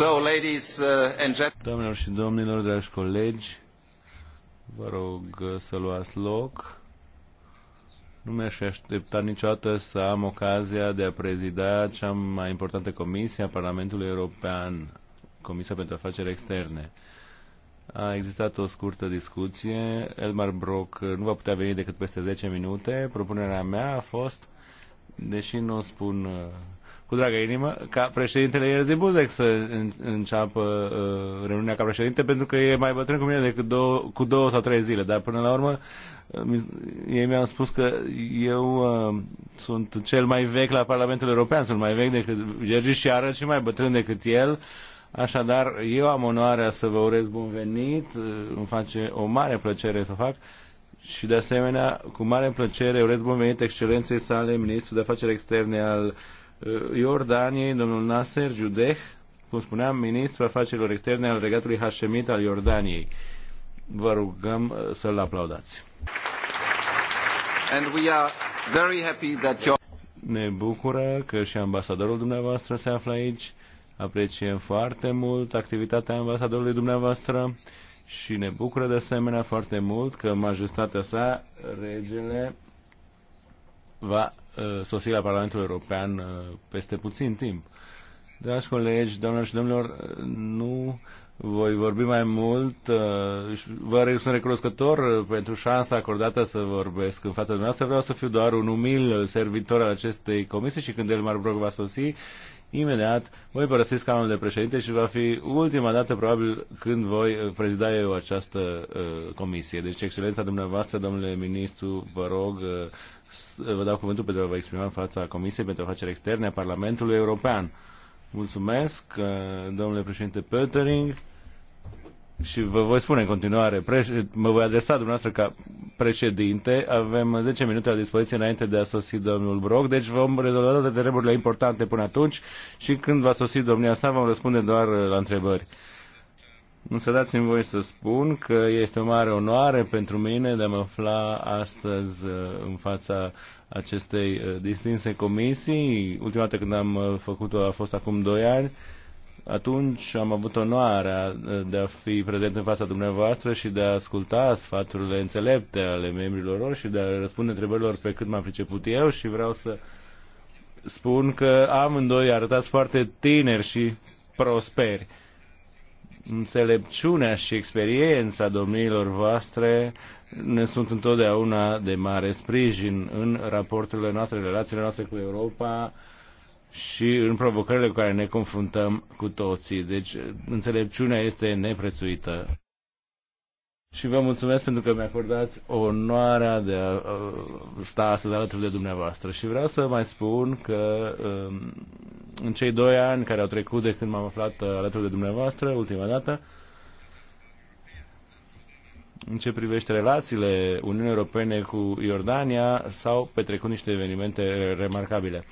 Uh, Doamnelor și domnilor, dragi colegi, vă rog uh, să luați loc. Nu mi-aș aștepta niciodată să am ocazia de a prezida cea mai importantă comisie a Parlamentului European, Comisia pentru Afaceri Externe. A existat o scurtă discuție. Elmar Brock uh, nu va putea veni decât peste 10 minute. Propunerea mea a fost, deși nu spun cu dragă inimă ca președintele Ierzy Buzek să în, înceapă uh, reuniunea ca președinte pentru că e mai bătrân cu mine decât două, cu două sau trei zile, dar până la urmă uh, ei mi-au spus că eu uh, sunt cel mai vechi la Parlamentul European, sunt mai vechi decât Gergi și arăt și mai bătrân decât el. Așadar, eu am onoarea să vă urez bun venit, uh, îmi face o mare plăcere să o fac și de asemenea, cu mare plăcere, urez bun venit excelenței sale, ministrul de afaceri externe al Eh, Iordaniei, domnul Nasser Judeh, cum spuneam, ministru afacerilor externe al regatului Hashemit al Iordaniei. Vă rugăm eh, să-l aplaudați. And we are very happy that your... Ne bucură că și ambasadorul dumneavoastră se află aici. Apreciem foarte mult activitatea ambasadorului dumneavoastră și ne bucură de asemenea foarte mult că majestatea sa, regele, va Uh, sosirea Parlamentului European uh, peste puțin timp. Dragi colegi, doamnelor și domnilor, uh, nu voi vorbi mai mult. Vă sunt recunoscător pentru șansa acordată să vorbesc în fața dumneavoastră. Vreau să fiu doar un umil servitor al acestei comisii și când el Brock va sosi, imediat voi părăsi scaunul de președinte și va fi ultima dată probabil când voi prezida eu această uh, comisie. Deci, excelența dumneavoastră, domnule ministru, vă rog, uh, vă dau cuvântul pentru a vă exprima în fața Comisiei pentru Afaceri Externe a Parlamentului European. Mulțumesc, uh, domnule președinte Pöttering și vă voi spune în continuare, mă voi adresa dumneavoastră ca președinte, avem 10 minute la dispoziție înainte de a sosi domnul Broc, deci vom rezolva toate treburile importante până atunci și când va sosi domnia sa vom răspunde doar la întrebări. Însă dați-mi voi să spun că este o mare onoare pentru mine de a mă afla astăzi uh, în fața acestei uh, distinse comisii. Ultima dată când am uh, făcut-o a fost acum 2 ani atunci am avut onoarea eh, de a fi prezent în fața dumneavoastră și de a asculta sfaturile înțelepte ale membrilor lor și de a răspunde întrebărilor pe cât m-am priceput eu și vreau să spun că amândoi arătați foarte tineri și prosperi. Înțelepciunea și experiența domniilor voastre ne sunt întotdeauna de mare sprijin în raporturile noastre, relațiile noastre cu Europa, și în provocările cu care ne confruntăm cu toții. Deci înțelepciunea este neprețuită. Și vă mulțumesc pentru că mi-a acordați onoarea de a sta astăzi alături de dumneavoastră. Și vreau să mai spun că um, în cei doi ani care au trecut de când m-am aflat uh, alături de dumneavoastră, ultima dată, în ce privește relațiile Uniunii Europene cu Iordania, s-au petrecut niște evenimente remarcabile.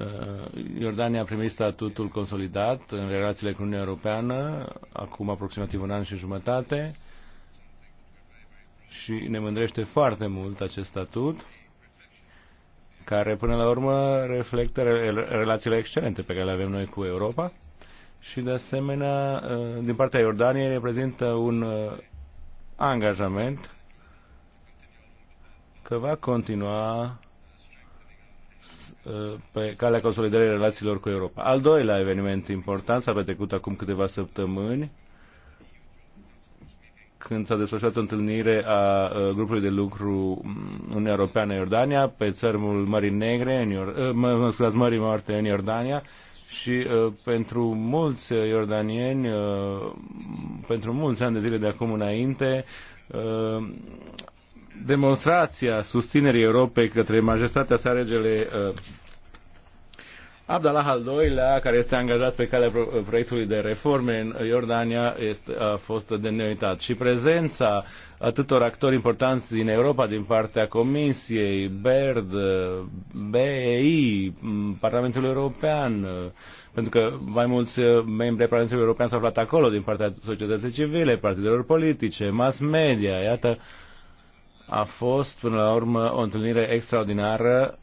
Uh, Iordania a primit statutul consolidat în relațiile cu Uniunea Europeană acum aproximativ un an și jumătate și ne mândrește foarte mult acest statut care până la urmă reflectă relațiile excelente pe care le avem noi cu Europa și de asemenea uh, din partea Iordaniei reprezintă un uh, angajament că va continua pe calea consolidării relațiilor cu Europa. Al doilea eveniment important s-a petrecut acum câteva săptămâni când s-a desfășurat o întâlnire a grupului de lucru mm, Uniunea Europeană-Iordania pe țărmul Mării Negre, în Ior- ă, mă, scuzați, Mării Moarte în Iordania și uh, pentru mulți iordanieni, uh, pentru mulți ani de zile de acum înainte, demonstrația susținerii Europei către majestatea sa regele uh, Abdallah al II-lea, care este angajat pe calea proiectului de reforme în Iordania, este, a fost de neuitat. Și prezența atâtor actori importanți din Europa, din partea Comisiei, BERD, BEI, Parlamentul European, uh, pentru că mai mulți uh, membri ai Parlamentului European s-au aflat acolo, din partea societății civile, partidelor politice, mass media, iată, uh, a fost până la urmă o întâlnire extraordinară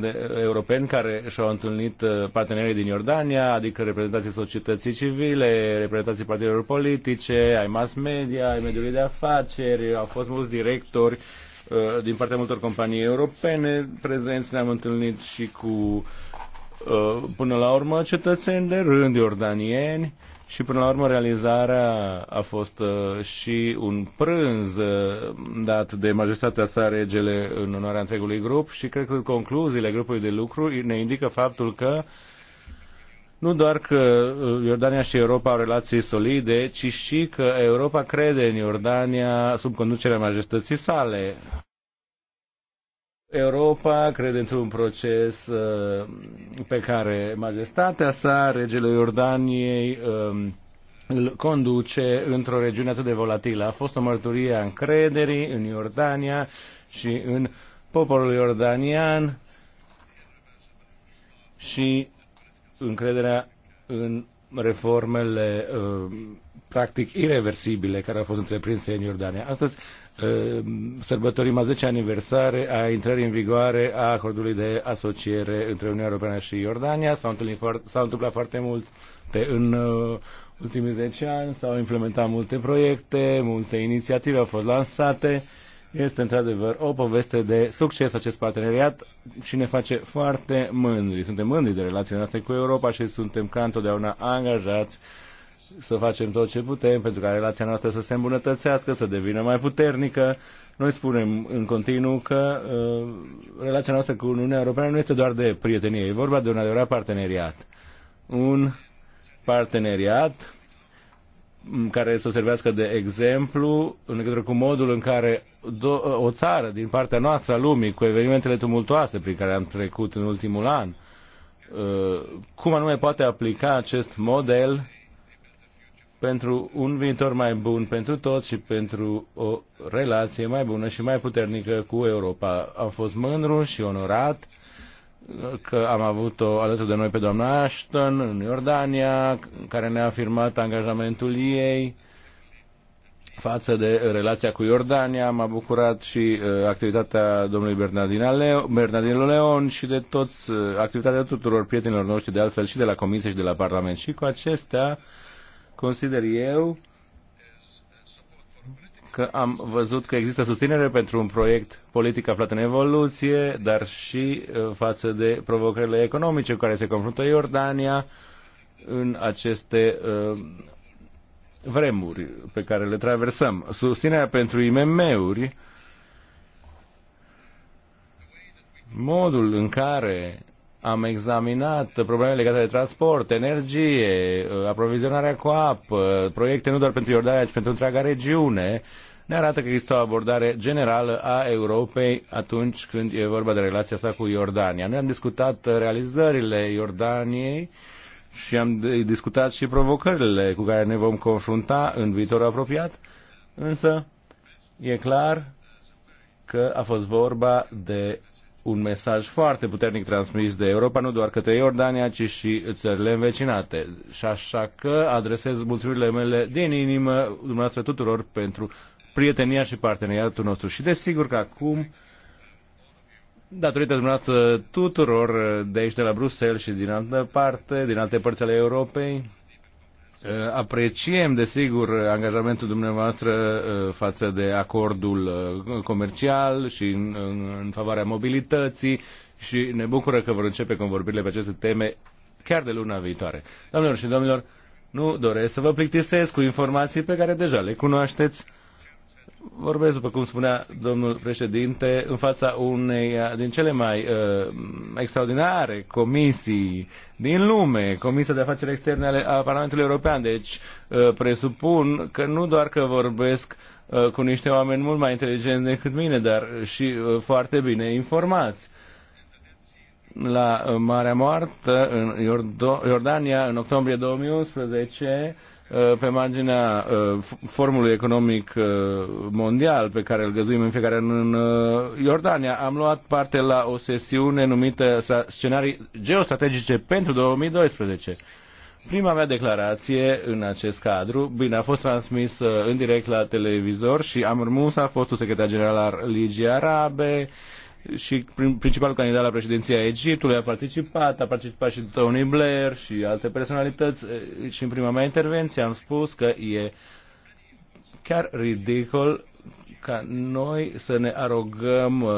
de europeni care și-au întâlnit uh, partenerii din Iordania, adică reprezentanții societății civile, reprezentanții partidelor politice, ai mass media, ai mediului de afaceri, au fost mulți directori uh, din partea multor companii europene prezenți, ne-am întâlnit și cu uh, până la urmă cetățeni de rând iordanieni și până la urmă realizarea a fost uh, și un prânz uh, dat de majestatea sa regele în onoarea întregului grup și cred că concluziile grupului de lucru ne indică faptul că nu doar că uh, Iordania și Europa au relații solide, ci și că Europa crede în Iordania sub conducerea majestății sale. Europa crede într-un proces uh, pe care majestatea sa, regele Iordaniei, um, îl conduce într-o regiune atât de volatilă. A fost o mărturie a încrederii în Iordania și în poporul iordanian și încrederea în reformele uh, practic irreversibile care au fost întreprinse în Iordania. Astăzi Ehm, sărbătorim a 10 aniversare a intrării în vigoare a acordului de asociere între Uniunea Europeană și Iordania. S-au, întâmplat foarte mult pe, în uh, ultimii 10 ani, s-au implementat multe proiecte, multe inițiative au fost lansate. Este într-adevăr o poveste de succes acest parteneriat și ne face foarte mândri. Suntem mândri de relațiile noastre cu Europa și suntem ca întotdeauna angajați uh, să facem tot ce putem pentru ca relația noastră să se îmbunătățească, să devină mai puternică. Noi spunem în continuu că uh, relația noastră cu Uniunea Europeană nu este doar de prietenie, e vorba de un adevărat parteneriat. Un parteneriat care să servească de exemplu în legătură cu modul în care uh, o țară din partea noastră a lumii, cu evenimentele tumultoase prin care am trecut în ultimul an, uh, cum anume poate aplica acest model pentru un viitor mai bun pentru toți și pentru o relație mai bună și mai puternică cu Europa. Am fost mândru și onorat că am avut-o alături de noi pe doamna Ashton în Iordania, care ne-a afirmat angajamentul ei față de relația cu Iordania. M-a bucurat și uh, activitatea domnului Bernardino Leo, Bernardino Leon și de toți, uh, activitatea tuturor prietenilor noștri, de altfel și de la Comisie și de la Parlament. Și cu acestea consider eu că am văzut că există susținere pentru un proiect politic aflat în evoluție, dar și uh, față de provocările economice cu care se confruntă Iordania în aceste uh, vremuri pe care le traversăm. Susținerea pentru IMM-uri, modul în care am examinat probleme legate de transport, energie, aprovizionarea cu apă, proiecte nu doar pentru Iordania, ci pentru întreaga regiune, ne arată că există o abordare generală a Europei atunci când e vorba de relația sa cu Iordania. Noi am discutat realizările Iordaniei și am discutat și provocările cu care ne vom confrunta în viitorul apropiat, însă e clar că a fost vorba de un mesaj foarte puternic transmis de Europa, nu doar către Iordania, ci și țările învecinate. Și așa că adresez mulțumirile mele din inimă dumneavoastră tuturor pentru prietenia și parteneriatul nostru. Și desigur că acum, datorită dumneavoastră tuturor de aici de la Bruxelles și din altă parte, din alte părți ale Europei, Uh, apreciem, desigur, angajamentul dumneavoastră uh, față de acordul uh, comercial și în, în favoarea mobilității și ne bucură că vor începe convorbirile pe aceste teme chiar de luna viitoare. Doamnelor și domnilor, nu doresc să vă plictisesc cu informații pe care deja le cunoașteți vorbesc, după cum spunea domnul președinte, în fața unei din cele mai uh, extraordinare comisii din lume, Comisia de Afaceri Externe ale, a Parlamentului European. Deci uh, presupun că nu doar că vorbesc uh, cu niște oameni mult mai inteligenți decât mine, dar și uh, foarte bine informați. La uh, Marea Moartă, în Iordania, în octombrie 2011, Uh, pe marginea uh, formului economic uh, mondial pe care îl găzduim în fiecare an în Iordania. Am luat parte la o sesiune numită Scenarii geostrategice pentru 2012. Prima mea declarație în acest cadru, bine, a fost transmisă în direct la televizor și Amr a fost secretar general al Ligii Arabe, și principalul candidat la președinția Egiptului a participat, a participat și Tony Blair și alte personalități și în prima mea intervenție am spus că e chiar ridicol ca noi să ne arogăm uh,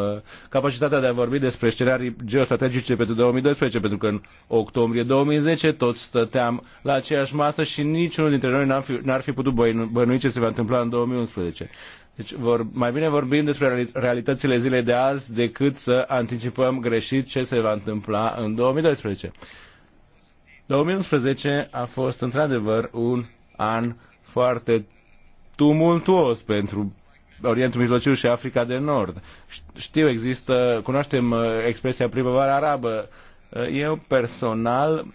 capacitatea de a vorbi despre scenarii geostrategice pentru 2012, pentru că în octombrie 2010 toți stăteam la aceeași masă și niciunul dintre noi n-ar fi, n-ar fi putut bănui ce se va întâmpla în 2011. Deci vor, mai bine vorbim despre realitățile zilei de azi decât să anticipăm greșit ce se va întâmpla în 2012. 2011 a fost într-adevăr un an foarte tumultuos pentru Orientul Mijlociu și Africa de Nord. Știu, există, cunoaștem uh, expresia primăvară arabă. Uh, eu personal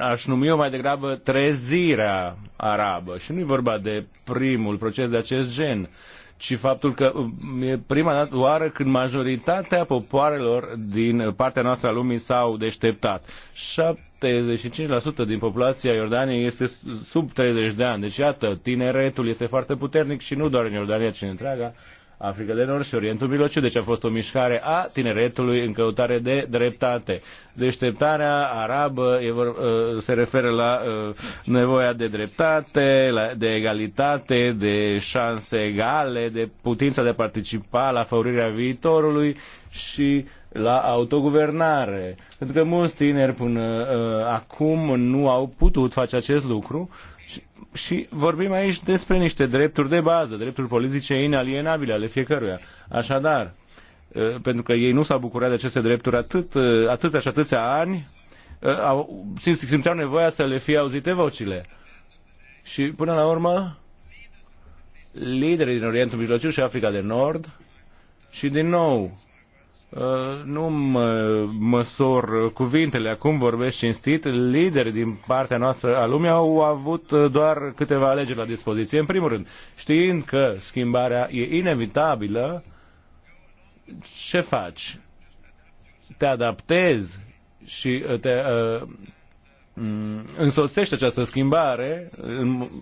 aș numi eu mai degrabă trezirea arabă. Și nu e vorba de primul proces de acest gen, ci faptul că um, e prima oară când majoritatea popoarelor din partea noastră a lumii s-au deșteptat. 75% din populația Iordaniei este sub 30 de ani. Deci, iată, tineretul este foarte puternic și nu doar în Iordania, ci în întreaga Africa de Nord și Orientul Mijlociu, deci a fost o mișcare a tineretului în căutare de dreptate. Deșteptarea arabă e vor, uh, se referă la uh, nevoia de dreptate, de egalitate, de șanse egale, de putința de a participa la făurirea viitorului și la autoguvernare. Pentru că mulți tineri până uh, acum nu au putut face acest lucru și vorbim aici despre niște drepturi de bază, drepturi politice inalienabile ale fiecăruia. Așadar, ă, pentru că ei nu s-au bucurat de aceste drepturi atât, ă, atâția și atâția ani, ă, au, simțeau nevoia să le fie auzite vocile. Și până la urmă, liderii din Orientul Mijlociu și Africa de Nord și din nou Uh, nu mă măsor cuvintele, acum vorbesc cinstit, lideri din partea noastră a lumii au avut uh, doar câteva alegeri la dispoziție. În primul rând, știind că schimbarea e inevitabilă, ce faci? Te adaptezi și uh, te, Mm, însoțești această schimbare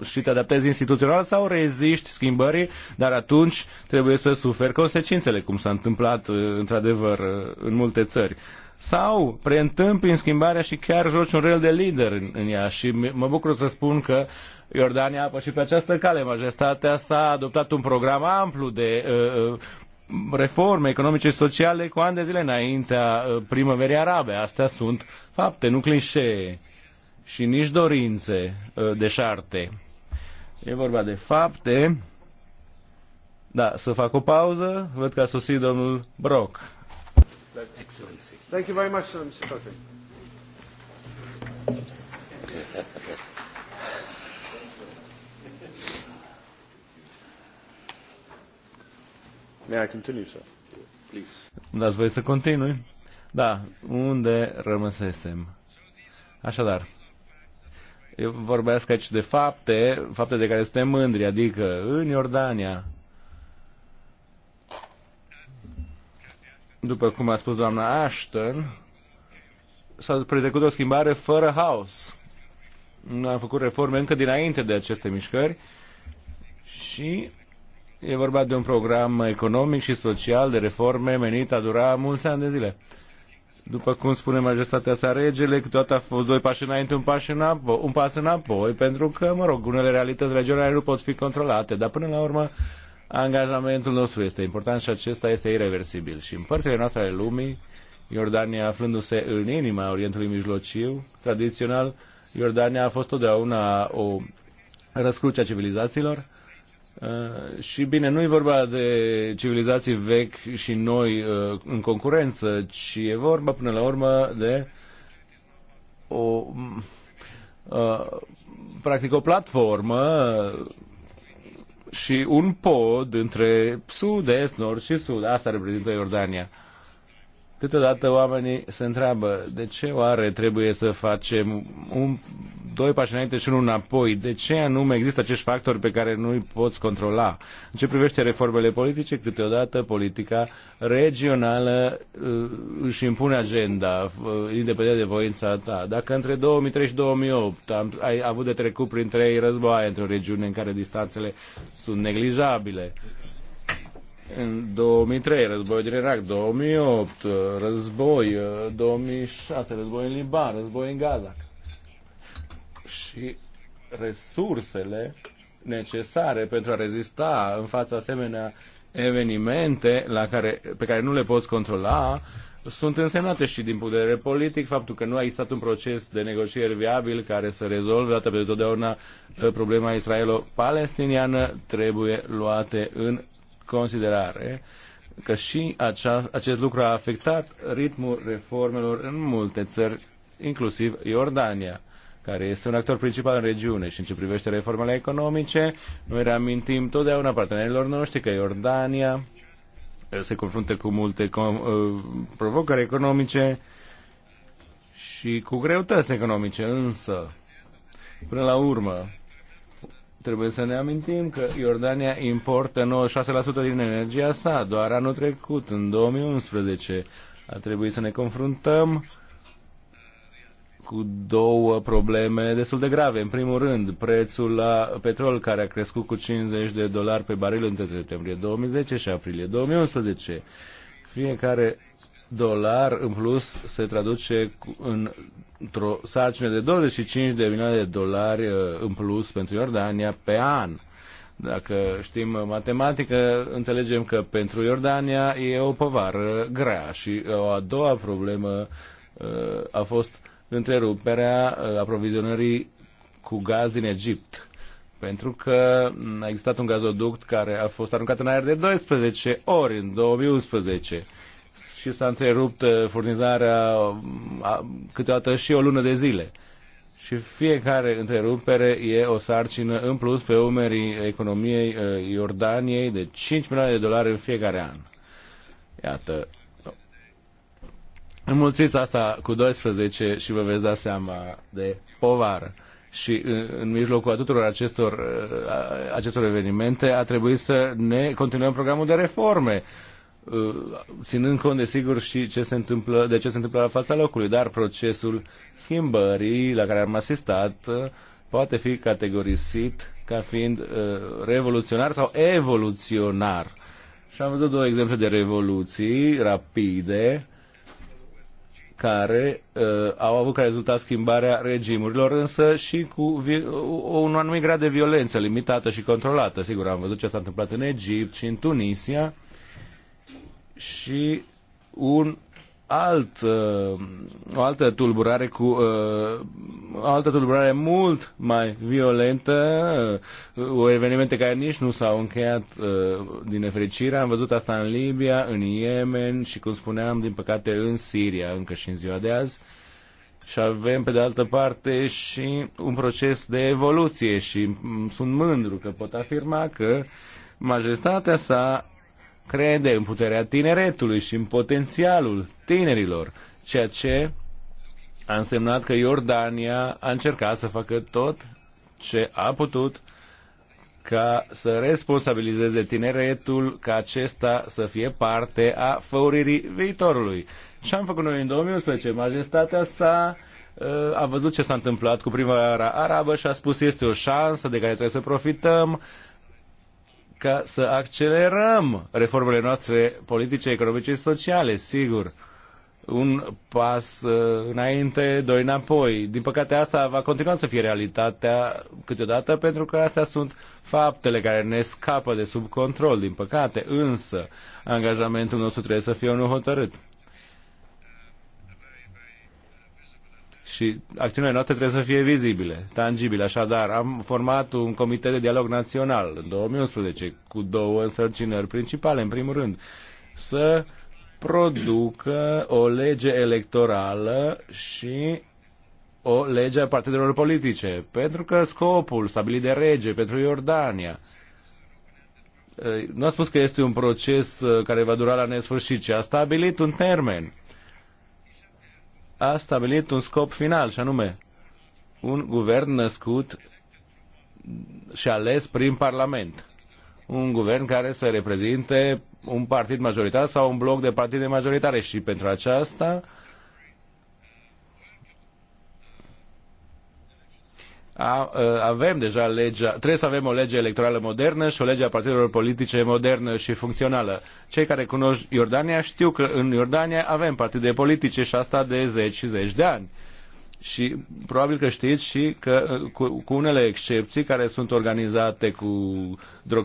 și te adaptezi instituțional sau reziști schimbării, dar atunci trebuie să suferi consecințele, cum s-a întâmplat uh, într-adevăr uh, în multe țări. Sau preîntâmpi în schimbarea și chiar joci un rol de lider în, în ea și mă bucur să spun că Iordania a și pe această cale. Majestatea s-a adoptat un program amplu de uh, uh reforme economice și sociale cu ani de zile înaintea primăverii arabe. Astea sunt fapte, nu clișee și nici dorințe ă, deșarte. E vorba de fapte. Da, să fac o pauză. Văd că a sosit domnul Brock. Excellency. Thank you very much, sir, Mr. Cochran. May I continue, sir? Please. Dați voi să continui? Da, unde rămăsesem. Așadar, eu vorbesc aici de fapte, fapte de care suntem mândri, adică în Iordania. După cum a spus doamna Ashton, s-a pretecut o schimbare fără haos. Am făcut reforme încă dinainte de aceste mișcări și e vorba de un program economic și social de reforme menit a dura mulți ani de zile după cum spune majestatea sa regele, toate a fost doi pași înainte, un, pas, înapoi, un pas înapoi, pentru că, mă rog, unele realități regionale nu pot fi controlate, dar până la urmă angajamentul nostru este important și acesta este irreversibil. Și în părțile noastre ale lumii, Iordania aflându-se în inima Orientului Mijlociu, tradițional, Iordania a fost totdeauna o răscruce a civilizațiilor Uh, și bine, nu e vorba de civilizații vechi și noi uh, în concurență, ci e vorba până la urmă de o, uh, practic o platformă și un pod între sud, est, nord și sud. Asta reprezintă Iordania câteodată oamenii se întreabă de ce oare trebuie să facem un, doi pași înainte și unul înapoi, de ce anume există acești factori pe care nu îi poți controla. În ce privește reformele politice, câteodată politica regională uh, își impune agenda, uh, independent de voința ta. Dacă între 2003 și 2008 am, ai avut de trecut prin trei războaie într-o regiune în care distanțele sunt neglijabile, în 2003, război din Irak, 2008, uh, război, 2006, uh, război în Liban, război în Gaza. Și resursele necesare pentru a rezista în fața asemenea evenimente la care, pe care nu le poți controla sunt însemnate și din punct de vedere politic faptul că nu a existat un proces de negocieri viabil care să rezolve dată pe totdeauna uh, problema israelo-palestiniană trebuie luate în considerare că și acea, acest lucru a afectat ritmul reformelor în multe țări, inclusiv Iordania care este un actor principal în regiune și în ce privește reformele economice, noi reamintim totdeauna partenerilor noștri că Iordania eh, se confruntă cu multe eh, provocări economice și cu greutăți economice, însă, până la urmă, Trebuie să ne amintim că Iordania importă 96% din energia sa. Doar anul trecut, în 2011, a trebuit să ne confruntăm cu două probleme destul de grave. În primul rând, prețul la petrol care a crescut cu 50 de dolari pe baril între septembrie 2010 și aprilie 2011. Fiecare dolar în plus se traduce în, într-o sarcină de 25 de milioane de dolari uh, în plus pentru Iordania pe an. Dacă știm matematică, înțelegem că pentru Iordania e o povară grea și uh, o a doua problemă uh, a fost întreruperea aprovizionării cu gaz din Egipt pentru că a existat un gazoduct care a fost aruncat în aer de 12 ori în 2011 și s-a întrerupt uh, furnizarea uh, câteodată și o lună de zile. Și fiecare întrerupere e o sarcină în plus pe umerii economiei uh, Iordaniei de 5 milioane de dolari în fiecare an. Iată. Înmulțiți asta cu 12 și vă veți da seama de povară și în mijlocul a tuturor acestor, acestor evenimente a trebuit să ne continuăm programul de reforme Uh, ținând cont de sigur și ce se întâmplă, de ce se întâmplă la fața locului, dar procesul schimbării la care am asistat uh, poate fi categorisit ca fiind uh, revoluționar sau evoluționar. Și am văzut două exemple de revoluții rapide care uh, au avut ca rezultat schimbarea regimurilor, însă și cu vi- uh, un anumit grad de violență limitată și controlată. Sigur, am văzut ce s-a întâmplat în Egipt și în Tunisia și un alt, uh, o altă tulburare cu uh, o altă tulburare mult mai violentă, uh, o evenimente care nici nu s-au încheiat din nefericire. Am văzut asta în Libia, în Yemen și, cum spuneam, din păcate în Siria, încă și în ziua de azi. Și avem, pe de altă parte, și un proces de evoluție și mm, sunt mândru că pot afirma că majestatea sa crede în puterea tineretului și în potențialul tinerilor, ceea ce a însemnat că Iordania a încercat să facă tot ce a putut ca să responsabilizeze tineretul ca acesta să fie parte a făuririi viitorului. Ce am făcut noi în 2011? Majestatea sa uh, a văzut ce s-a întâmplat cu primăvara arabă și a spus este o șansă de care trebuie să profităm, ca să accelerăm reformele noastre politice, economice și sociale, sigur. Un pas uh, înainte, doi înapoi. Din păcate asta va continua să fie realitatea câteodată pentru că astea sunt faptele care ne scapă de sub control, din păcate. Însă, angajamentul nostru trebuie să fie unul hotărât. și acțiunile noastre trebuie să fie vizibile, tangibile. Așadar, am format un comitet de dialog național în 2011 cu două însărcinări principale, în primul rând, să producă o lege electorală și o lege a partidelor politice, pentru că scopul stabilit de rege pentru Iordania, eh, nu a spus că este un proces eh, care va dura la nesfârșit, ci a stabilit un termen a stabilit un scop final, și anume un guvern născut și ales prin Parlament. Un guvern care să reprezinte un partid majoritar sau un bloc de partide majoritare și pentru aceasta uh, Ă, avem deja legea, trebuie să avem o lege electorală modernă și o lege a partidelor politice modernă și funcțională. Cei care cunosc Iordania știu că în Iordania avem partide politice și asta de zeci și zeci de ani și probabil că știți și că uh, cu, cu unele excepții care sunt organizate cu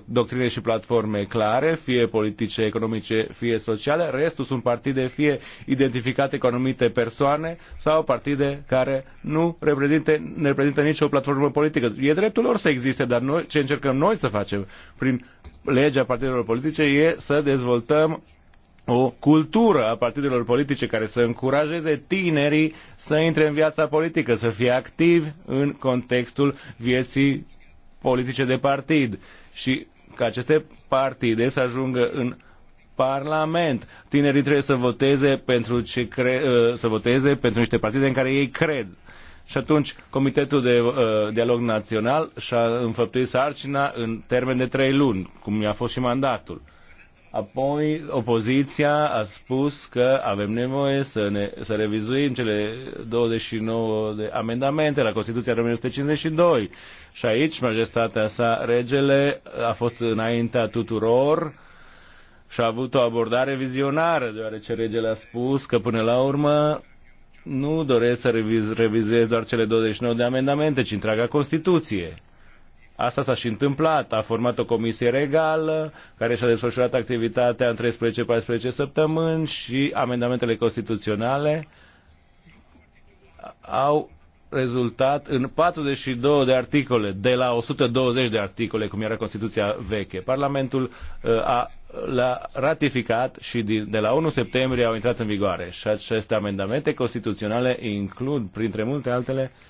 doctrine și platforme clare, fie politice, economice, fie sociale, restul sunt partide fie identificate cu anumite persoane sau partide care nu reprezintă, ne reprezintă nicio platformă politică. E dreptul lor să existe, dar noi, ce încercăm noi să facem prin legea partidelor politice e să dezvoltăm o cultură a partidelor politice care să încurajeze tinerii să intre în viața politică, să fie activi în contextul vieții politice de partid și ca aceste partide să ajungă în Parlament. Tinerii trebuie să voteze pentru ce cre- uh, să voteze pentru niște partide în care ei cred. Și atunci Comitetul de uh, Dialog Național și-a înfăptuit sarcina în termen de trei luni, cum i-a fost și mandatul. Apoi, opoziția a spus că avem nevoie să, ne, să revizuim cele 29 de amendamente la Constituția României 152. Și aici, majestatea sa, regele, a fost înaintea tuturor și a avut o abordare vizionară, deoarece regele a spus că, până la urmă, nu doresc să reviz, revizuiesc doar cele 29 de amendamente, ci întreaga Constituție. Asta s-a și întâmplat. A format o comisie regală care și-a desfășurat activitatea în 13-14 săptămâni și amendamentele constituționale au rezultat în 42 de articole, de la 120 de articole, cum era Constituția veche. Parlamentul uh, a, l-a ratificat și din, de la 1 septembrie au intrat în vigoare. Și aceste amendamente constituționale includ, printre multe altele, uh,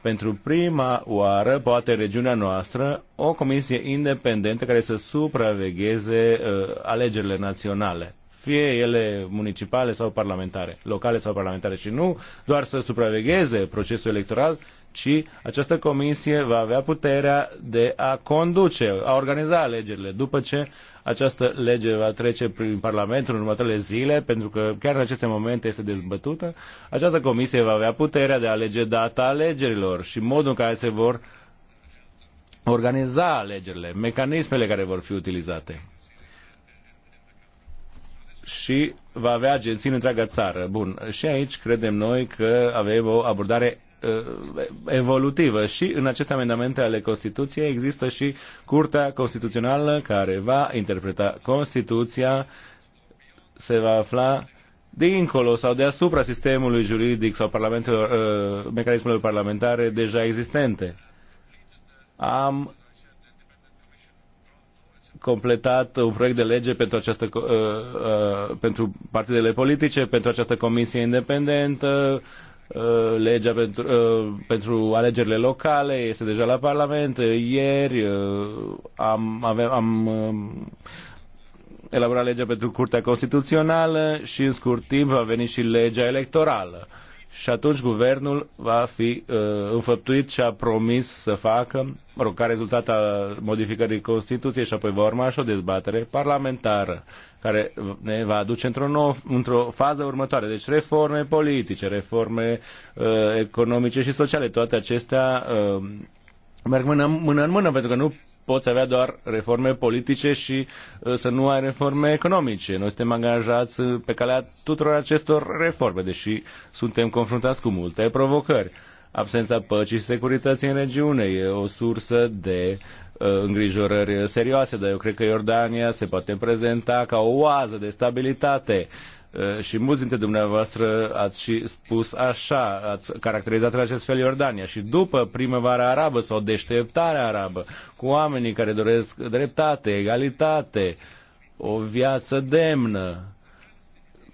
pentru prima oară, poate regiunea noastră, o comisie independentă care să supravegheze uh, alegerile naționale fie ele municipale sau parlamentare, locale sau parlamentare, și nu doar să supravegheze procesul electoral, ci această comisie va avea puterea de a conduce, a organiza alegerile după ce această lege va trece prin Parlament în următoarele zile, pentru că chiar în aceste momente este dezbătută, această comisie va avea puterea de a alege data alegerilor și modul în care se vor organiza alegerile, mecanismele care vor fi utilizate și va avea agenții în întreaga țară. Bun, și aici credem noi că avem o abordare Uh, evolutivă și în aceste amendamente ale Constituției există și Curtea Constituțională care va interpreta Constituția, se va afla dincolo sau deasupra sistemului juridic sau parlamentelor, uh, mecanismelor parlamentare deja existente. Am completat un proiect de lege pentru, această, uh, uh, pentru partidele politice, pentru această comisie independentă, Uh, legea pentru, uh, pentru alegerile locale, este deja la Parlament. Uh, ieri am, ave, am um, elaborat legea pentru Curtea Constituțională și în scurt timp va veni și legea electorală și atunci guvernul va fi uh, înfăptuit și a promis să facă, mă rog, ca rezultat al modificării Constituției și apoi va urma și o dezbatere parlamentară care ne va aduce într-o, nouă, într-o fază următoare. Deci reforme politice, reforme uh, economice și sociale, toate acestea uh, merg mână, mână în mână, pentru că nu poți avea doar reforme politice și uh, să nu ai reforme economice. Noi suntem angajați uh, pe calea tuturor acestor reforme, deși suntem confruntați cu multe provocări. Absența păcii și securității în regiune e o sursă de uh, îngrijorări serioase, dar eu cred că Iordania se poate prezenta ca o oază de stabilitate și mulți dintre dumneavoastră ați și spus așa, ați caracterizat în acest fel Iordania. Și după primăvara arabă sau deșteptarea arabă, cu oamenii care doresc dreptate, egalitate, o viață demnă,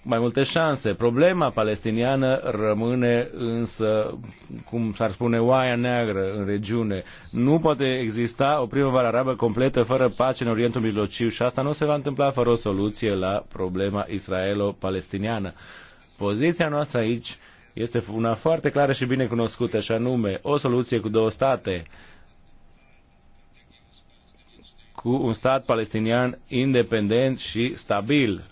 mai multe șanse. Problema palestiniană rămâne însă, cum s-ar spune, oaia neagră în regiune. Nu poate exista o primăvară arabă completă fără pace în Orientul Mijlociu și asta nu se va întâmpla fără o soluție la problema israelo-palestiniană. Poziția noastră aici este una foarte clară și bine cunoscută, și anume o soluție cu două state cu un stat palestinian independent și stabil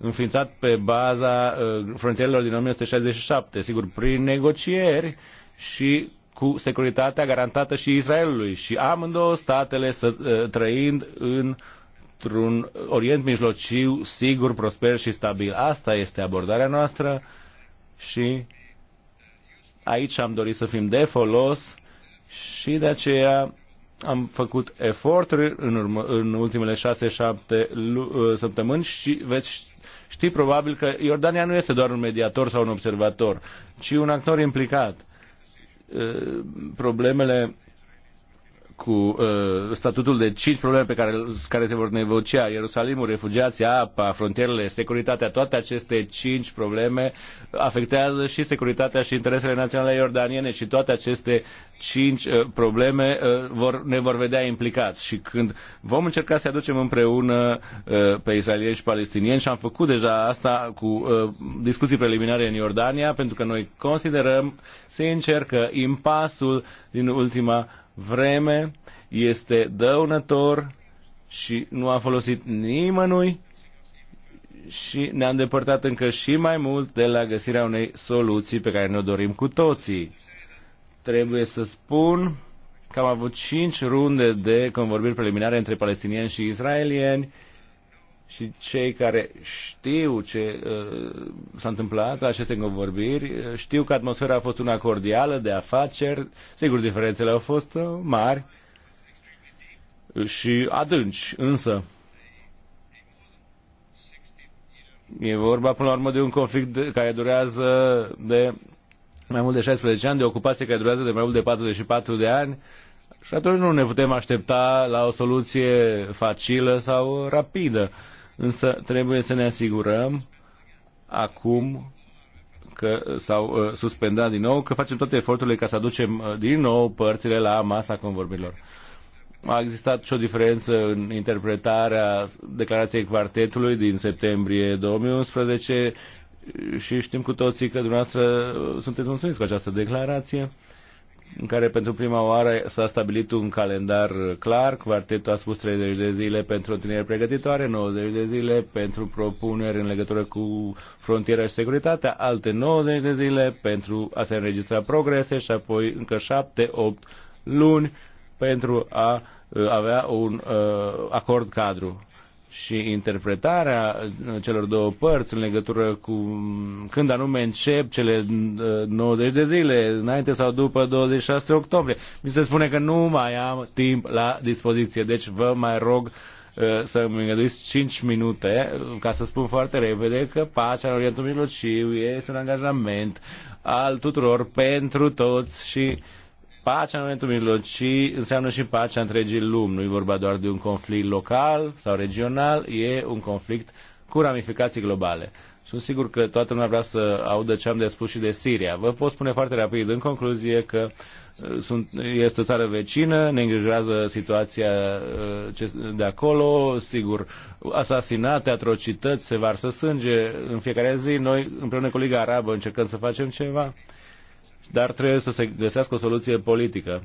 înființat pe baza uh, frontierelor din 1967, sigur, prin negocieri și cu securitatea garantată și Israelului și amândouă statele să, uh, trăind în într-un Orient Mijlociu sigur, prosper și stabil. Asta este abordarea noastră și aici am dorit să fim de folos și de aceea am făcut eforturi în, urmă, în ultimele 6-7 uh, săptămâni și veți Știi probabil că Iordania nu este doar un mediator sau un observator, ci un actor implicat. Eh, problemele cu uh, statutul de cinci probleme pe care, care se vor negocia, Ierusalimul, refugiații, apa, frontierele, securitatea, toate aceste cinci probleme afectează și securitatea și interesele naționale iordaniene și toate aceste cinci uh, probleme uh, vor, ne vor vedea implicați și când vom încerca să aducem împreună uh, pe israelieni și palestinieni și am făcut deja asta cu uh, discuții preliminare în Iordania pentru că noi considerăm, să încercă impasul din ultima vreme, este dăunător și nu a folosit nimănui și ne-a îndepărtat încă și mai mult de la găsirea unei soluții pe care ne-o dorim cu toții. Trebuie să spun că am avut cinci runde de convorbiri preliminare între palestinieni și israelieni și cei care știu ce uh, s-a întâmplat la aceste convorbiri, uh, știu că atmosfera a fost una cordială de afaceri, sigur diferențele au fost uh, mari și adânci, însă e vorba până la urmă de un conflict de, care durează de mai mult de 16 ani, de ocupație care durează de mai mult de 44 de ani și atunci nu ne putem aștepta la o soluție facilă sau rapidă. Uh, însă trebuie să ne asigurăm acum că s-au uh, suspendat din nou, că facem toate eforturile ca să aducem uh, din nou părțile la masa convorbirilor. A existat și o diferență în interpretarea declarației quartetului din septembrie 2011 și știm cu toții că dumneavoastră uh, sunteți mulțumiți cu această declarație. Uh, în care pentru prima oară s-a stabilit un calendar clar. Quartetul a spus 30 de zile pentru o tineri pregătitoare, 90 de zile pentru propuneri în legătură cu frontiera și securitatea, alte 90 de zile pentru a se înregistra progrese și apoi încă 7-8 luni pentru a uh, avea un uh, acord cadru și interpretarea uh, celor două părți în legătură cu când anume încep cele 90 uh, de zile, înainte sau după 26 octombrie. Mi se spune că nu mai am timp la dispoziție, deci vă mai rog uh, să îmi îngăduiți 5 minute ca să spun foarte repede că pacea în Orientul Mijlociu este un angajament al tuturor pentru toți și uh, Pacea în momentul mijlocii înseamnă și pacea întregii lumi. Nu e vorba doar de un conflict local sau regional, e un conflict cu ramificații globale. Sunt sigur că toată lumea vrea să audă ce am de spus și de Siria. Vă pot spune foarte rapid, în concluzie, că uh, sunt, este o țară vecină, ne îngrijorează situația uh, de acolo, sigur, asasinate, atrocități, se varsă sânge în fiecare zi. Noi, împreună cu Liga Arabă, încercăm să facem ceva dar trebuie să se găsească o soluție politică.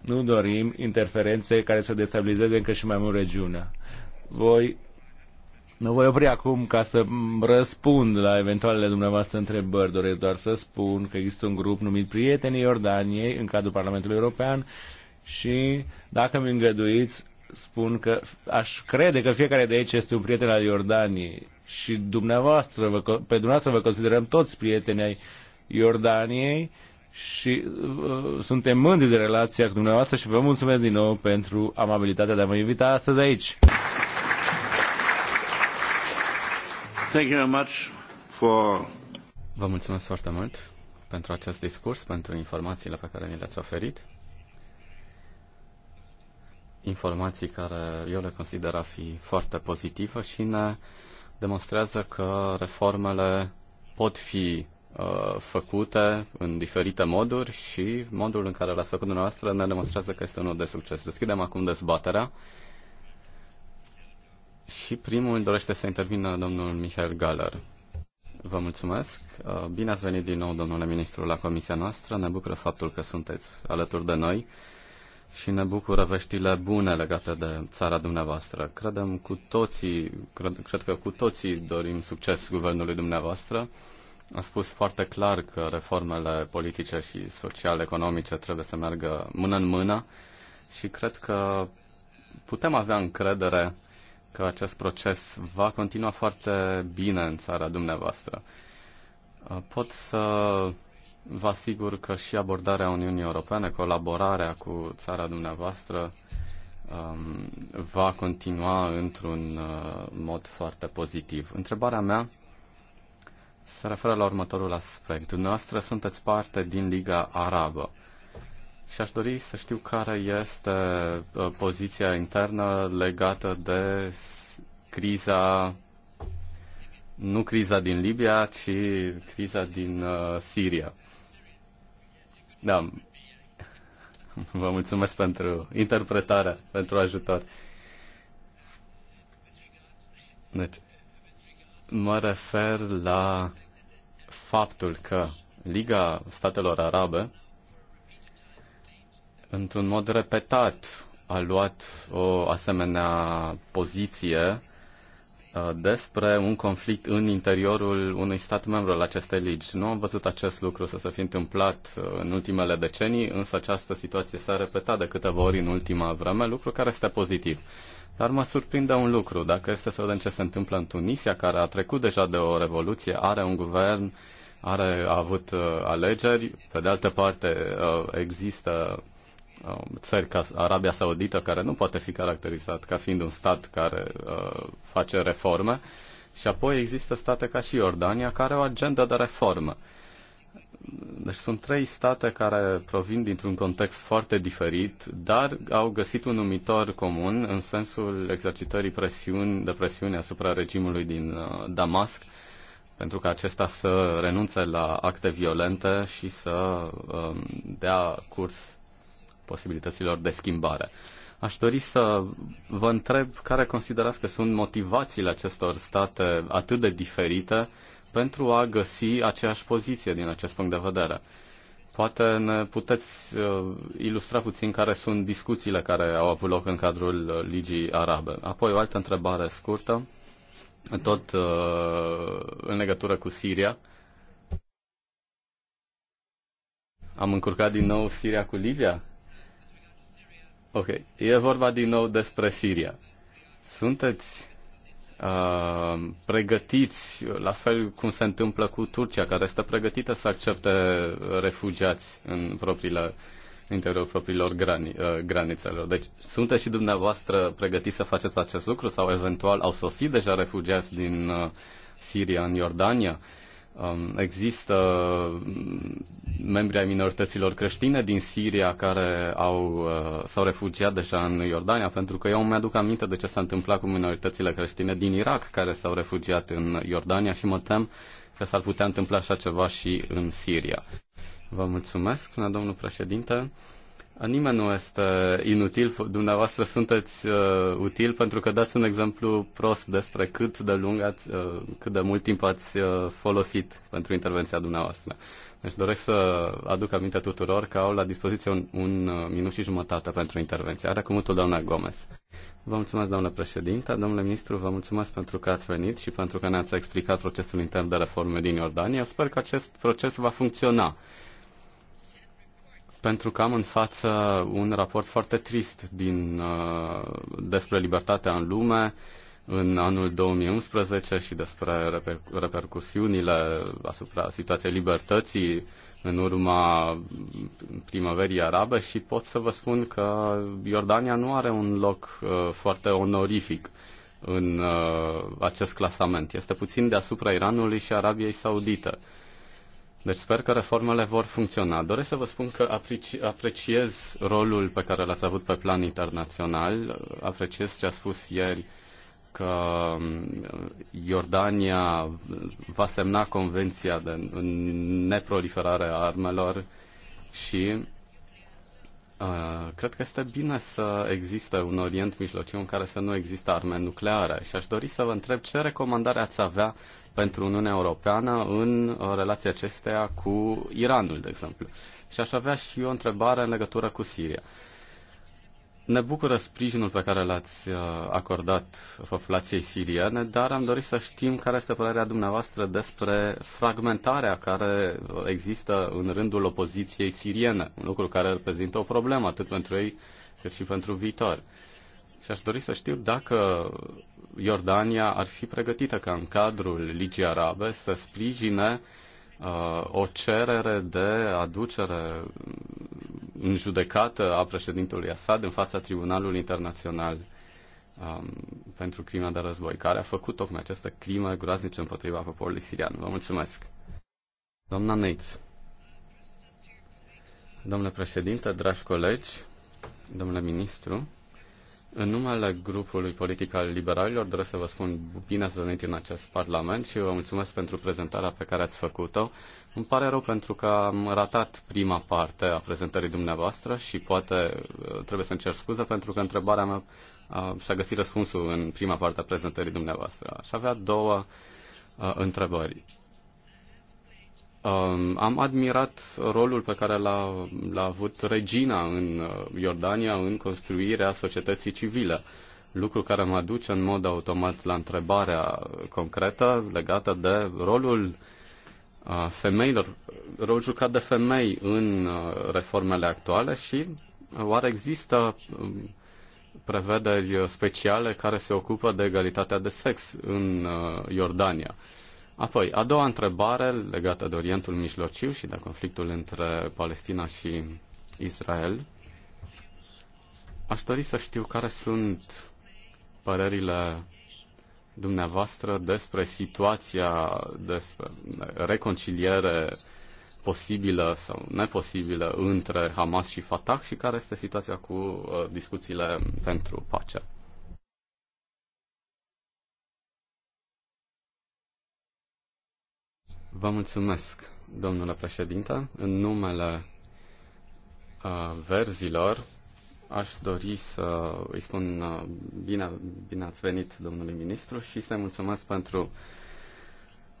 Nu dorim interferențe care să destabilizeze încă și mai mult regiunea. Voi nu voi opri acum ca să răspund la eventualele dumneavoastră întrebări. Doresc doar să spun că există un grup numit Prietenii Iordaniei în cadrul Parlamentului European și, dacă mi îngăduiți, spun că aș crede că fiecare de aici este un prieten al Iordaniei și dumneavoastră, vă, pe dumneavoastră vă considerăm toți prieteni ai Iordaniei și uh, suntem mândri de relația cu dumneavoastră și vă mulțumesc din nou pentru amabilitatea de a mă invita astăzi aici. Thank you very much for... Vă mulțumesc foarte mult pentru acest discurs, pentru informațiile pe care ni le-ați oferit. Informații care eu le consider a fi foarte pozitive și ne demonstrează că reformele pot fi uh, făcute în diferite moduri și modul în care l-ați făcut dumneavoastră ne demonstrează că este unul de succes. Deschidem acum dezbaterea și primul dorește să intervină domnul Michael Galler. Vă mulțumesc. Uh, bine ați venit din nou, domnule ministru, la comisia noastră. Ne bucură faptul că sunteți alături de noi și ne bucură veștile bune legate de țara dumneavoastră. Credem cu toții, cred, cred că cu toții dorim succes guvernului dumneavoastră. A spus foarte clar că reformele politice și social-economice trebuie să meargă mână în mână și cred că putem avea încredere că acest proces va continua foarte bine în țara dumneavoastră. Pot să Vă asigur că și abordarea Uniunii Europene, colaborarea cu țara dumneavoastră, um, va continua într-un uh, mod foarte pozitiv. Întrebarea mea se referă la următorul aspect. Dumneavoastră sunteți parte din Liga Arabă și aș dori să știu care este uh, poziția internă legată de criza nu criza din Libia, ci criza din uh, Siria. Da. Vă mulțumesc pentru interpretare, pentru ajutor. Deci, mă refer la faptul că Liga Statelor Arabe, într-un mod repetat, a luat o asemenea poziție Uh, despre un conflict în interiorul unui stat membru al acestei legi. Nu am văzut acest lucru să se fi întâmplat uh, în ultimele decenii, însă această situație s-a repetat de câteva ori în ultima vreme, lucru care este pozitiv. Dar mă surprinde un lucru. Dacă este să vedem ce se întâmplă în Tunisia, care a trecut deja de o revoluție, are un guvern, are, a avut uh, alegeri, pe de altă parte există Um, țări ca Arabia Saudită, care nu poate fi caracterizat ca fiind un stat care uh, face reforme, și apoi există state ca și Iordania care au agenda de reformă. Deci sunt trei state care provin dintr-un context foarte diferit, dar au găsit un numitor comun în sensul exercitării presiuni, de presiune asupra regimului din uh, Damasc, pentru ca acesta să renunțe la acte violente și să um, dea curs posibilităților de schimbare. Aș dori să vă întreb care considerați că sunt motivațiile acestor state atât de diferite pentru a găsi aceeași poziție din acest punct de vedere. Poate ne puteți uh, ilustra puțin care sunt discuțiile care au avut loc în cadrul Ligii Arabe. Apoi o altă întrebare scurtă, tot uh, în legătură cu Siria. Am încurcat din nou Siria cu Libia? Ok, e vorba din nou despre Siria. Sunteți uh, pregătiți, la fel cum se întâmplă cu Turcia, care este pregătită să accepte refugiați în propriile în interiorul propriilor grani, uh, granițelor. Deci sunteți și dumneavoastră pregătiți să faceți acest lucru sau eventual au sosit deja refugiați din uh, Siria în Iordania? Uh, Um, există mm, membri ai minorităților creștine din Siria care au, uh, s-au refugiat deja în Iordania, pentru că eu îmi aduc aminte de ce s-a întâmplat cu minoritățile creștine din Irak care s-au refugiat în Iordania și mă tem că s-ar putea întâmpla așa ceva și în Siria. Vă mulțumesc, domnul președinte. Nimeni nu este inutil, dumneavoastră sunteți uh, util pentru că dați un exemplu prost despre cât de lung ați, uh, cât de mult timp ați uh, folosit pentru intervenția dumneavoastră. Deci doresc să aduc aminte tuturor că au la dispoziție un, un uh, minut și jumătate pentru intervenție. Are cuvântul doamna Gomez. Vă mulțumesc, doamnă președinte. Domnule ministru, vă mulțumesc pentru că ați venit și pentru că ne-ați explicat procesul intern de reforme din Iordania. sper că acest proces va funcționa pentru că am în față un raport foarte trist din, uh, despre libertatea în lume în anul 2011 și despre repercusiunile asupra situației libertății în urma primăverii arabe și pot să vă spun că Iordania nu are un loc uh, foarte onorific în uh, acest clasament. Este puțin deasupra Iranului și Arabiei Saudite. Deci sper că reformele vor funcționa. Doresc să vă spun că apreciez rolul pe care l-ați avut pe plan internațional, apreciez ce a spus ieri că um, Iordania va semna convenția de neproliferare a armelor și uh, cred că este bine să existe un Orient Mijlociu în care să nu există arme nucleare și aș dori să vă întreb ce recomandare ați avea pentru Uniunea Europeană în uh, relația acestea cu Iranul, de exemplu. Și aș avea și eu o întrebare în legătură cu Siria. Ne bucură sprijinul pe care l-ați uh, acordat populației siriene, dar am dorit să știm care este părerea dumneavoastră despre fragmentarea care există în rândul opoziției siriene, un lucru care reprezintă o problemă atât pentru ei cât și pentru viitor. Și aș dori să știu dacă Iordania ar fi pregătită ca în cadrul Ligii Arabe să sprijine uh, o cerere de aducere în judecată a președintelui Assad în fața Tribunalului Internațional um, pentru crime de război, care a făcut tocmai această crimă groaznică împotriva poporului sirian. Vă mulțumesc. Doamna Neitz. Domnule președinte, dragi colegi, domnule ministru, în numele grupului politic al liberalilor doresc să vă spun bine ați venit în acest parlament și vă mulțumesc pentru prezentarea pe care ați făcut-o. Îmi pare rău pentru că am ratat prima parte a prezentării dumneavoastră și poate uh, trebuie să încerc scuză pentru că întrebarea mea uh, și-a găsit răspunsul în prima parte a prezentării dumneavoastră. Aș avea două uh, întrebări. Um, am admirat rolul pe care l-a, l-a avut regina în uh, Iordania în construirea societății civile, lucru care mă duce în mod automat la întrebarea concretă legată de rolul uh, femeilor, rolul jucat de femei în uh, reformele actuale și oare există um, prevederi speciale care se ocupă de egalitatea de sex în Iordania? Apoi, a doua întrebare legată de Orientul Mijlociu și de conflictul între Palestina și Israel. Aș dori să știu care sunt părerile dumneavoastră despre situația, despre reconciliere posibilă sau neposibilă între Hamas și Fatah și care este situația cu uh, discuțiile pentru pace. Vă mulțumesc, domnule președinte. În numele uh, verzilor, aș dori să îi spun uh, bine, bine ați venit, domnului ministru, și să-i mulțumesc pentru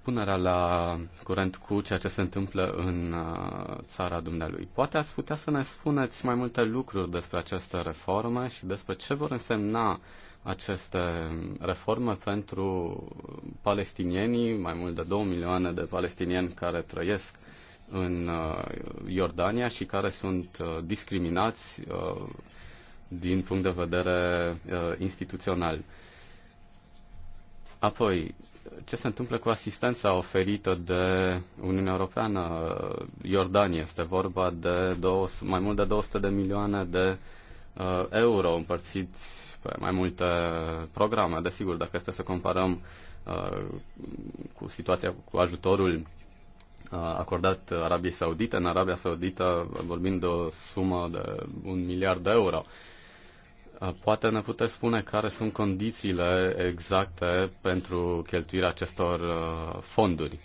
punerea la curent cu ceea ce se întâmplă în uh, țara dumnealui. Poate ați putea să ne spuneți mai multe lucruri despre această reformă și despre ce vor însemna uh, această reformă pentru palestinienii, mai mult de 2 milioane de palestinieni care trăiesc în uh, Iordania și care sunt uh, discriminați uh, din punct de vedere instituțional. Apoi, ce se întâmplă cu asistența oferită de Uniunea Europeană Iordania Este vorba de două, mai mult de 200 de milioane de euro împărțiți pe mai multe programe. Desigur, dacă este să comparăm uh, cu situația cu ajutorul uh, acordat Arabiei Saudite. În Arabia Saudită vorbim de o sumă de un miliard de euro. Uh, poate ne puteți spune care sunt condițiile exacte pentru cheltuirea acestor uh, fonduri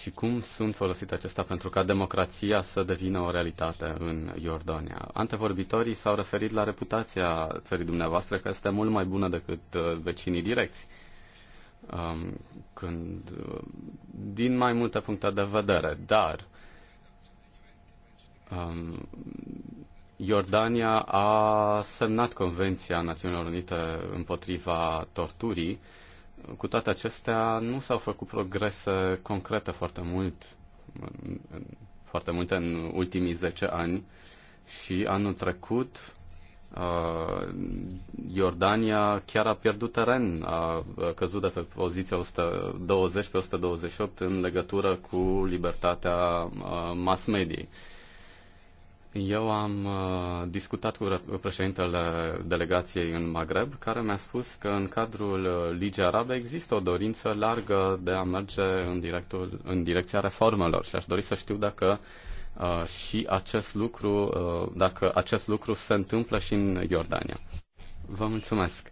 și cum sunt folosite acestea pentru ca democrația să devină o realitate în Iordania. Antevorbitorii s-au referit la reputația țării dumneavoastră, care este mult mai bună decât uh, vecinii direcți. Um, când, uh, din mai multe puncte de vedere, dar um, Iordania a semnat Convenția Națiunilor Unite împotriva torturii, cu toate acestea, nu s-au făcut progrese concrete foarte mult, foarte multe în ultimii 10 ani și anul trecut uh, Iordania chiar a pierdut teren, a căzut de pe poziția 120 pe 128 în legătură cu libertatea uh, mass mediei. Uh, eu am uh, discutat cu președintele delegației în Maghreb, care mi-a spus că în cadrul uh, Ligii Arabe există o dorință largă de a merge în, directul, în direcția reformelor și aș dori să știu dacă uh, și acest lucru, uh, dacă acest lucru se întâmplă și în Iordania. Vă mulțumesc.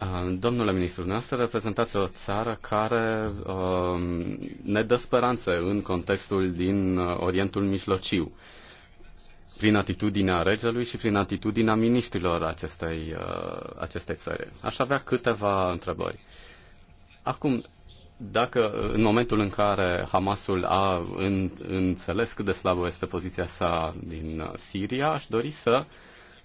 Uh, domnule ministru, dumneavoastră reprezentați o țară care uh, ne dă speranțe în contextul din Orientul Mijlociu. Uh, prin atitudinea regelui și prin atitudinea miniștrilor acestei, uh, acestei țări. Aș avea câteva întrebări. Acum, dacă în momentul în care Hamasul a în, înțeles cât de slabă este poziția sa din Siria, aș dori să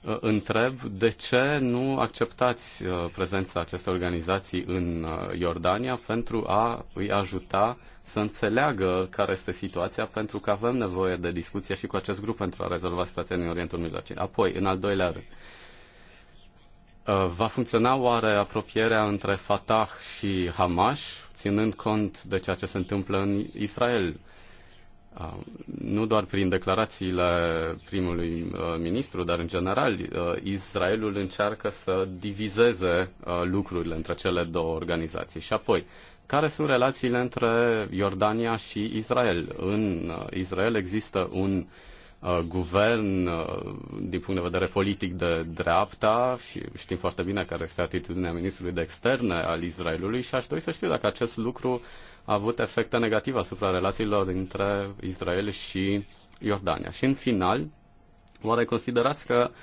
uh, întreb de ce nu acceptați uh, prezența acestei organizații în Iordania pentru a îi ajuta să înțeleagă care este situația, pentru că avem nevoie de discuție și cu acest grup pentru a rezolva situația din Orientul Mijlociu. Apoi, în al doilea rând, uh, va funcționa oare apropierea între Fatah și Hamas, ținând cont de ceea ce se întâmplă în Israel? Uh, nu doar prin declarațiile primului uh, ministru, dar în general, Israelul încearcă să divizeze lucrurile între cele două organizații. Și apoi, care sunt relațiile între Iordania și Israel? În uh, Israel există un uh, guvern uh, din punct de vedere politic de dreapta și știm foarte bine care este atitudinea ministrului de externe al Israelului și aș dori să știu dacă acest lucru a avut efecte negative asupra relațiilor între Israel și Iordania. Și în final, oare considerați că uh,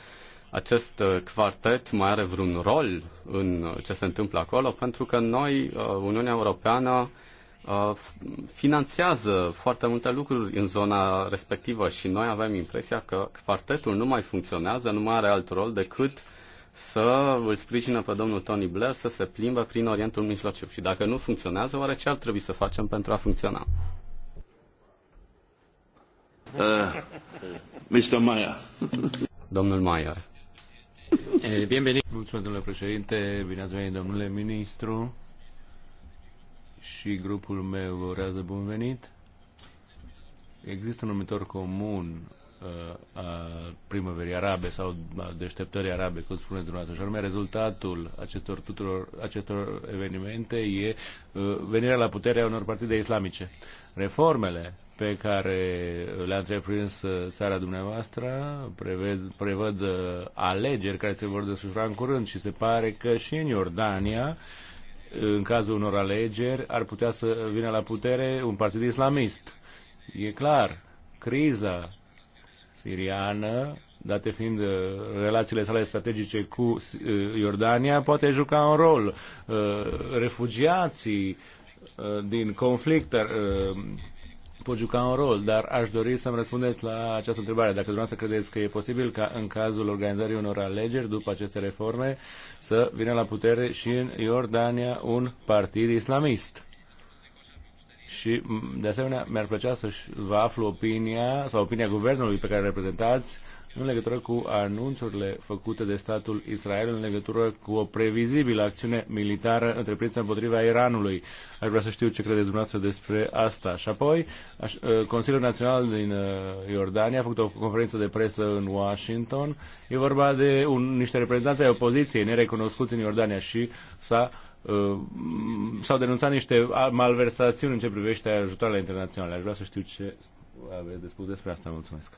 acest uh, quartet mai are vreun rol în uh, ce se întâmplă acolo, pentru că noi, uh, Uniunea Europeană, finanțează foarte multe lucruri în zona respectivă și noi avem impresia că quartetul nu mai funcționează, nu mai are alt rol decât să îl sprijină pe domnul Tony Blair să se plimbe prin Orientul Mijlociu. Și dacă nu funcționează, oare ce ar trebui să facem pentru a funcționa? Uh, Mr. Meyer. Domnul Mayer. Eh, Bienvenit. Mulțumesc, domnule președinte, bine ați venit, domnule ministru și grupul meu vă urează bun venit. Există un numitor comun eh, a primăverii arabe sau a deșteptării arabe, cum spuneți dumneavoastră. Și anume, rezultatul acestor, tuturor, acestor evenimente e eh, venirea la puterea unor partide islamice. Reformele pe care le-a întreprins țara dumneavoastră, preved, prevăd uh, alegeri care se vor desfășura în curând și se pare că și în Iordania, în cazul unor alegeri, ar putea să vină la putere un partid islamist. E clar, criza siriană, date fiind uh, relațiile sale strategice cu uh, Iordania, poate juca un rol. Refugiații din conflict pot juca un rol, dar aș dori să-mi răspundeți la această întrebare. Dacă dumneavoastră credeți că e posibil ca în cazul organizării unor alegeri după aceste reforme să vină la putere și în Iordania un partid islamist. Și, de asemenea, mi-ar plăcea să vă aflu opinia sau opinia guvernului pe care reprezentați în legătură cu anunțurile făcute de statul Israel în legătură cu o previzibilă acțiune militară întreprinsă împotriva Iranului. Aș vrea să știu ce credeți dumneavoastră despre asta. Și apoi, ă, Consiliul Național din ă, Iordania a făcut o conferință de presă în Washington. E vorba de un, niște reprezentanți ai opoziției nerecunoscuți în Iordania și s-a ă, s-au denunțat niște malversațiuni în ce privește ajutoarele internaționale. Aș vrea să știu ce aveți de spus despre asta. Mulțumesc.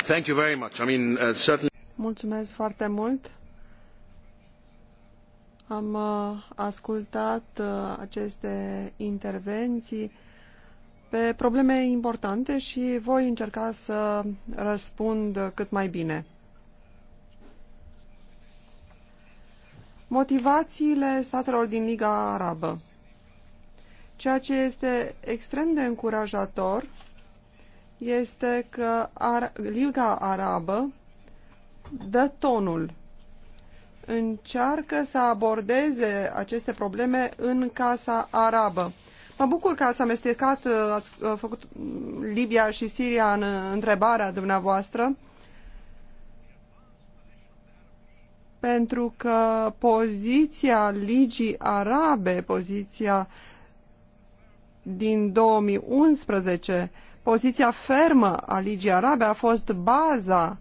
Thank you very much. I mean, uh, certainly. Mulțumesc foarte mult. Am uh, ascultat uh, aceste intervenții pe probleme importante și voi încerca să răspund cât mai bine. Motivațiile statelor din Liga Arabă Ceea ce este extrem de încurajator este că Ar Liga Arabă dă tonul, încearcă să abordeze aceste probleme în Casa Arabă. Mă bucur că ați amestecat, uh, ați uh, făcut mm, Libia și Siria în uh, întrebarea dumneavoastră, pentru că poziția Ligii Arabe, poziția din 2011, poziția fermă a Ligii Arabe a fost baza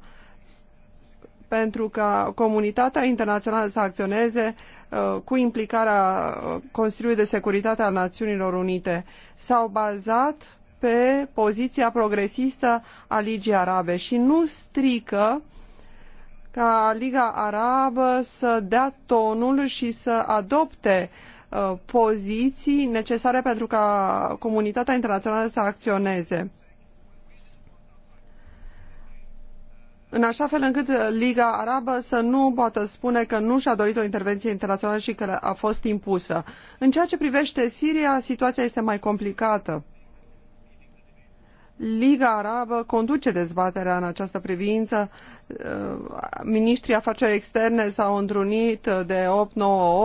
pentru ca comunitatea internațională să acționeze Uh, cu implicarea uh, Consiliului de Securitate al Națiunilor Unite s-au bazat pe poziția progresistă a Ligii Arabe și nu strică ca Liga Arabă să dea tonul și să adopte uh, poziții necesare pentru ca comunitatea internațională să acționeze. în așa fel încât Liga Arabă să nu poată spune că nu și-a dorit o intervenție internațională și că a fost impusă. În ceea ce privește Siria, situația este mai complicată. Liga Arabă conduce dezbaterea în această privință. Uh, ministrii Afaceri Externe s-au întrunit de 8-9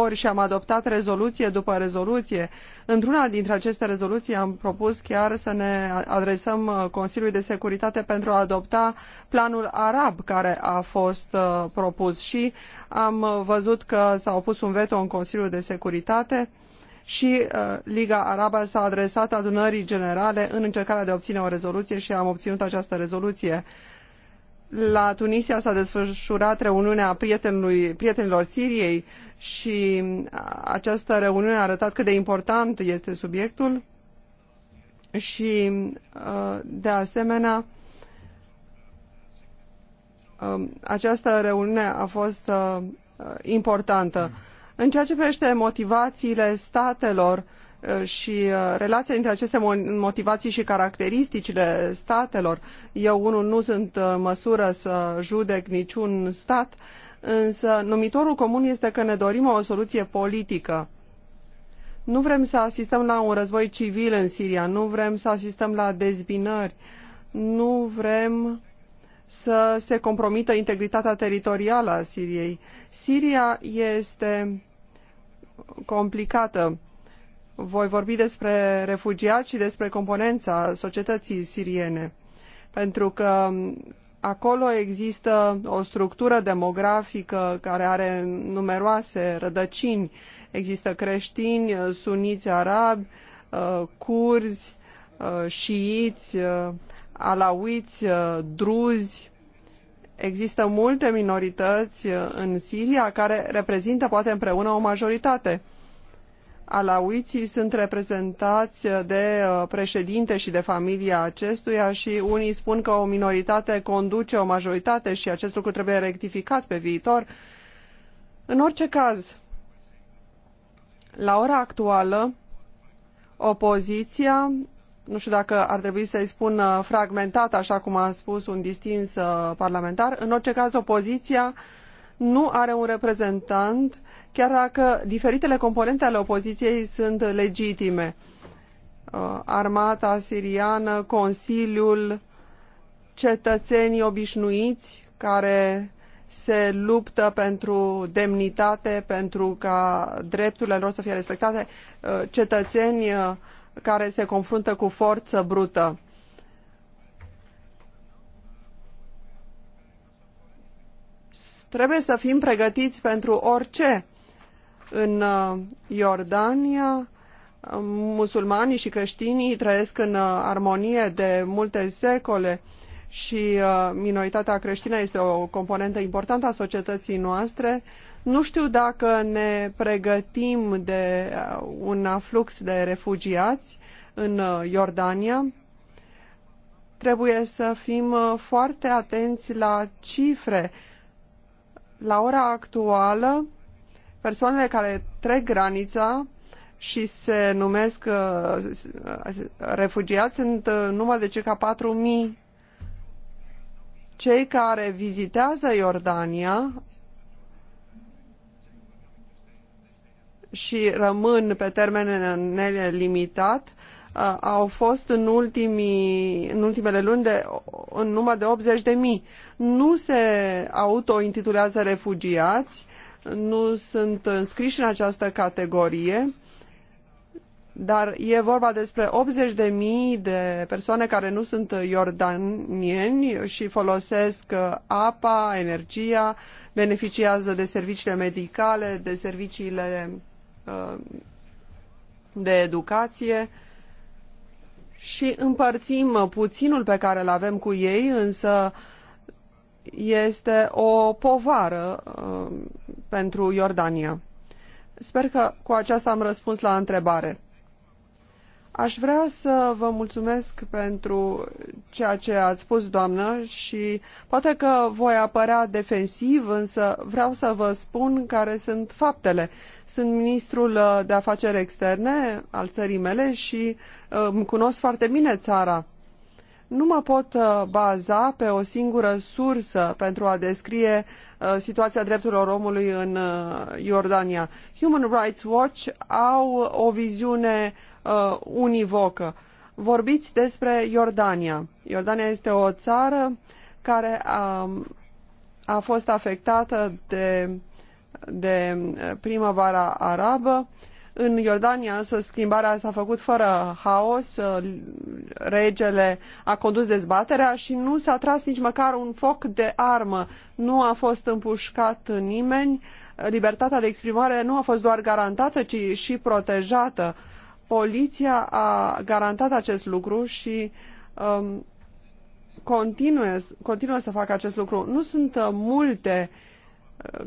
ori și am adoptat rezoluție după rezoluție. Într-una dintre aceste rezoluții am propus chiar să ne adresăm Consiliului de Securitate pentru a adopta planul arab care a fost uh, propus și am văzut că s-a opus un veto în Consiliul de Securitate și uh, Liga Arabă s-a adresat adunării generale în încercarea de a obține o rezoluție și am obținut această rezoluție. La Tunisia s-a desfășurat reuniunea prietenului, prietenilor Siriei și uh, această reuniune a arătat cât de important este subiectul și uh, de asemenea um, această reuniune a fost importantă. În ceea ce privește motivațiile statelor uh, și uh, relația dintre aceste motivații și caracteristicile statelor, eu unul nu sunt uh, în măsură să judec niciun stat, însă numitorul comun este că ne dorim o soluție politică. Nu vrem să asistăm la un război civil în Siria, nu vrem să asistăm la dezbinări, nu vrem să se compromită integritatea teritorială a Siriei. Siria este complicată. Voi vorbi despre refugiați și despre componența societății siriene, pentru că acolo există o structură demografică care are numeroase rădăcini. Există creștini, suniți arabi, uh, curzi, uh, șiiți, uh, alauiți, uh, druzi. Există multe minorități uh, în Siria care reprezintă poate împreună o majoritate. Alauiții sunt reprezentați uh, de președinte și de familia acestuia și unii spun că o minoritate conduce o majoritate și acest lucru trebuie rectificat pe viitor. În orice caz, la ora actuală, opoziția nu știu dacă ar trebui să-i spun uh, fragmentat, așa cum a spus un distins uh, parlamentar. În orice caz, opoziția nu are un reprezentant, chiar dacă diferitele componente ale opoziției sunt legitime. Uh, armata siriană, Consiliul, cetățenii obișnuiți care se luptă pentru demnitate, pentru ca drepturile lor să fie respectate, cetățenii care se confruntă cu forță brută. Trebuie să fim pregătiți pentru orice. În uh, Iordania, musulmanii și creștinii trăiesc în uh, armonie de multe secole și uh, minoritatea creștină este o componentă importantă a societății noastre. Nu știu dacă ne pregătim de uh, un aflux de refugiați în uh, Iordania. Trebuie să fim uh, foarte atenți la cifre. La ora actuală, persoanele care trec granița și se numesc refugiați sunt numai de circa 4.000. Cei care vizitează Iordania și rămân pe termen nelimitat uh, au fost în, ultimii, în ultimele luni de, în număr de 80 de mii. Nu se autointitulează refugiați, nu sunt înscriși în această categorie, dar e vorba despre 80 de mii de persoane care nu sunt iordanieni și folosesc uh, apa, energia, beneficiază de serviciile medicale, de serviciile Uh, de educație și împărțim puținul pe care îl avem cu ei, însă este o povară uh, pentru Iordania. Sper că cu aceasta am răspuns la întrebare. Aș vrea să vă mulțumesc pentru ceea ce ați spus, doamnă, și poate că voi apărea defensiv, însă vreau să vă spun care sunt faptele. Sunt ministrul uh, de afaceri externe al țării mele și uh, îmi cunosc foarte bine țara. Nu mă pot uh, baza pe o singură sursă pentru a descrie uh, situația drepturilor omului în uh, Iordania. Human Rights Watch au o viziune univocă. Vorbiți despre Iordania. Iordania este o țară care a, a fost afectată de, de primăvara arabă. Uh, în Iordania însă schimbarea s-a făcut fără haos, uh, regele a condus dezbaterea și nu s-a tras nici măcar un foc de armă, nu a fost împușcat nimeni, libertatea de exprimare nu a fost doar garantată, ci și protejată. Poliția a garantat acest lucru și um, continuă, să facă acest lucru. Nu sunt uh, multe uh,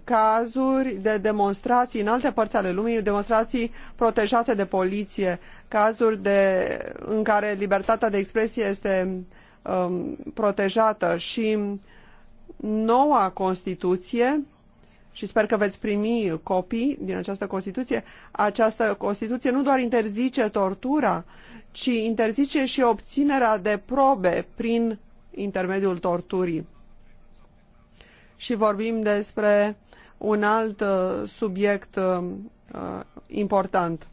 cazuri de demonstrații în alte părți ale lumii, demonstrații protejate de poliție, cazuri de, în care libertatea de expresie este um, protejată și noua Constituție și sper că veți primi copii din această Constituție. Această Constituție nu doar interzice tortura, ci interzice și obținerea de probe prin intermediul torturii și vorbim despre un alt uh, subiect uh, uh, important.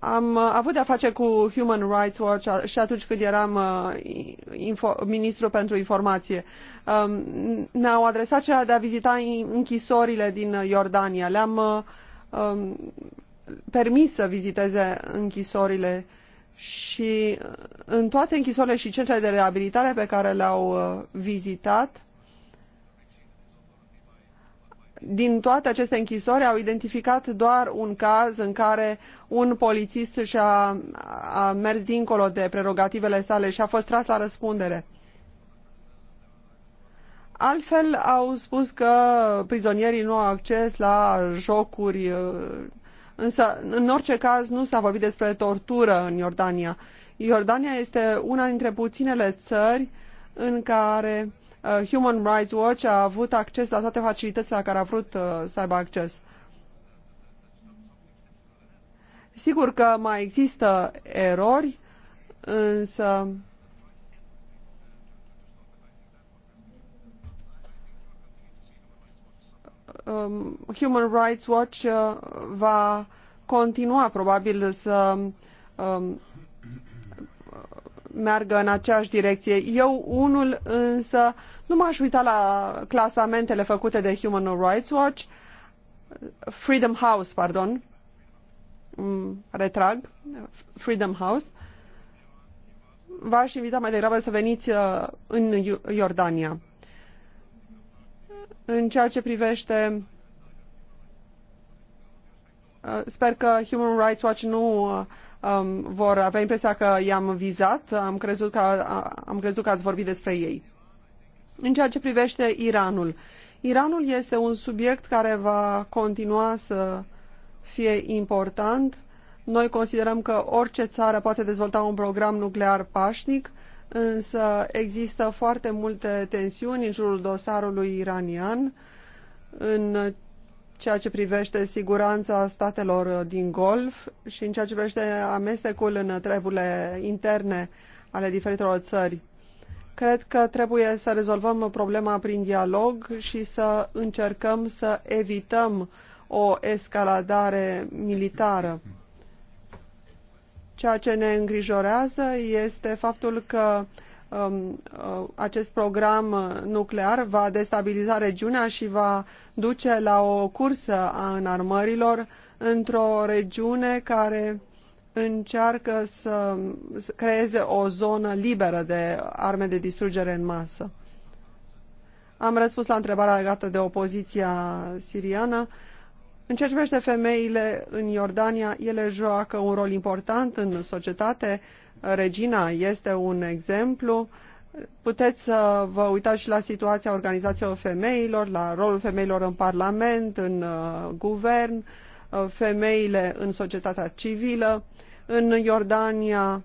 Am avut de-a face cu Human Rights Watch și atunci când eram info, ministru pentru informație. Um, ne-au adresat cea de a vizita închisorile din Iordania. Le-am um, permis să viziteze închisorile și uh, în toate închisorile și centrele de reabilitare pe care le-au uh, vizitat, din toate aceste închisori au identificat doar un caz în care un polițist și-a a mers dincolo de prerogativele sale și a fost tras la răspundere. Altfel au spus că prizonierii nu au acces la jocuri uh, Însă, în orice caz, nu s-a vorbit despre tortură în Iordania. Iordania este una dintre puținele țări în care uh, Human Rights Watch a avut acces la toate facilitățile la care a vrut uh, să aibă acces. Sigur că mai există erori, însă Um, Human Rights Watch uh, va continua probabil să um, meargă în aceeași direcție. Eu, unul, însă, nu m-aș uita la clasamentele făcute de Human Rights Watch, Freedom House, pardon, mm, retrag, Freedom House, v-aș invita mai degrabă să veniți uh, în Iordania. În ceea ce privește uh, Sper că Human Rights Watch nu uh, um, vor avea impresia că i-am vizat. Am crezut, că, am crezut că ați vorbit despre ei. În ceea ce privește Iranul. Iranul este un subiect care va continua să fie important. Noi considerăm că orice țară poate dezvolta un program nuclear pașnic însă există foarte multe tensiuni în jurul dosarului iranian în ceea ce privește siguranța statelor din Golf și în ceea ce privește amestecul în treburile interne ale diferitelor țări. Cred că trebuie să rezolvăm problema prin dialog și să încercăm să evităm o escaladare militară. Ceea ce ne îngrijorează este faptul că um, uh, acest program nuclear va destabiliza regiunea și va duce la o cursă a înarmărilor într-o regiune care încearcă să creeze o zonă liberă de arme de distrugere în masă. Am răspuns la întrebarea legată de opoziția siriană. În ce privește femeile în Iordania, ele joacă un rol important în societate. Regina este un exemplu. Puteți să vă uitați și la situația organizației femeilor, la rolul femeilor în Parlament, în uh, guvern, uh, femeile în societatea civilă. În Iordania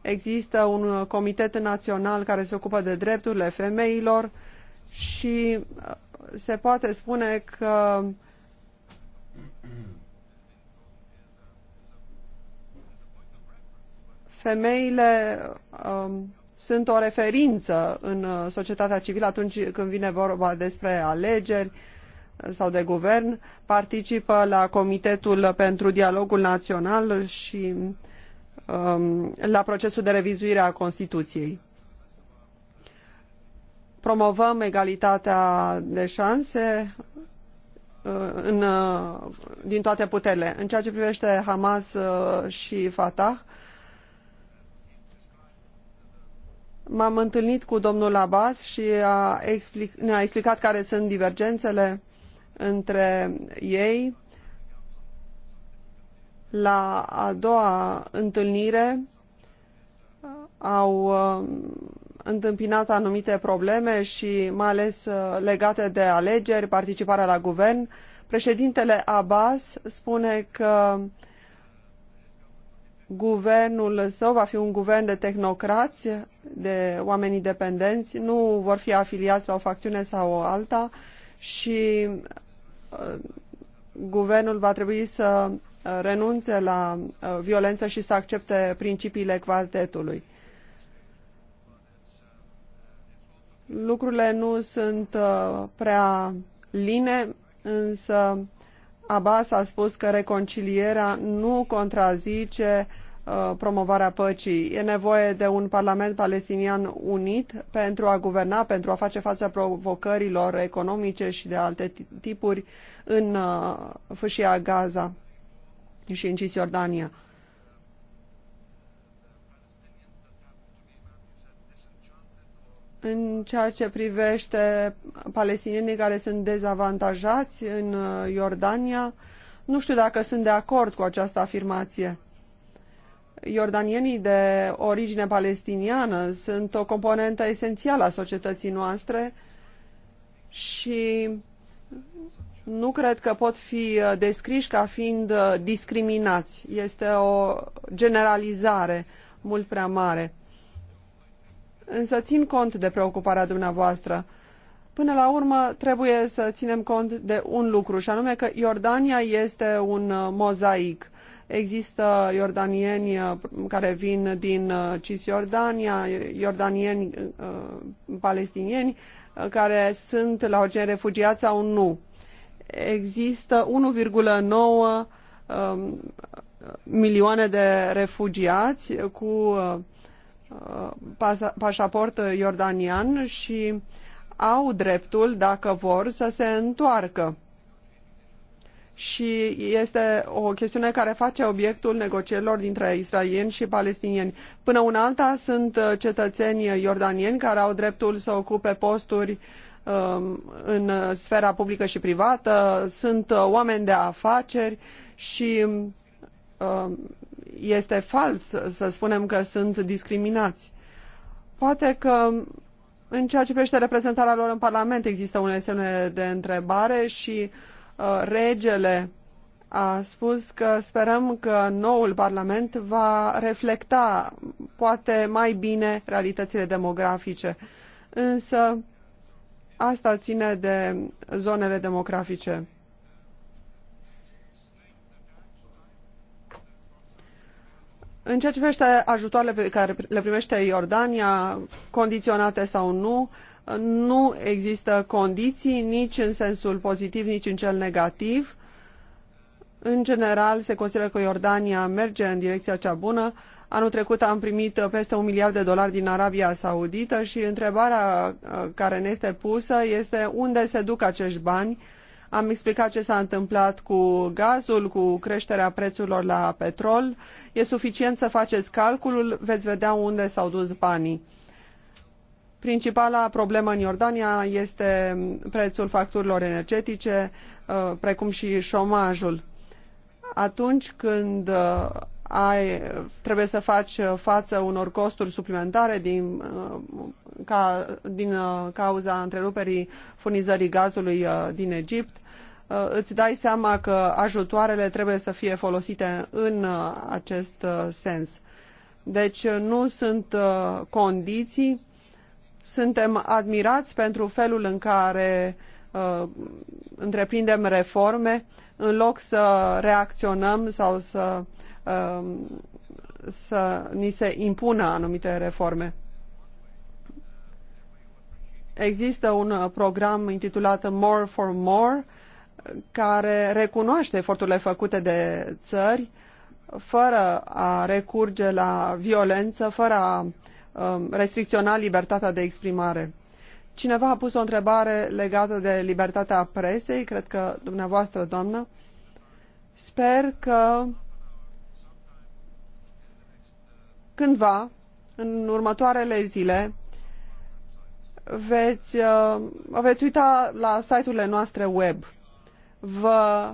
există un uh, comitet național care se ocupă de drepturile femeilor și se poate spune că uh, femeile um, sunt o referință în uh, societatea civilă atunci când vine vorba despre alegeri uh, sau de guvern, participă la Comitetul pentru Dialogul Național și um, la procesul de revizuire a Constituției. Promovăm egalitatea de șanse uh, în, din toate puterile. În ceea ce privește Hamas și Fatah, M-am întâlnit cu domnul Abbas și a explic, ne-a explicat care sunt divergențele între ei. La a doua întâlnire uh, au uh, întâmpinat anumite probleme și mai ales uh, legate de alegeri, participarea la guvern. Președintele Abbas spune că uh, guvernul său va fi un guvern de tehnocrați, de oameni independenți, nu vor fi afiliați la o facțiune sau alta și uh, guvernul va trebui să uh, renunțe la uh, violență și să accepte principiile quartetului. Lucrurile nu sunt prea line, însă Abbas a spus că reconcilierea nu contrazice uh, promovarea păcii. E nevoie de un parlament palestinian unit pentru a guverna, pentru a face față provocărilor economice și de alte tipuri în uh, fâșia Gaza și în Cisjordania. în ceea ce privește palestinienii care sunt dezavantajați în uh, Iordania. Nu știu dacă sunt de acord cu această afirmație. Iordanienii de origine palestiniană sunt o componentă esențială a societății noastre și nu cred că pot fi uh, descriși ca fiind uh, discriminați. Este o generalizare mult prea mare însă țin cont de preocuparea dumneavoastră. Până la urmă, trebuie să ținem cont de un lucru, și anume că Iordania este un uh, mozaic. Există iordanieni uh, care vin din uh, Cisjordania, iordanieni palestinieni care sunt la orice refugiați sau nu. Există 1,9 um, milioane de refugiați cu pașaport iordanian și au dreptul, dacă vor, să se întoarcă. Și este o chestiune care face obiectul negocierilor dintre israelieni și palestinieni. Până una alta sunt cetățeni iordanieni care au dreptul să ocupe posturi um, în sfera publică și privată, sunt oameni de afaceri și um, este fals să spunem că sunt discriminați. Poate că în ceea ce privește reprezentarea lor în Parlament există unele semne de întrebare și uh, regele a spus că sperăm că noul Parlament va reflecta poate mai bine realitățile demografice. Însă asta ține de zonele demografice. În ceea ce privește ajutoarele pe care le primește Iordania, condiționate sau nu, nu există condiții nici în sensul pozitiv, nici în cel negativ. În general, se consideră că Iordania merge în direcția cea bună. Anul trecut am primit peste un miliard de dolari din Arabia Saudită și întrebarea uh, care ne este pusă este unde se duc acești bani am explicat ce s-a întâmplat cu gazul, cu creșterea prețurilor la petrol. E suficient să faceți calculul, veți vedea unde s-au dus banii. Principala problemă în Iordania este prețul facturilor energetice, uh, precum și șomajul. Atunci când uh, ai, trebuie să faci față unor costuri suplimentare din uh, ca, din uh, cauza întreruperii furnizării gazului uh, din Egipt, uh, îți dai seama că ajutoarele trebuie să fie folosite în acest sens. Deci nu sunt condiții, suntem admirați pentru felul în care întreprindem reforme în loc să reacționăm sau să, să ni se impună anumite reforme. Există un uh, program intitulat More for More, care recunoaște eforturile făcute de țări fără a recurge la violență, fără a um, restricționa libertatea de exprimare. Cineva a pus o întrebare legată de libertatea presei, cred că dumneavoastră, doamnă. Sper că cândva, în următoarele zile, veți, uh, veți uita la site-urile noastre web. Vă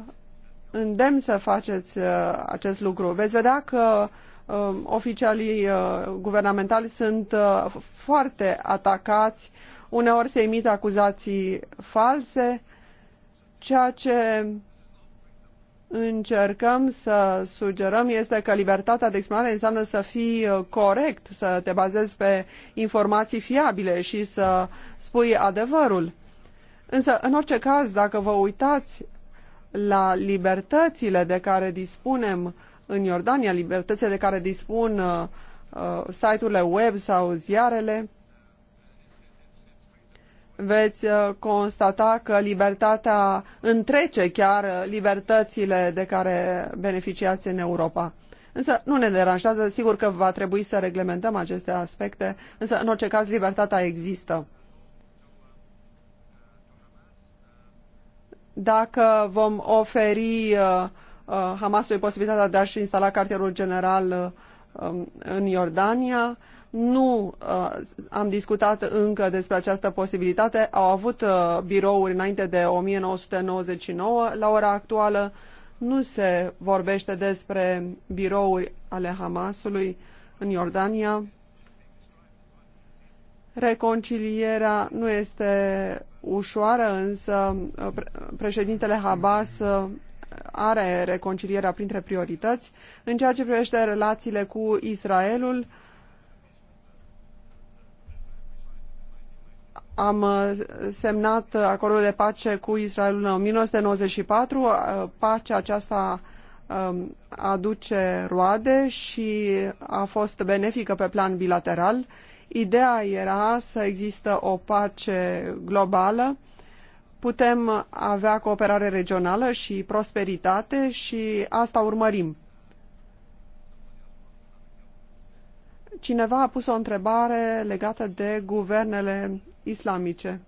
îndemn să faceți uh, acest lucru. Veți vedea că um, oficialii uh, guvernamentali sunt foarte atacați, uneori se emit acuzații false, ceea ce încercăm să sugerăm este că libertatea de exprimare înseamnă să fii uh, corect, să te bazezi pe informații fiabile și să spui adevărul. Însă, în orice caz, dacă vă uitați la libertățile de care dispunem în Iordania, libertățile de care dispun uh, uh site-urile web sau ziarele, veți uh, constata că libertatea întrece chiar uh, libertățile de care beneficiați în Europa. Însă nu ne deranjează, sigur că va trebui să reglementăm aceste aspecte, însă în orice caz libertatea există. Dacă vom oferi uh, uh Hamasului posibilitatea de a-și instala cartierul general uh, um, în Iordania, nu uh, am discutat încă despre această posibilitate. Au avut uh, birouri înainte de 1999. La ora actuală nu se vorbește despre birouri ale Hamasului în Iordania. Reconcilierea nu este ușoară, însă uh, președintele Habas uh, are reconcilierea printre priorități. În ceea ce privește relațiile cu Israelul, Am uh, semnat acordul de pace cu Israelul în 1994. Uh, pacea aceasta um, aduce roade și a fost benefică pe plan bilateral. Ideea era să există o pace globală, putem avea cooperare regională și prosperitate și asta urmărim. Cineva a pus o întrebare legată de guvernele islamice.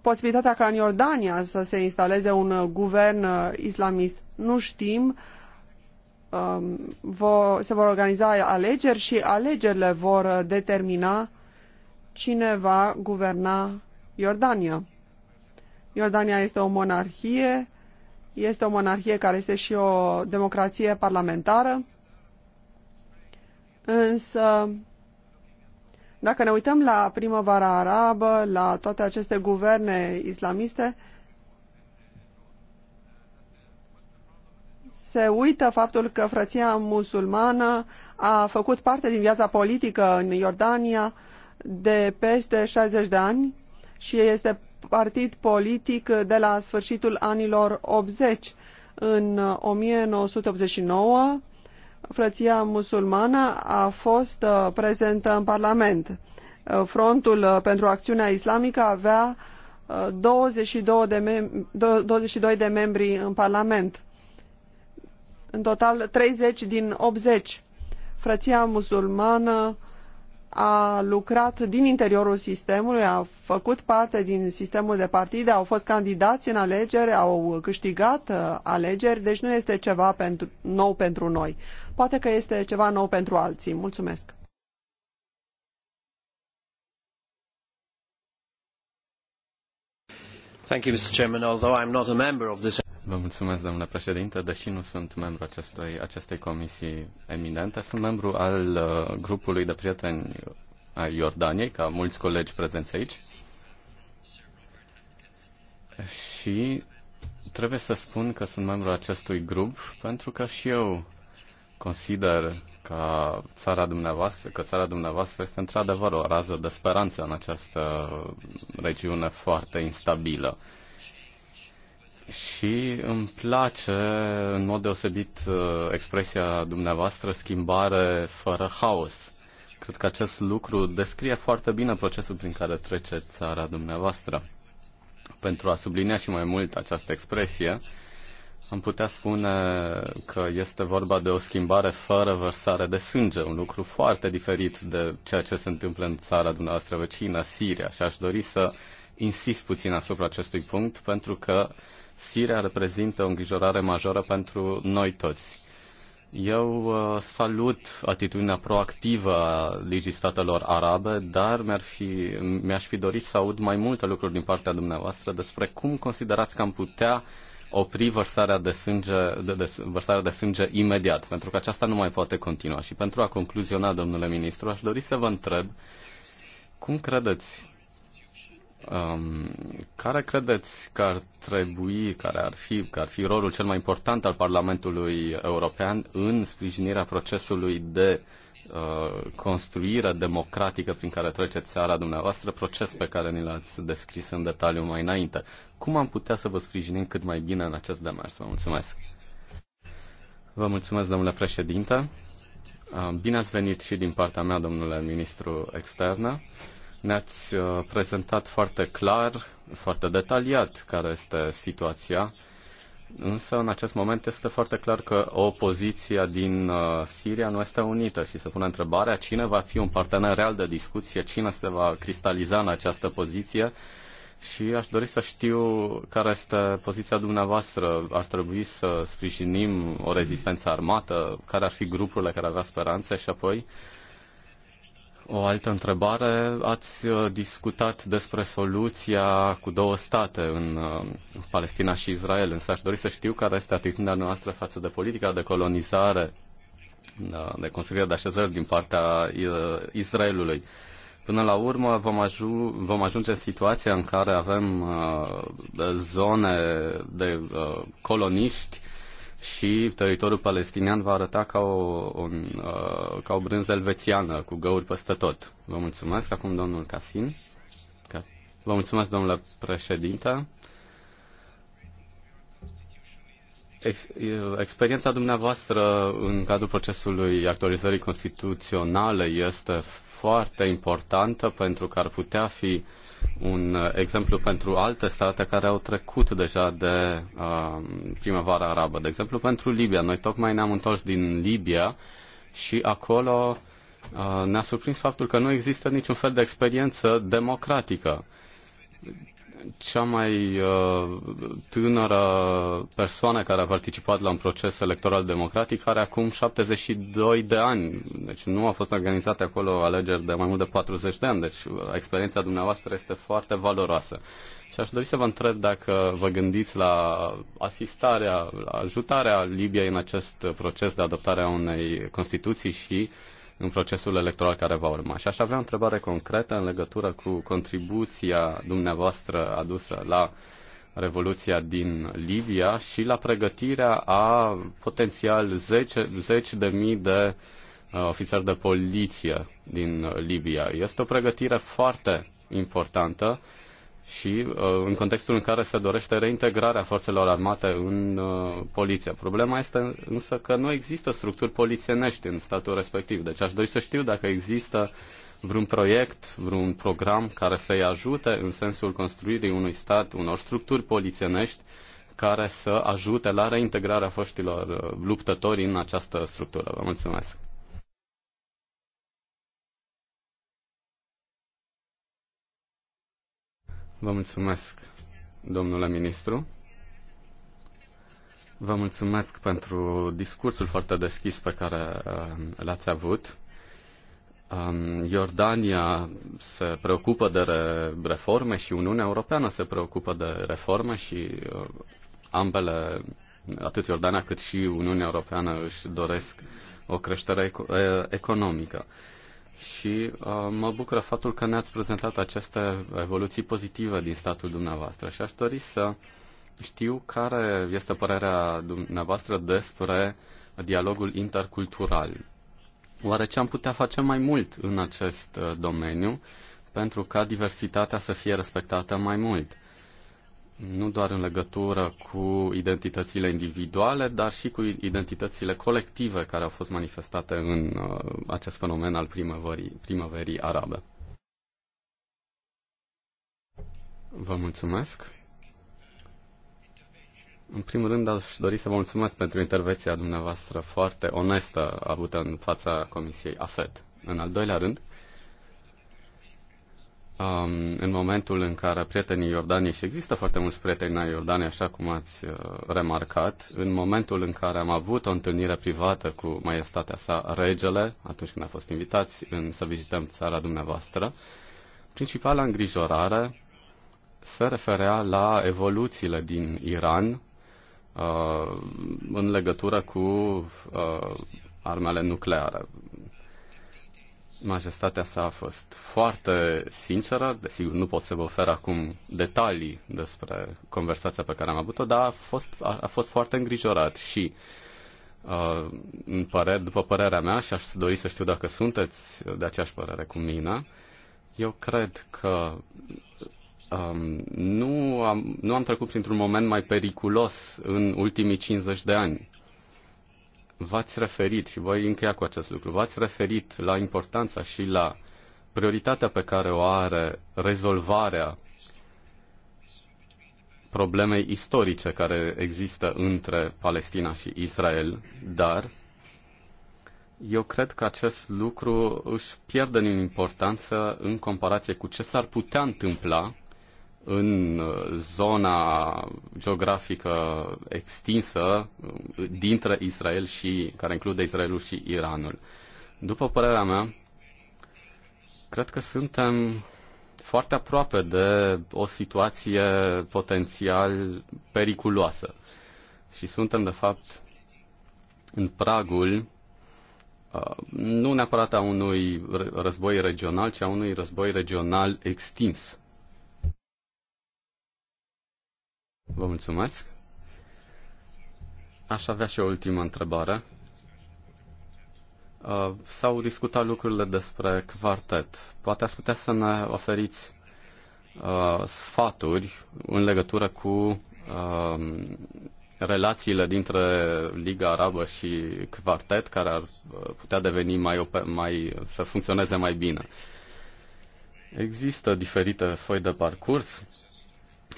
Posibilitatea ca în Iordania să se instaleze un guvern uh, islamist, nu știm. Um, se vor organiza alegeri și alegerile vor uh, determina cine va guverna Iordania. Iordania este o monarhie, este o monarhie care este și o democrație parlamentară. Însă, dacă ne uităm la primăvara arabă, la toate aceste guverne islamiste, se uită faptul că frăția musulmană a făcut parte din viața politică în Iordania de peste 60 de ani și este partid politic de la sfârșitul anilor 80. În 1989, frăția musulmană a fost uh, prezentă în Parlament. Uh, Frontul uh, pentru acțiunea islamică avea 22 de, mem 22 de membri în Parlament. În total 30 din 80. Frăția musulmană a lucrat din interiorul sistemului, a făcut parte din sistemul de partide, au fost candidați în alegeri, au câștigat uh, alegeri, deci nu este ceva pentru, nou pentru noi. Poate că este ceva nou pentru alții. Mulțumesc! Thank you, Mr. Chairman. Although I'm not a member of this Vă mulțumesc, domnule președinte. Deși nu sunt membru acestui, acestei comisii eminente, sunt membru al uh, grupului de prieteni ai Iordaniei, ca mulți colegi prezenți aici. Și trebuie să spun că sunt membru acestui grup pentru că și eu consider că țara dumneavoastră, că țara dumneavoastră este într-adevăr o rază de speranță în această regiune foarte instabilă. Și îmi place în mod deosebit uh, expresia dumneavoastră schimbare fără haos. Cred că acest lucru descrie foarte bine procesul prin care trece țara dumneavoastră. Pentru a sublinia și mai mult această expresie, am putea spune că este vorba de o schimbare fără vărsare de sânge, un lucru foarte diferit de ceea ce se întâmplă în țara dumneavoastră vecină, Siria, și aș dori să insist puțin asupra acestui punct pentru că Siria reprezintă o îngrijorare majoră pentru noi toți. Eu uh, salut atitudinea proactivă a Ligii Statelor Arabe, dar mi-ar fi, mi-aș fi dorit să aud mai multe lucruri din partea dumneavoastră despre cum considerați că am putea opri vărsarea de sânge, de, de, vărsarea de sânge imediat, pentru că aceasta nu mai poate continua. Și pentru a concluziona, domnule ministru, aș dori să vă întreb cum credeți Um, care credeți că ar trebui, care ar fi, că ar fi rolul cel mai important al Parlamentului European în sprijinirea procesului de uh, construire democratică prin care trece țara dumneavoastră, proces pe care ni l-ați descris în detaliu mai înainte. Cum am putea să vă sprijinim cât mai bine în acest demers? Vă mulțumesc! Vă mulțumesc, domnule președinte! Uh, bine ați venit și din partea mea, domnule ministru externă. Ne-ați uh, prezentat foarte clar, foarte detaliat care este situația, însă în acest moment este foarte clar că opoziția din uh, Siria nu este unită și se pune întrebarea cine va fi un partener real de discuție, cine se va cristaliza în această poziție și aș dori să știu care este poziția dumneavoastră. Ar trebui să sprijinim o rezistență armată? Care ar fi grupurile care avea speranțe? Și apoi, uh, o altă întrebare. Ați uh, discutat despre soluția cu două state în uh, Palestina și Israel, însă aș dori să știu care este atitudinea noastră față de politica de colonizare, uh, de construire de așezări din partea Israelului. Până la urmă vom, aju- vom ajunge în situația în care avem zone de coloniști și teritoriul palestinian va arăta ca o, un, uh, ca o brânză elvețiană cu găuri peste tot. Vă mulțumesc acum domnul Casin. Vă mulțumesc domnule președinte. Ex- uh, experiența dumneavoastră în cadrul procesului actualizării constituționale este foarte importantă pentru că ar putea fi uh, un uh, exemplu pentru alte state care au trecut deja de uh, primăvara arabă. De exemplu, pentru Libia. Noi tocmai ne-am întors din Libia și acolo uh, ne-a surprins faptul că nu există niciun fel de experiență democratică cea mai uh, tânără persoană care a participat la un proces electoral democratic are acum 72 de ani. Deci nu au fost organizate acolo alegeri de mai mult de 40 de ani. Deci uh, experiența dumneavoastră este foarte valoroasă. Și aș dori să vă întreb dacă vă gândiți la asistarea, la ajutarea Libiei în acest proces de adoptare a unei Constituții și uh, în procesul electoral care va urma. Și aș avea o întrebare concretă în legătură cu contribuția dumneavoastră adusă la Revoluția din Libia și la pregătirea a potențial 10, 10 de mii de uh, ofițeri de poliție din Libia. Este o pregătire foarte importantă și uh, în contextul în care se dorește reintegrarea forțelor armate în uh, poliție. Problema este însă că nu există structuri polițienești în statul respectiv. Deci aș dori să știu dacă există vreun proiect, vreun program care să-i ajute în sensul construirii unui stat, unor structuri polițienești care să ajute la reintegrarea foștilor uh, luptători în această structură. Vă mulțumesc! Vă mulțumesc, domnule ministru. Vă mulțumesc pentru discursul foarte deschis pe care uh, l-ați avut. Um, Iordania se preocupă de reforme și Uniunea Europeană se preocupă de reforme și uh, ambele, atât Iordania cât și Uniunea Europeană, își doresc o creștere uh, economică și uh, mă bucură faptul că ne-ați prezentat aceste evoluții pozitive din statul dumneavoastră și aș dori să știu care este părerea dumneavoastră despre dialogul intercultural. Oare ce am putea face mai mult în acest uh, domeniu pentru ca diversitatea să fie respectată mai mult? nu doar în legătură cu identitățile individuale, dar și cu identitățile colective care au fost manifestate în uh, acest fenomen al primăverii, primăverii arabe. Vă mulțumesc. În primul rând, aș dori să vă mulțumesc pentru intervenția dumneavoastră foarte onestă avută în fața Comisiei AFET. În al doilea rând, um, în momentul în care prietenii Iordaniei, și există foarte mulți prieteni ai Iordaniei, așa cum ați uh, remarcat, în momentul în care am avut o întâlnire privată cu maestatea sa, regele, atunci când a fost invitați în, să vizităm țara dumneavoastră, principala îngrijorare se referea la evoluțiile din Iran uh, în legătură cu uh, armele nucleare. Majestatea sa a fost foarte sinceră, desigur nu pot să vă ofer acum detalii despre conversația pe care am avut-o, dar a fost, a, a fost foarte îngrijorat și uh, în părer, după părerea mea, și aș dori să știu dacă sunteți de aceeași părere cu mine, eu cred că um, nu, am, nu am trecut printr-un moment mai periculos în ultimii 50 de ani v-ați referit, și voi încheia cu acest lucru, v-ați referit la importanța și la prioritatea pe care o are rezolvarea problemei istorice care există între Palestina și Israel, dar eu cred că acest lucru își pierde din importanță în comparație cu ce s-ar putea întâmpla în uh, zona geografică extinsă uh, dintre Israel și care include Israelul și Iranul. După părerea mea, cred că suntem foarte aproape de o situație potențial periculoasă. Și suntem, de fapt, în pragul uh, nu neapărat a unui război regional, ci a unui război regional extins. Vă mulțumesc. Aș avea și o ultimă întrebare. Uh, s-au discutat lucrurile despre quartet. Poate ați putea să ne oferiți uh, sfaturi în legătură cu uh, relațiile dintre Liga Arabă și quartet care ar uh, putea deveni mai, mai să funcționeze mai bine. Există diferite foi de parcurs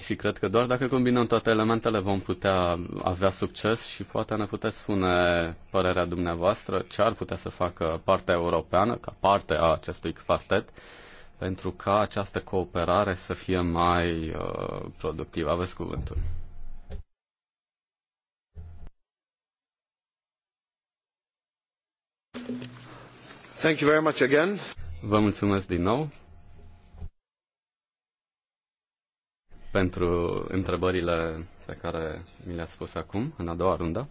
și cred că doar dacă combinăm toate elementele vom putea avea succes și poate ne puteți spune părerea dumneavoastră ce ar putea să facă partea europeană ca parte a acestui quartet pentru ca această cooperare să fie mai uh, productivă. Aveți cuvântul. Thank you very much again. Vă mulțumesc din nou. pentru întrebările pe care mi le-ați spus acum, în a doua rundă.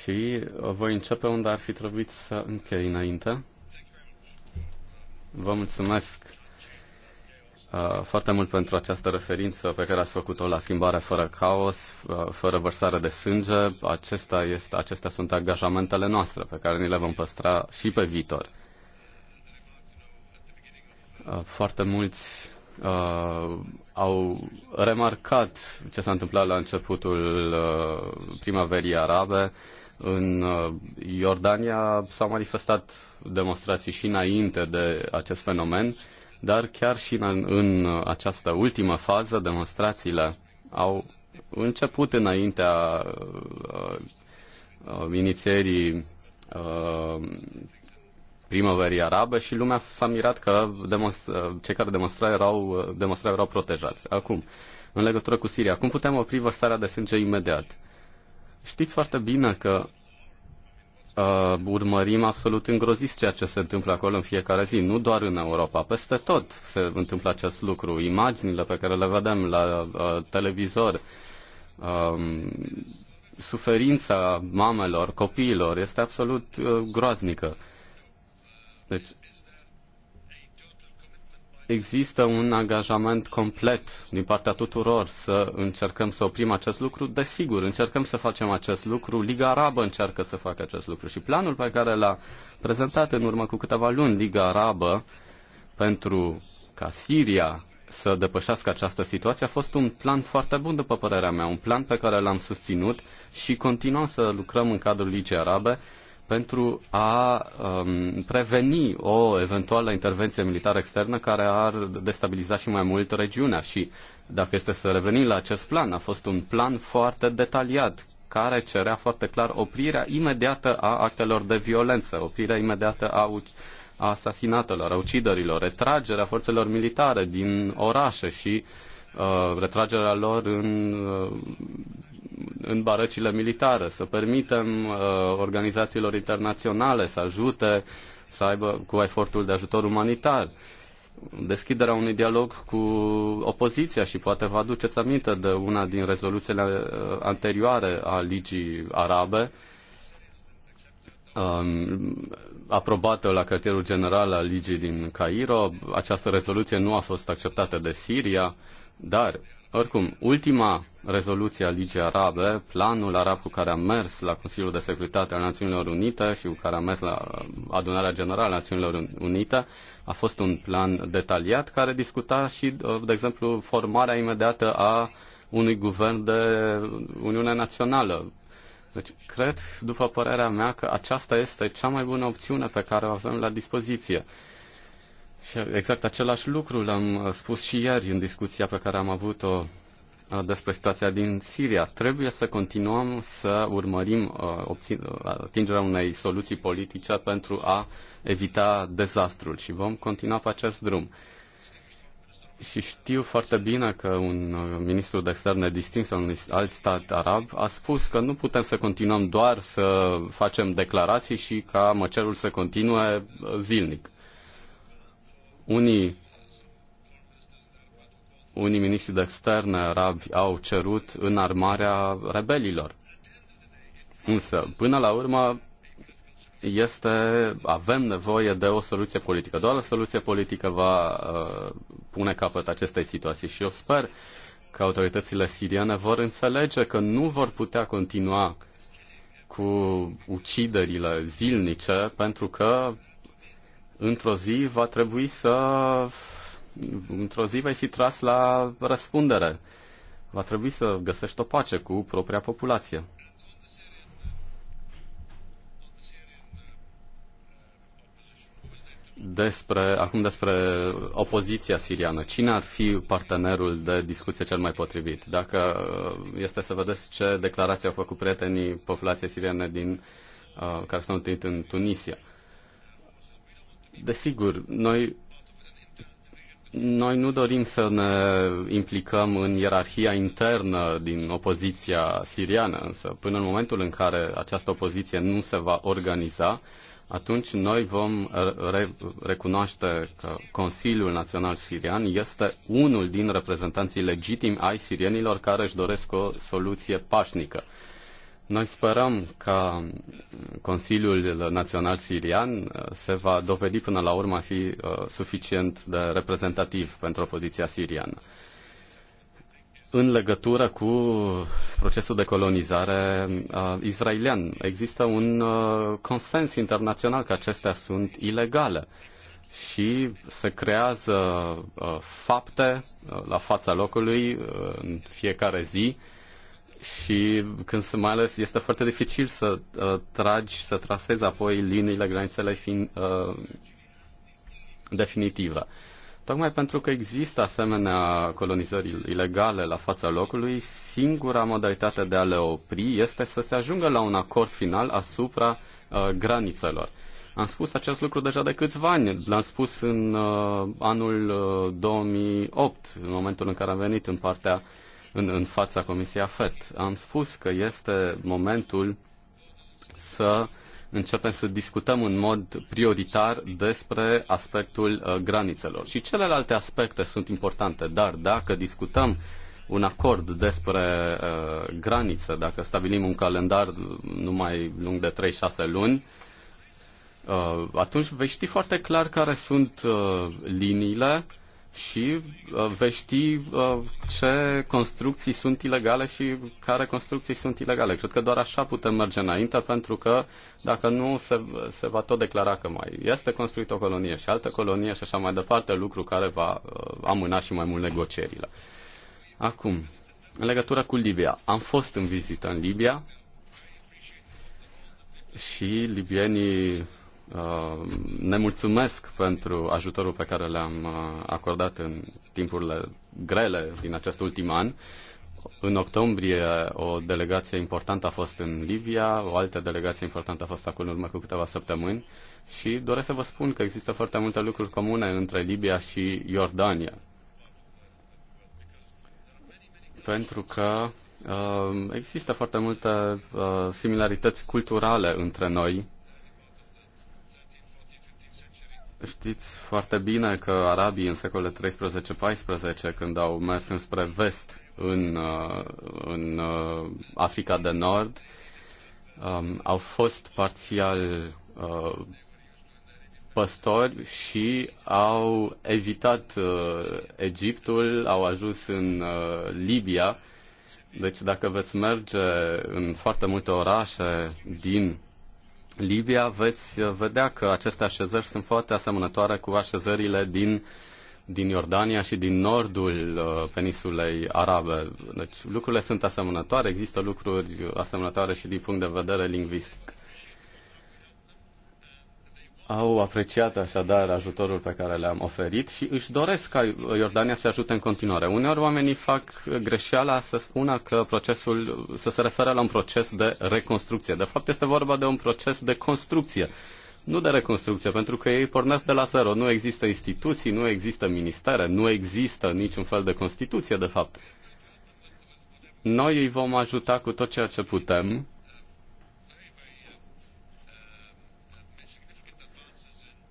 Și voi începe unde ar fi trebuit să închei înainte. Vă mulțumesc uh, foarte mult pentru această referință pe care ați făcut-o la schimbarea fără caos, uh, fără vărsare de sânge. Acesta este, acestea sunt angajamentele noastre pe care ni le vom păstra și pe viitor. Uh, foarte mulți uh, au remarcat ce s-a întâmplat la începutul uh, primăverii arabe. În uh, Iordania s-au manifestat demonstrații și înainte de acest fenomen, dar chiar și în, în această ultimă fază demonstrațiile au început înaintea uh, uh, inițierii uh, primăverii arabe și lumea s-a mirat că cei care demonstrau erau, demonstra erau protejați. Acum, în legătură cu Siria, cum putem opri vărsarea de sânge imediat? Știți foarte bine că uh, urmărim absolut îngrozit ceea ce se întâmplă acolo în fiecare zi, nu doar în Europa, peste tot se întâmplă acest lucru. Imaginile pe care le vedem la uh, televizor, uh, suferința mamelor, copiilor, este absolut uh, groaznică. Uh, deci, există un angajament complet din partea tuturor să încercăm să oprim acest lucru. Desigur, încercăm să facem acest lucru. Liga Arabă încearcă să facă acest lucru și planul pe care l-a prezentat în urmă cu câteva luni Liga Arabă pentru ca Siria să depășească această situație a fost un plan foarte bun, după părerea mea, un plan pe care l-am susținut și continuăm să lucrăm în cadrul Ligii Arabe pentru a um, preveni o eventuală intervenție militară externă care ar destabiliza și mai mult regiunea. Și dacă este să revenim la acest plan, a fost un plan foarte detaliat care cerea foarte clar oprirea imediată a actelor de violență, oprirea imediată a, u- a asasinatelor, a uciderilor, retragerea forțelor militare din orașe și uh, retragerea lor în uh, în barăcile militare, să permitem uh, organizațiilor internaționale să ajute să aibă cu efortul de ajutor umanitar. Deschiderea unui dialog cu opoziția și poate vă aduceți aminte de una din rezoluțiile uh, anterioare a Ligii Arabe, um, aprobată la cartierul general al Ligii din Cairo. Această rezoluție nu a fost acceptată de Siria, dar, oricum, ultima rezoluția Ligii Arabe, planul arab cu care am mers la Consiliul de Securitate al Națiunilor Unite și cu care am mers la adunarea generală a Națiunilor Unite, a fost un plan detaliat care discuta și, uh, de exemplu, formarea imediată a unui guvern de Uniune Națională. Deci, cred, după părerea mea, că aceasta este cea mai bună opțiune pe care o avem la dispoziție. Și exact același lucru l-am spus și ieri în discuția pe care am avut-o Uh, despre situația din Siria. Trebuie să continuăm să urmărim uh, obțin, uh, atingerea unei soluții politice pentru a evita dezastrul și vom continua pe acest drum. Și știu foarte bine că un ministru de externe distins al unui alt stat arab a spus că nu putem să continuăm doar să facem declarații și ca măcelul să continue zilnic. Unii unii miniștri de externe arabi au cerut înarmarea rebelilor. Însă, până la urmă, este, avem nevoie de o soluție politică. Doar o soluție politică va uh, pune capăt acestei situații și eu sper că autoritățile siriene vor înțelege că nu vor putea continua cu uciderile zilnice pentru că într-o zi va trebui să într-o zi vei fi tras la răspundere. Va trebui să găsești o pace cu propria populație. Despre, acum despre opoziția siriană. Cine ar fi partenerul de discuție cel mai potrivit? Dacă uh, este să vedeți ce declarații au făcut prietenii populației siriene din, uh, care s-au întâlnit în Tunisia. Desigur, noi noi nu dorim să ne implicăm în ierarhia internă din opoziția siriană, însă până în momentul în care această opoziție nu se va organiza, atunci noi vom re- recunoaște că Consiliul Național Sirian este unul din reprezentanții legitimi ai sirienilor care își doresc o soluție pașnică. Noi sperăm că Consiliul Național Sirian uh, se va dovedi până la urmă a fi uh, suficient de reprezentativ pentru opoziția siriană în legătură cu procesul de colonizare uh, israelian. Există un uh, consens internațional că acestea sunt ilegale și se creează uh, fapte uh, la fața locului uh, în fiecare zi uh, și când mai ales este foarte dificil să uh, tragi, să trasezi apoi liniile, granițele fiind uh, definitivă. Tocmai pentru că există asemenea colonizări ilegale la fața locului, singura modalitate de a le opri este să se ajungă la un acord final asupra uh, granițelor. Am spus acest lucru deja de câțiva ani. L-am spus în uh, anul uh, 2008, în momentul în care am venit în partea uh, în, în fața Comisiei AFET. Am spus că este momentul să începem să discutăm în mod prioritar despre aspectul uh, granițelor. Și celelalte aspecte sunt importante, dar dacă discutăm un acord despre uh, graniță, dacă stabilim un calendar numai lung de 3-6 luni, uh, atunci vei ști foarte clar care sunt uh, liniile uh, și uh, vei ști uh, ce construcții sunt ilegale și care construcții sunt ilegale. Cred că doar așa putem merge înainte, pentru că dacă nu, se, se va tot declara că mai este construită o colonie și altă colonie și așa mai departe, lucru care va uh, amâna și mai mult negocierile. Acum, în legătură cu Libia. Am fost în vizită în Libia și libienii Uh, ne mulțumesc pentru ajutorul pe care le-am uh, acordat în timpurile grele din acest ultim an. În octombrie o delegație importantă a fost în Libia, o altă delegație importantă a fost acolo în urmă cu câteva săptămâni și doresc să vă spun că există foarte multe lucruri comune între Libia și Iordania. Pentru că uh, există foarte multe similarități culturale între noi Știți foarte bine că arabii în secolele 13-14, când au mers înspre vest în, uh, în uh, Africa de Nord, um, au fost parțial uh, păstori și au evitat uh, Egiptul, au ajuns în uh, Libia. Deci dacă veți merge în foarte multe orașe din Libia, veți vedea că aceste așezări sunt foarte asemănătoare cu așezările din, din Iordania și din nordul uh, peninsulei arabe. Deci lucrurile sunt asemănătoare, există lucruri asemănătoare și din punct de vedere lingvistic au apreciat așadar ajutorul pe care le-am oferit și își doresc ca Iordania să ajute în continuare. Uneori oamenii fac greșeala să spună că procesul, să se referă la un proces de reconstrucție. De fapt este vorba de un proces de construcție, nu de reconstrucție, pentru că ei pornesc de la zero. Nu există instituții, nu există ministere, nu există niciun fel de constituție, de fapt. Noi îi vom ajuta cu tot ceea ce putem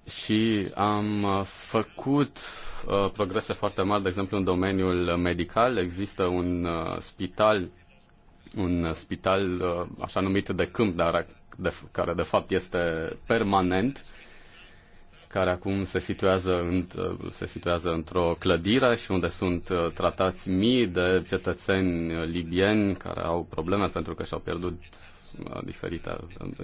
și am uh, făcut uh, progrese foarte mari, de exemplu, în domeniul medical. Există un uh, spital, un spital uh, așa numit de câmp, dar de, care de fapt este permanent, care acum se situează, în, uh, se situează într-o clădire și unde sunt uh, tratați mii de cetățeni libieni care au probleme pentru că și-au pierdut Uh, diferite,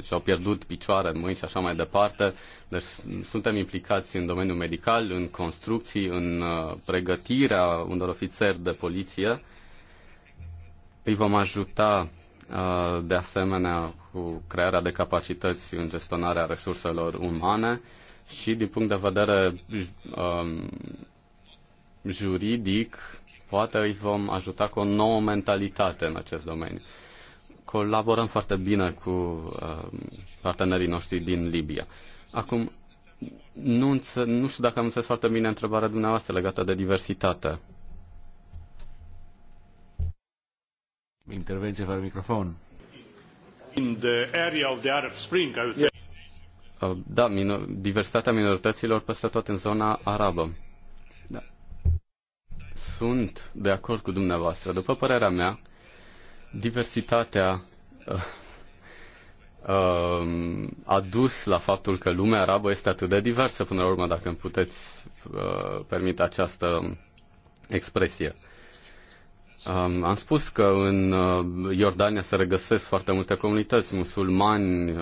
și-au deci pierdut picioare, mâini și așa mai departe. Deci suntem implicați în domeniul medical, în construcții, în uh, pregătirea unor ofițeri de poliție. Îi vom ajuta uh, de asemenea cu crearea de capacități în gestionarea resurselor umane și din punct de vedere um, juridic, poate îi vom ajuta cu o nouă mentalitate în acest domeniu colaborăm foarte bine cu uh, partenerii noștri din Libia. Acum, nu, înțe- nu știu dacă am înțeles foarte bine întrebarea dumneavoastră legată de diversitate. Intervenție fără microfon. In the area of the Arab Spring, I would say. Uh, da, minor- diversitatea minorităților peste tot în zona arabă. Da. Sunt de acord cu dumneavoastră. După părerea mea, Diversitatea uh, um, a dus la faptul că lumea arabă este atât de diversă, până la urmă, dacă îmi puteți uh, permite această expresie. Um, am spus că în uh, Iordania se regăsesc foarte multe comunități, musulmani,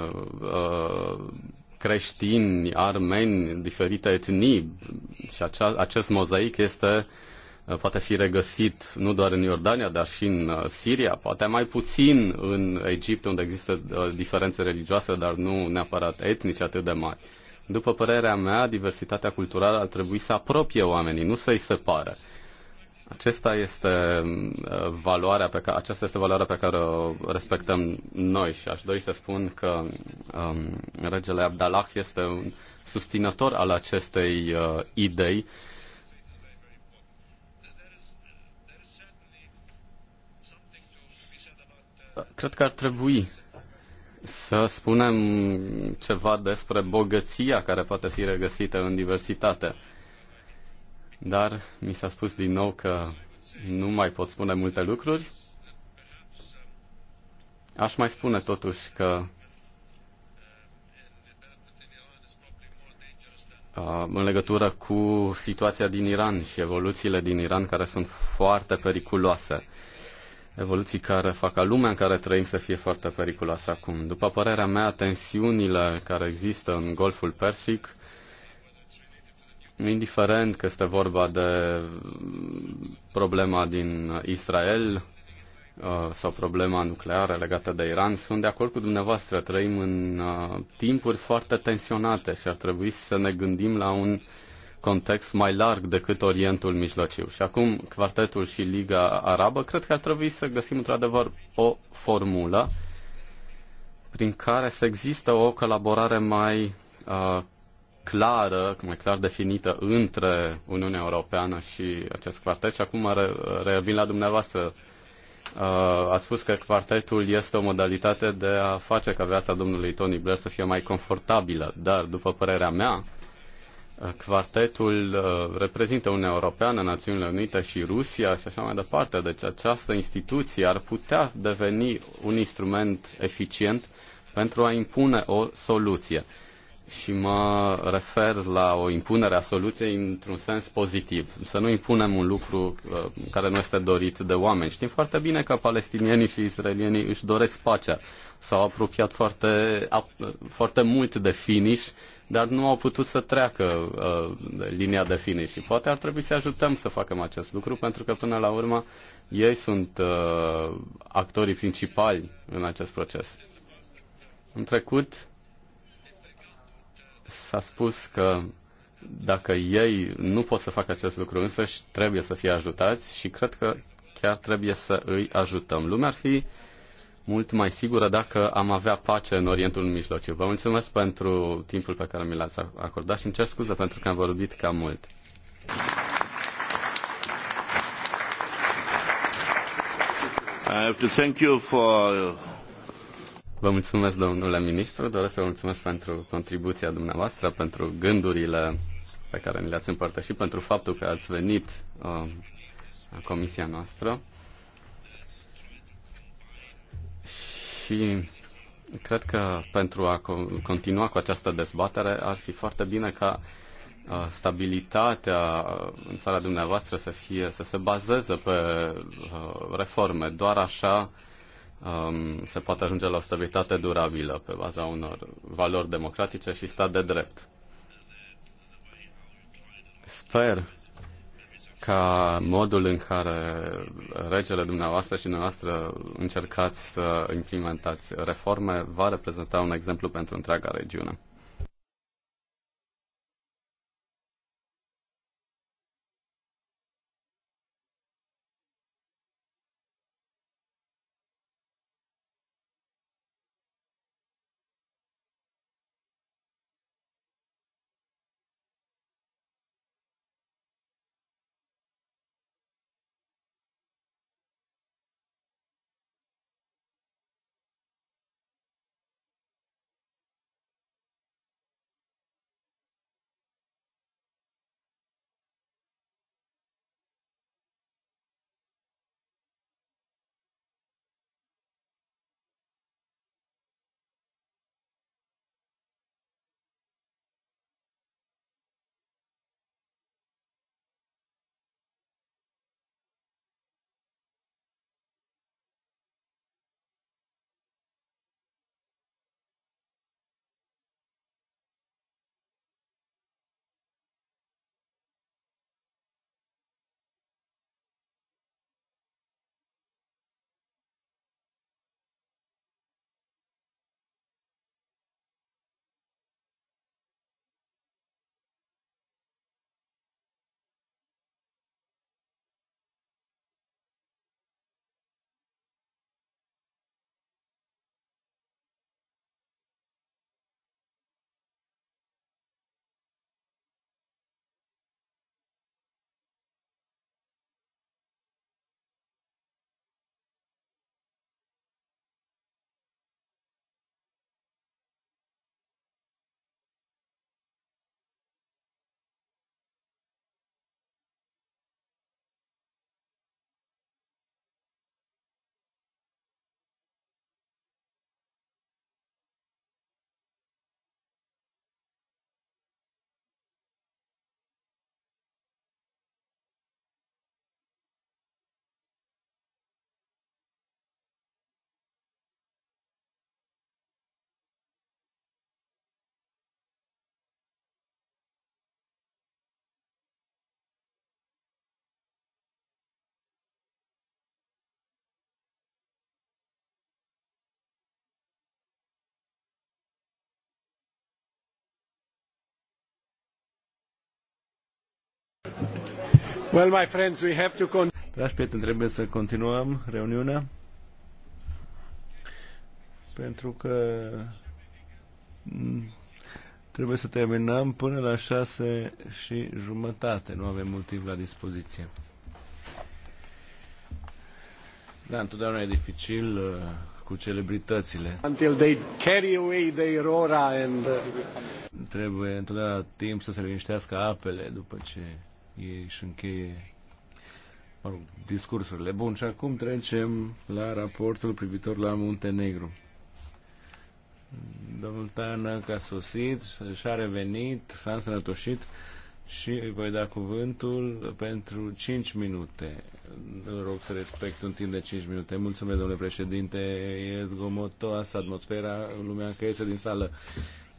creștini, armeni, diferite etnii și acest mozaic este Eh, poate fi regăsit nu doar în Iordania, dar și în eh, Siria, poate mai puțin în Egipt, unde există eh, diferențe religioase, dar nu neapărat etnice atât de mari. După părerea mea, diversitatea culturală ar trebui să apropie oamenii, nu să-i separe. Acesta este valoarea pe care, aceasta este valoarea pe care o respectăm noi și aș dori să spun că um, regele Abdallah este un susținător al acestei uh, idei Cred că ar trebui să spunem ceva despre bogăția care poate fi regăsită în diversitate. Dar mi s-a spus din nou că nu mai pot spune multe lucruri. Aș mai spune totuși că uh, în legătură cu situația din Iran și evoluțiile din Iran care sunt foarte periculoase evoluții care fac ca lumea în care trăim să fie foarte periculoasă acum. După părerea mea, tensiunile care există în Golful Persic, indiferent că este vorba de problema din Israel uh, sau problema nucleară legată de Iran, sunt de acord cu dumneavoastră. Trăim în uh, timpuri foarte tensionate și ar trebui să ne gândim la un context mai larg decât Orientul Mijlociu. Și acum Quartetul și Liga Arabă, cred că ar trebui să găsim într-adevăr o formulă prin care să există o colaborare mai uh, clară, mai clar definită între Uniunea Europeană și acest quartet. Și acum re- revin la dumneavoastră. Uh, ați spus că quartetul este o modalitate de a face ca viața domnului Tony Blair să fie mai confortabilă, dar, după părerea mea, Quartetul uh, reprezintă Uniunea Europeană, Națiunile Unite și Rusia și așa mai departe. Deci această instituție ar putea deveni un instrument eficient pentru a impune o soluție. Și mă refer la o impunere a soluției într-un sens pozitiv. Să nu impunem un lucru uh, care nu este dorit de oameni. Știm foarte bine că palestinienii și israelienii își doresc pacea. S-au apropiat foarte, foarte mult de finish dar nu au putut să treacă uh, linia de finish și poate ar trebui să ajutăm să facem acest lucru pentru că până la urmă ei sunt uh, actorii principali în acest proces. În trecut s-a spus că dacă ei nu pot să facă acest lucru însă și trebuie să fie ajutați și cred că chiar trebuie să îi ajutăm. Lumea ar fi uh, mult mai sigură dacă am avea pace în Orientul Mijlociu. Vă mulțumesc pentru timpul pe care mi l-ați acordat și îmi cer scuze pentru că am vorbit cam mult. I have to thank you for... Vă mulțumesc, domnule ministru, doresc să vă mulțumesc pentru contribuția dumneavoastră, pentru gândurile pe care mi le-ați împărtășit, pentru faptul că ați venit uh, în comisia noastră. Și cred că pentru a continua cu această dezbatere ar fi foarte bine ca uh, stabilitatea în țara dumneavoastră să, fie, să se bazeze pe uh, reforme. Doar așa um, se poate ajunge la o stabilitate durabilă pe baza unor valori democratice și stat de drept. Sper ca modul în care regele dumneavoastră și dumneavoastră încercați să implementați reforme va reprezenta un exemplu pentru întreaga regiune. Well, my friends, we have to con- Dragi prieteni, trebuie să continuăm reuniunea pentru că mm, trebuie să terminăm până la șase și jumătate. Nu avem mult timp la dispoziție. Da, întotdeauna e dificil uh, cu celebritățile. Until they carry away their aura and... Uh, trebuie întotdeauna timp să se liniștească apele după ce ei își încheie mă rog, discursurile. Bun, și acum trecem la raportul privitor la Muntenegru. Domnul Tanac a sosit și a revenit, s-a însănătoșit și îi voi da cuvântul pentru 5 minute. Îl rog să respect un timp de 5 minute. Mulțumesc, domnule președinte. E zgomotoasă atmosfera, lumea că iese din sală.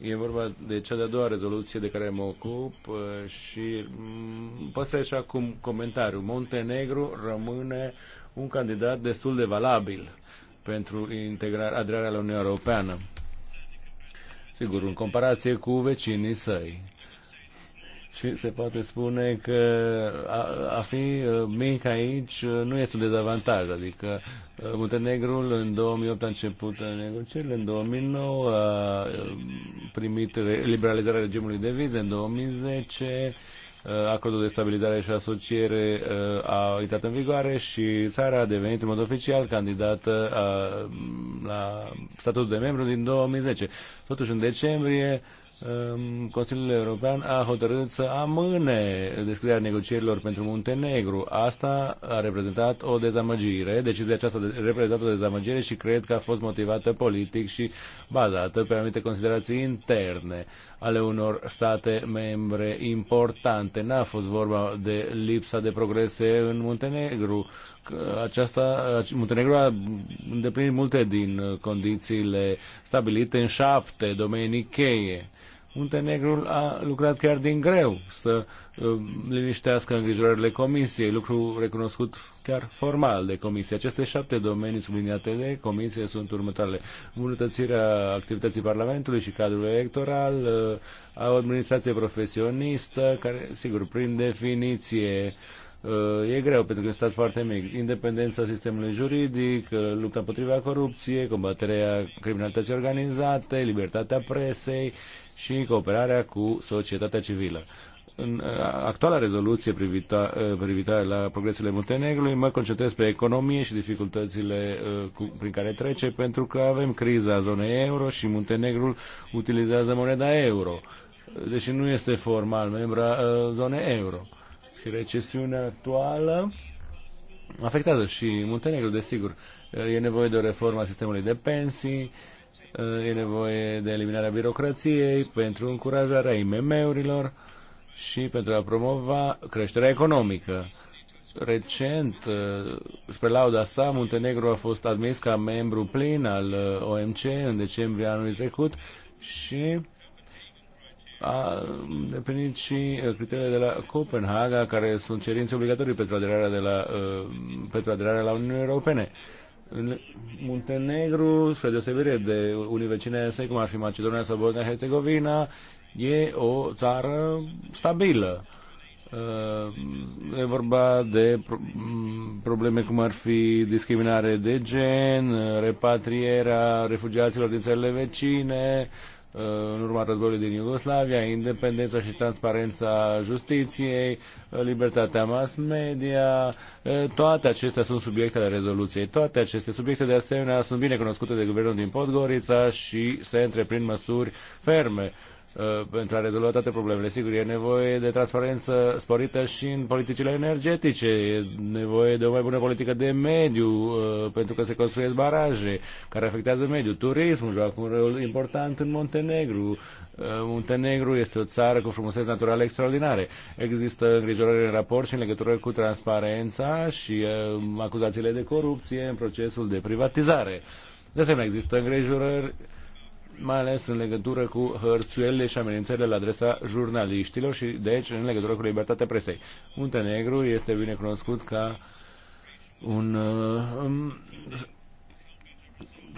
E vorba de cea de-a doua rezoluție de care mă ocup uh, și mm, pot să cum comentariu. Montenegru rămâne un candidat destul de valabil pentru integrarea, aderarea la Uniunea Europeană. Sigur, în comparație cu vecinii săi. Și se poate spune că a, a fi uh, mic aici uh, nu este un dezavantaj, adică uh, Muntenegrul în 2008 a început negocierile, în 2009 a primit liberalizarea regimului de vize, în 2010 acordul de stabilizare și asociere a intrat în vigoare și țara a devenit în mod oficial candidată a, la statutul de membru din 2010. Totuși, în decembrie, Ehm, Consiliul European a hotărât să amâne deschiderea negocierilor pentru Muntenegru. Asta a reprezentat o dezamăgire. Decizia aceasta a reprezentat o dezamăgire și cred că a fost motivată politic și bazată pe anumite considerații interne ale unor state membre importante. N-a fost vorba de lipsa de progrese în Muntenegru. Aceasta, Muntenegru a îndeplinit multe din condițiile stabilite în șapte domenii cheie Muntenegrul a lucrat chiar din greu să uh, liniștească îngrijorările Comisiei, lucru recunoscut chiar formal de Comisie. Aceste șapte domenii subliniate de Comisie sunt următoarele. Îmbunătățirea activității Parlamentului și cadrul electoral, o uh, administrație profesionistă, care, sigur, prin definiție uh, e greu pentru că e stat foarte mic. Independența sistemului juridic, lupta împotriva corupției, combaterea criminalității organizate, libertatea presei, și cooperarea cu societatea civilă. În uh, actuala rezoluție uh, privitoare la progresele Muntenegrului mă concentrez pe economie și dificultățile uh, cu, prin care trece pentru că avem criza zonei euro și Muntenegrul utilizează moneda euro, deși nu este formal membra zonei euro. Și recesiunea actuală afectează și Muntenegrul, desigur. E nevoie de o reformă a sistemului de pensii, Eh, e nevoie de eliminarea birocrației, pentru încurajarea IMM-urilor și pentru a promova creșterea economică. Recent, eh, spre lauda sa, Muntenegru a fost admis ca membru plin al eh, OMC în decembrie anului trecut și a îndeplinit și criteriile de la Copenhaga, care sunt cerințe obligatorii pentru aderarea, de la, pentru aderarea la Uniunea Europene. În Muntenegru, spre deosebire de unii vecine săi, cum ar fi Macedonia sau Bosnia-Herzegovina, e o țară stabilă. Uh, e vorba de mm, probleme cum ar fi discriminare de gen, repatrierea refugiaților din țările vecine, Uh, în urma războiului din Iugoslavia, independența și transparența justiției, uh, libertatea mass media, uh, toate acestea sunt subiecte ale rezoluției. Toate aceste subiecte, de asemenea, sunt bine cunoscute de guvernul din Podgorița și se întreprind măsuri ferme Uh, pentru a rezolva toate problemele. Sigur, e nevoie de transparență sporită și în politicile energetice, e nevoie de o mai bună politică de mediu, uh, pentru că se construiesc baraje care afectează mediul. Turismul joacă un rol important în Montenegru. Uh, Montenegru este o țară cu frumuseți naturale extraordinare. Există îngrijorări în raport și în legătură cu transparența și acuzațiile de corupție în procesul de privatizare. De asemenea, există îngrijorări mai ales în legătură cu hărțuielile și amenințările la adresa jurnaliștilor și, deci, în legătură cu libertatea presei. Muntenegru este bine cunoscut ca un, uh,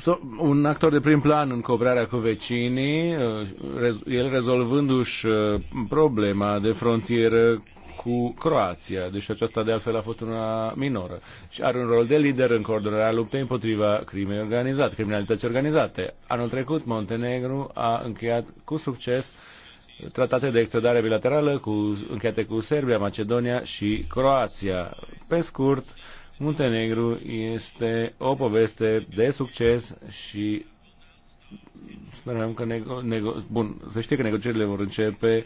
um, un actor de prim plan în cooperarea cu vecinii, uh, el rezolvându-și uh, problema de frontieră cu Croația, deși aceasta de altfel a fost una minoră, și are un rol de lider în coordonarea luptei împotriva crimei organizate, criminalității organizate. Anul trecut, Montenegru a încheiat cu succes tratate de extradare bilaterală cu, încheiate cu Serbia, Macedonia și Croația. Pe scurt, Muntenegru este o poveste de succes și sperăm că nego- nego- bun, să știe că negocierile vor începe uh,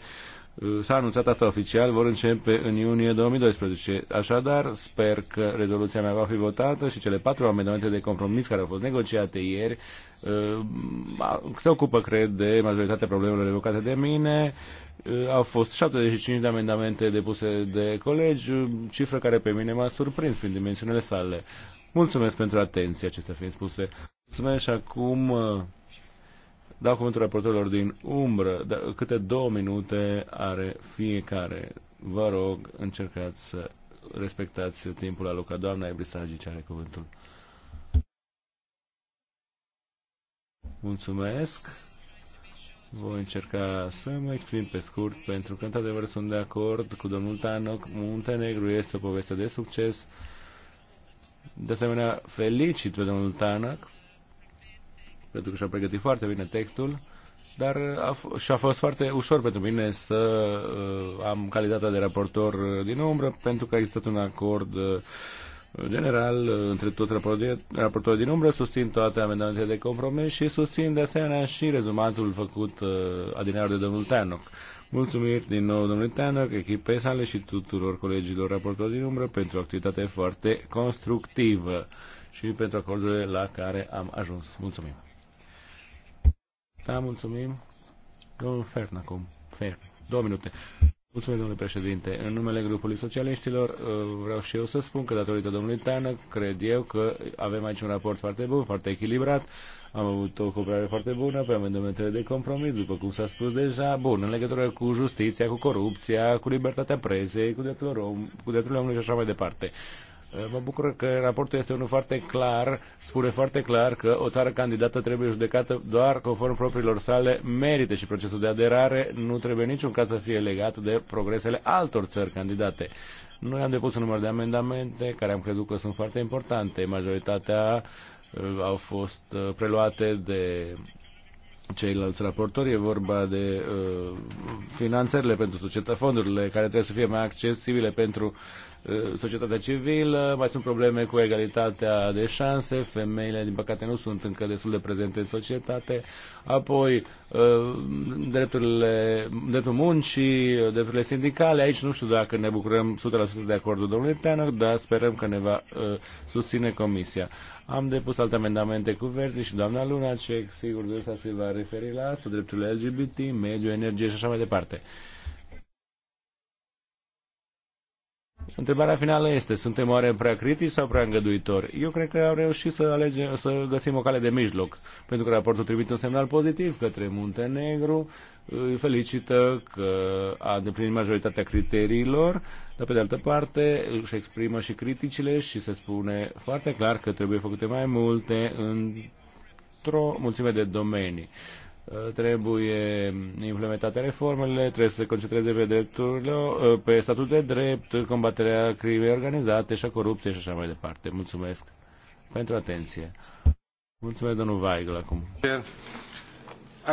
Uh, s-a anunțat asta oficial, vor începe în iunie 2012. Așadar, sper că rezoluția mea va fi votată și cele patru amendamente de compromis care au fost negociate ieri uh, se ocupă, cred, de majoritatea problemelor evocate de mine. Uh, au fost 75 de amendamente depuse de colegi, cifră care pe mine m-a surprins prin dimensiunile sale. Mulțumesc pentru atenție, acestea fiind spuse. Mulțumesc și acum Dau cuvântul raportorilor din umbră. Da, câte două minute are fiecare. Vă rog, încercați să respectați timpul alocat. Doamna ce are cuvântul. Mulțumesc. Voi încerca să mă exprim pe scurt, pentru că, într-adevăr, sunt de acord cu domnul Tanoc. Muntenegru este o poveste de succes. De asemenea, felicit pe domnul Tanoc pentru că și-a pregătit foarte bine textul, dar a și-a fost foarte ușor pentru mine să uh, am calitatea de raportor uh, din umbră, pentru că a existat un acord uh, general uh, între toți raportorii din umbră, susțin toate amendamentele de compromis și susțin de asemenea și rezumatul făcut uh, adineaur de domnul Tanoc. Mulțumiri din nou domnului Tanoc, echipei sale și tuturor colegilor raportori din umbră pentru o activitate foarte constructivă și pentru acordurile la care am ajuns. Mulțumim! Da, mulțumim. Domnul Fern acum. Fern. Două minute. Mulțumesc, domnule președinte. În numele grupului socialiștilor uh, vreau și eu să spun că datorită domnului Teană, cred eu că avem aici un raport foarte bun, foarte echilibrat. Am avut o cooperare foarte bună pe amendamentele de compromis, după cum s-a spus deja, bun, în legătură cu justiția, cu corupția, cu libertatea presei, cu drepturile, om, cu omului și așa mai departe. Eh, mă bucur că raportul este unul foarte clar, spune foarte clar că o țară candidată trebuie judecată doar conform propriilor sale merite și procesul de aderare nu trebuie niciun caz să fie legat de progresele altor țări candidate. Noi am depus un număr de amendamente care am crezut că sunt foarte importante. Majoritatea eh, au fost eh, preluate de ceilalți raportori, e vorba de uh, finanțările pentru societă, fondurile care trebuie să fie mai accesibile pentru Eh, societatea civilă, mai sunt probleme cu egalitatea de șanse, femeile, din păcate, nu sunt încă destul de prezente în societate, apoi eh, drepturile, dreptul muncii, drepturile sindicale, aici nu știu dacă ne bucurăm 100% de acordul domnului Tenor, dar sperăm că ne va eh, susține comisia. Am depus alte amendamente cu Verdi și doamna Lunacek, sigur, de să se va referi la asta, drepturile LGBT, mediu, energie și așa mai departe. Uh, Întrebarea finală este, suntem oare prea critici sau prea îngăduitori? Eu cred că am reușit să, alege, să găsim o cale de mijloc, pentru că raportul trimite un semnal pozitiv către Muntenegru, îi felicită că a îndeplinit majoritatea criteriilor, dar pe de altă parte își exprimă și criticile și se spune foarte clar că trebuie făcute mai multe într-o mulțime de domenii trebuie implementate reformele, trebuie să se concentreze pe drepturile, uh, pe statut de drept, combaterea crimei organizate și a corupției și așa mai departe. Mulțumesc pentru atenție. Mulțumesc, domnul Weigl, acum.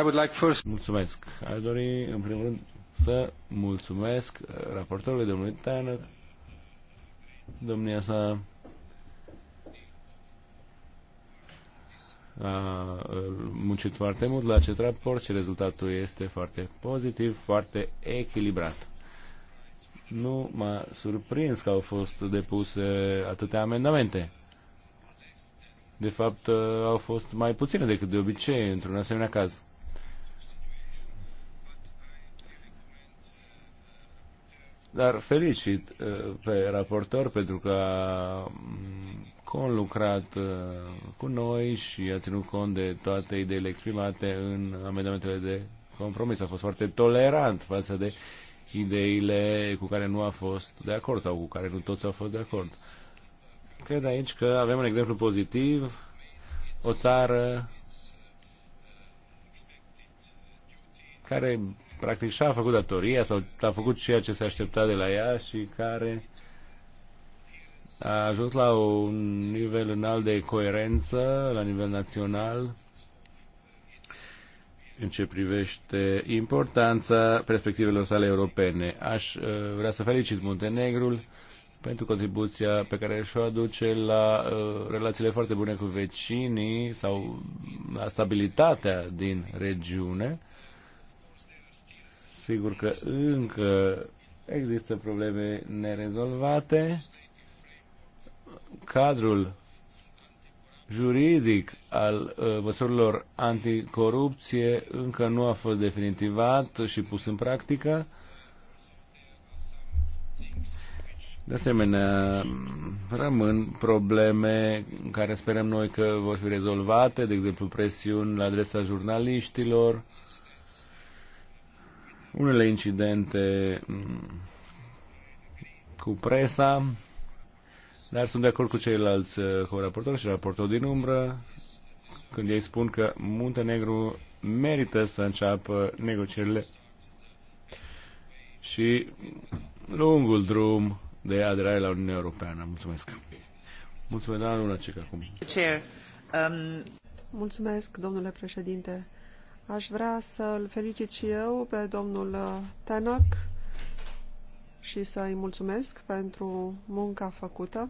I would like first... Mulțumesc. Aș dori, în primul rând, să mulțumesc raportorului domnului Tanăt, domnia sa a muncit foarte mult la acest raport și rezultatul este foarte pozitiv, foarte echilibrat. Nu m-a surprins că au fost depuse atâtea amendamente. De fapt, au fost mai puține decât de obicei într-un asemenea caz. Dar felicit uh, pe raportor pentru că a mm, conlucrat uh, cu noi și a ținut cont de toate ideile exprimate în amendamentele de compromis. A fost foarte tolerant față de ideile cu care nu a fost de acord sau cu care nu toți au fost de acord. Cred aici că avem un exemplu pozitiv, o țară care practic și-a făcut datoria sau a făcut ceea ce se aștepta de la ea și care a ajuns la un nivel înalt de coerență la nivel național în ce privește importanța perspectivelor sale europene. Aș uh, vrea să felicit Muntenegrul pentru contribuția pe care și-o aduce la uh, relațiile foarte bune cu vecinii sau la stabilitatea din regiune sigur că încă există probleme nerezolvate. Cadrul juridic al uh, măsurilor anticorupție încă nu a fost definitivat și pus în practică. De asemenea, rămân probleme care sperăm noi că vor fi rezolvate, de exemplu presiuni la adresa jurnaliștilor, uh, unele incidente mm, cu presa, dar sunt de acord cu ceilalți uh, cu raportori și raportori din umbră când ei spun că Muntenegru merită să înceapă negocierile și lungul drum de aderare la Uniunea Europeană. Mulțumesc! Mulțumesc, doamna ce acum. Chair, um... Mulțumesc, domnule președinte. Aș vrea să-l felicit și eu pe domnul uh, Tenoc și să-i mulțumesc pentru munca făcută.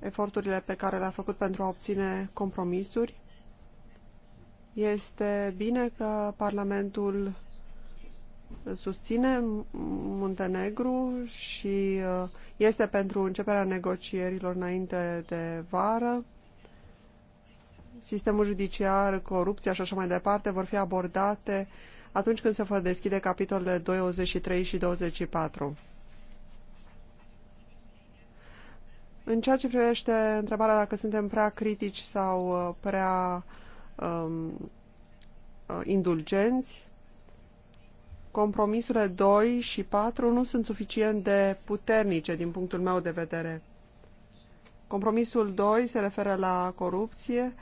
Eforturile pe care le-a făcut pentru a obține compromisuri. Este bine că Parlamentul susține Muntenegru și uh, este pentru începerea negocierilor înainte de vară sistemul judiciar, corupția și așa mai departe vor fi abordate atunci când se vor deschide capitolele 23 și 24. În ceea ce privește întrebarea dacă suntem prea critici sau uh, prea um, uh, indulgenți, compromisurile 2 și 4 nu sunt suficient de puternice din punctul meu de vedere. Compromisul 2 se referă la corupție,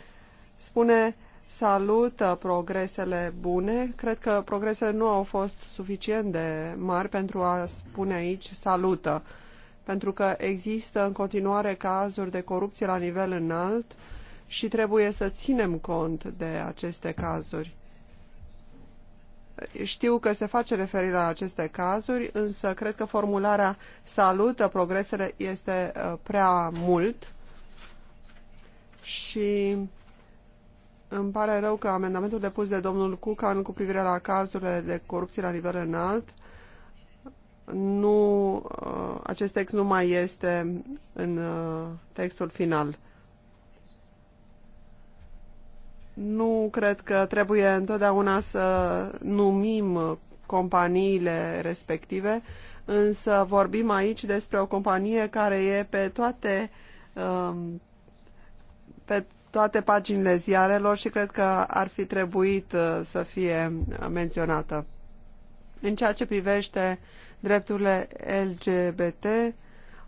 spune salută progresele bune. Cred că progresele nu au fost suficient de mari pentru a spune aici salută, pentru că există în continuare cazuri de corupție la nivel înalt și trebuie să ținem cont de aceste cazuri. Știu că se face referire la aceste cazuri, însă cred că formularea salută progresele este uh, prea mult și îmi pare rău că amendamentul depus de domnul Cucan cu privire la cazurile de corupție la nivel înalt nu, uh, acest text nu mai este în uh, textul final. Nu cred că trebuie întotdeauna să numim companiile respective, însă vorbim aici despre o companie care e pe toate um, pe toate paginile ziarelor și cred că ar fi trebuit uh, să fie menționată. În ceea ce privește drepturile LGBT,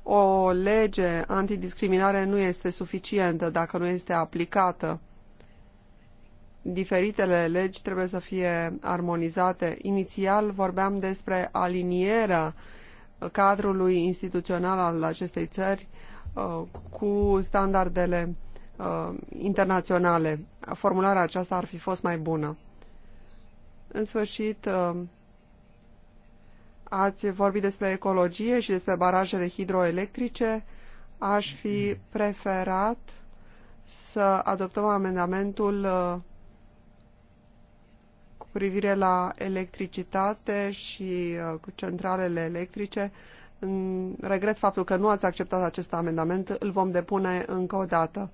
o lege antidiscriminare nu este suficientă dacă nu este aplicată. Diferitele legi trebuie să fie armonizate. Inițial vorbeam despre alinierea cadrului instituțional al acestei țări uh, cu standardele uh, internaționale. Formularea aceasta ar fi fost mai bună. În sfârșit, uh, ați vorbit despre ecologie și despre barajele hidroelectrice. Aș fi preferat să adoptăm amendamentul uh, cu privire la electricitate și uh, cu centralele electrice. Regret faptul că nu ați acceptat acest amendament, îl vom depune încă o dată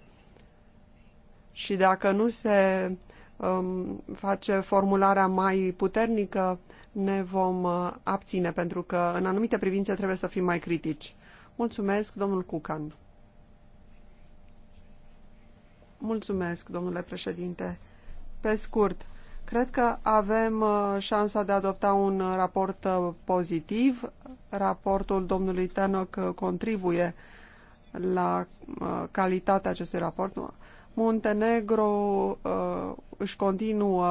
și dacă nu se um, face formularea mai puternică, ne vom uh, abține, pentru că în anumite privințe trebuie să fim mai critici. Mulțumesc, domnul Cucan. Mulțumesc, domnule președinte. Pe scurt, cred că avem uh, șansa de a adopta un raport uh, pozitiv. Raportul domnului Tanoc contribuie la calitatea acestui raport. Muntenegro uh, își continuă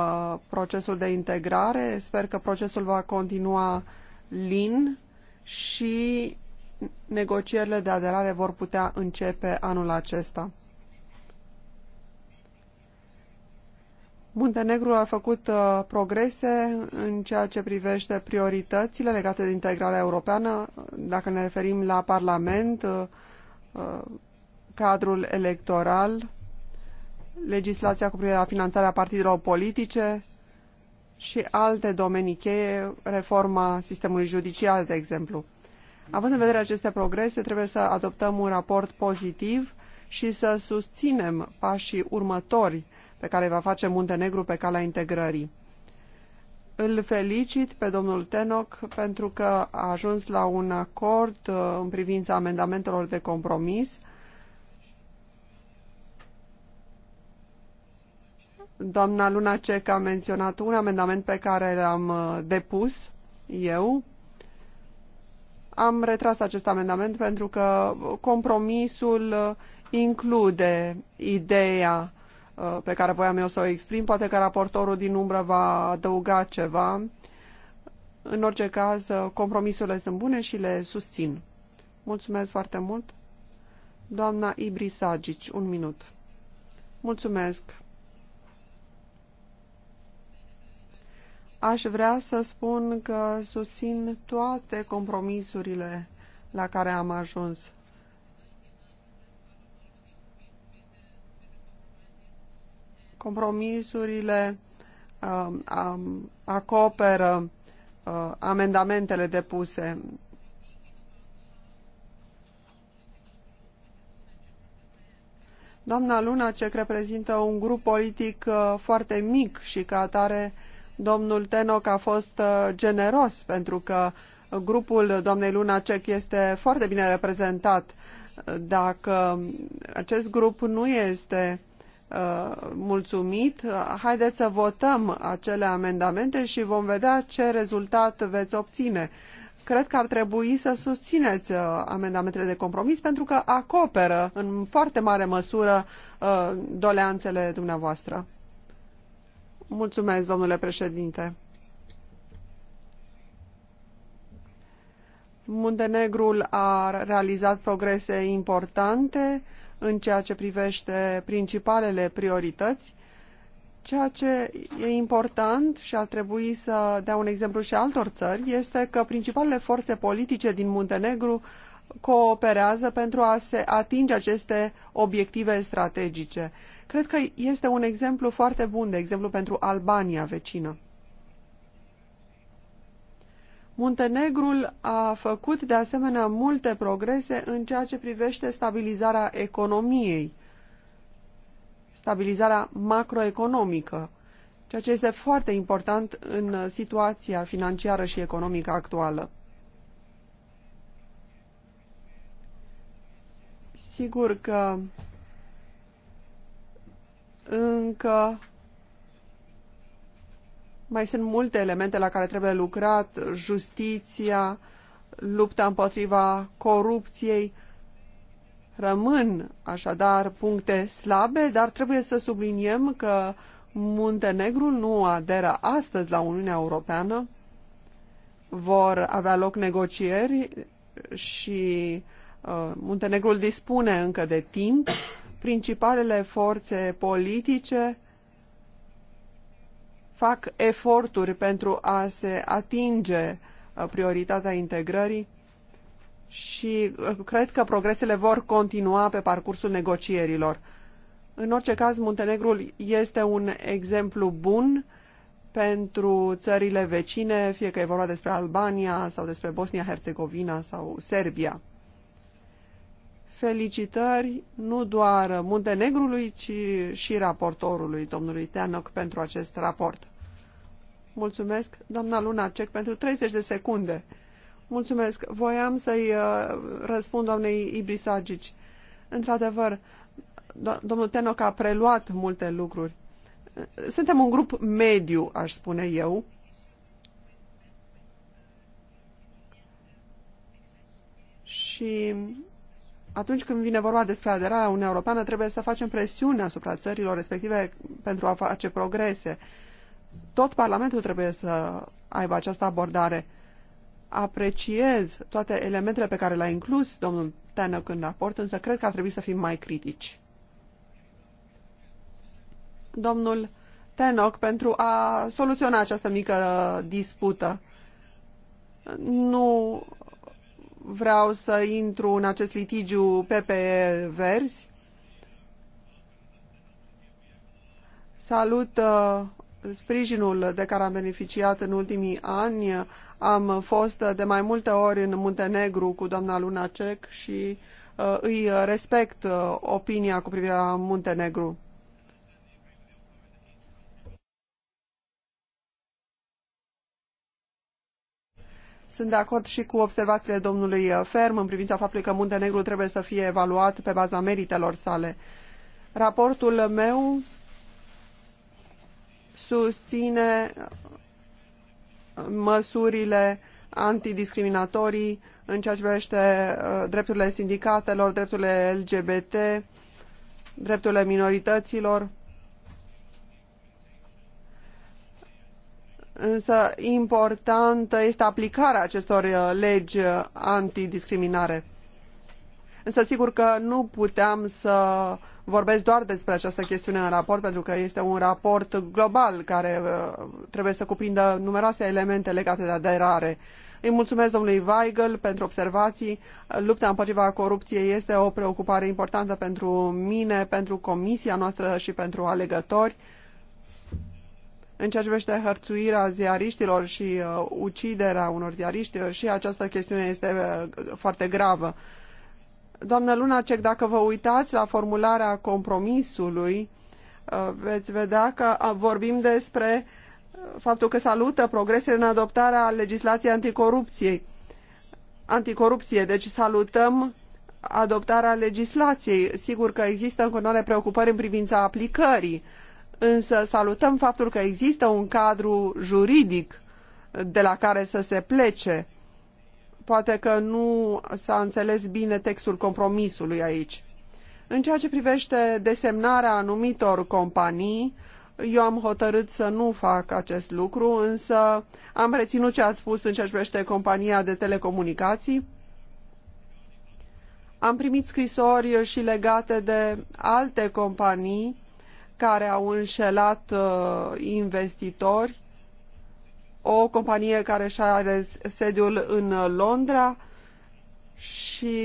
procesul de integrare. Sper că procesul va continua lin și negocierile de aderare vor putea începe anul acesta. Muntenegru a făcut uh, progrese în ceea ce privește prioritățile legate de integrarea europeană. Dacă ne referim la Parlament, uh, cadrul electoral, legislația cu privire la finanțarea partidelor politice și alte domenii cheie, reforma sistemului judiciar, de exemplu. Având în vedere aceste progrese, trebuie să adoptăm un raport pozitiv și să susținem pașii următori pe care va face Muntenegru pe calea integrării. Îl felicit pe domnul Tenoc pentru că a ajuns la un acord uh, în privința amendamentelor de compromis Doamna Cec a menționat un amendament pe care l-am uh, depus eu. Am retras acest amendament pentru că compromisul uh, include ideea uh, pe care voiam eu să o exprim. Poate că raportorul din umbră va adăuga ceva. În orice caz, compromisurile sunt bune și le susțin. Mulțumesc foarte mult. Doamna Ibri un minut. Mulțumesc. Aș vrea să spun că susțin toate compromisurile la care am ajuns. Compromisurile uh, um, acoperă uh, amendamentele depuse. Doamna Luna, ce reprezintă un grup politic uh, foarte mic și ca atare uh, Domnul Tenoc a fost uh, generos pentru că grupul doamnei Lunacek este foarte bine reprezentat. Dacă acest grup nu este uh, mulțumit, haideți să votăm acele amendamente și vom vedea ce rezultat veți obține. Cred că ar trebui să susțineți uh, amendamentele de compromis pentru că acoperă în foarte mare măsură doleanțele dumneavoastră. Mulțumesc, domnule președinte. Muntenegrul a realizat progrese importante în ceea ce privește principalele priorități, ceea ce e important și ar trebui să dea un exemplu și altor țări este că principalele forțe politice din Muntenegru cooperează pentru a se atinge aceste obiective strategice. Cred că este un exemplu foarte bun, de exemplu pentru Albania vecină. Muntenegrul a făcut de asemenea multe progrese în ceea ce privește stabilizarea economiei, stabilizarea macroeconomică, ceea ce este foarte important în situația financiară și economică actuală. Sigur că încă mai sunt multe elemente la care trebuie lucrat, justiția, lupta împotriva corupției. Rămân așadar puncte slabe, dar trebuie să subliniem că Muntenegru nu aderă astăzi la Uniunea Europeană. Vor avea loc negocieri și uh, Uh, Muntenegrul dispune încă de timp. Principalele forțe politice fac eforturi pentru a se atinge uh, prioritatea integrării și uh, cred că progresele vor continua pe parcursul negocierilor. În orice caz, Muntenegrul este un exemplu bun pentru țările vecine, fie că e vorba despre Albania sau despre Bosnia-Herzegovina sau Serbia felicitări nu doar Muntenegrului, ci și raportorului, domnului Teanoc, pentru acest raport. Mulțumesc, doamna Lunacek, pentru 30 de secunde. Mulțumesc. Voiam să-i uh, răspund doamnei Ibrisagici. Într-adevăr, do domnul Tenoc a preluat multe lucruri. Suntem un grup mediu, aș spune eu. Și atunci când vine vorba despre aderarea Uniunii Europeană, trebuie să facem presiune asupra țărilor respective pentru a face progrese. Tot Parlamentul trebuie să aibă această abordare. Apreciez toate elementele pe care le-a inclus domnul Tanăc în raport, însă cred că ar trebui să fim mai critici. Domnul Tenoc pentru a soluționa această mică dispută. Nu vreau să intru în acest litigiu PPE Verzi. Salut uh, sprijinul de care am beneficiat în ultimii ani. Am fost de mai multe ori în Muntenegru cu doamna Lunacek și uh, îi respect uh, opinia cu privire la Muntenegru. Sunt de acord și cu observațiile domnului uh, Ferm în privința faptului că Muntenegru trebuie să fie evaluat pe baza meritelor sale. Raportul meu susține uh, măsurile antidiscriminatorii în ceea ce privește uh, drepturile sindicatelor, drepturile LGBT, drepturile minorităților. însă importantă este aplicarea acestor uh, legi uh, antidiscriminare. Însă sigur că nu puteam să vorbesc doar despre această chestiune în raport, pentru că este un raport global care uh, trebuie să cuprindă numeroase elemente legate de aderare. Îi mulțumesc domnului Weigel pentru observații. Lupta împotriva corupției este o preocupare importantă pentru mine, pentru comisia noastră și pentru alegători. În ceea ce privește hărțuirea ziariștilor și uh, uciderea unor ziariști, uh, și această chestiune este uh, foarte gravă. Doamnă Lunacek, dacă vă uitați la formularea compromisului, uh, veți vedea că uh, vorbim despre uh, faptul că salută progresele în adoptarea legislației anticorupției. Anticorupție, deci salutăm adoptarea legislației. Sigur că există în continuare preocupări în privința aplicării. Uh, însă salutăm faptul că există un cadru juridic de la care să se plece. Poate că nu s-a înțeles bine textul compromisului aici. În ceea ce privește desemnarea anumitor companii, eu am hotărât să nu fac acest lucru, însă am reținut ce ați spus în ceea ce privește compania de telecomunicații. Am primit scrisori și legate de alte companii care au înșelat uh, investitori, o companie care și are sediul în uh, Londra și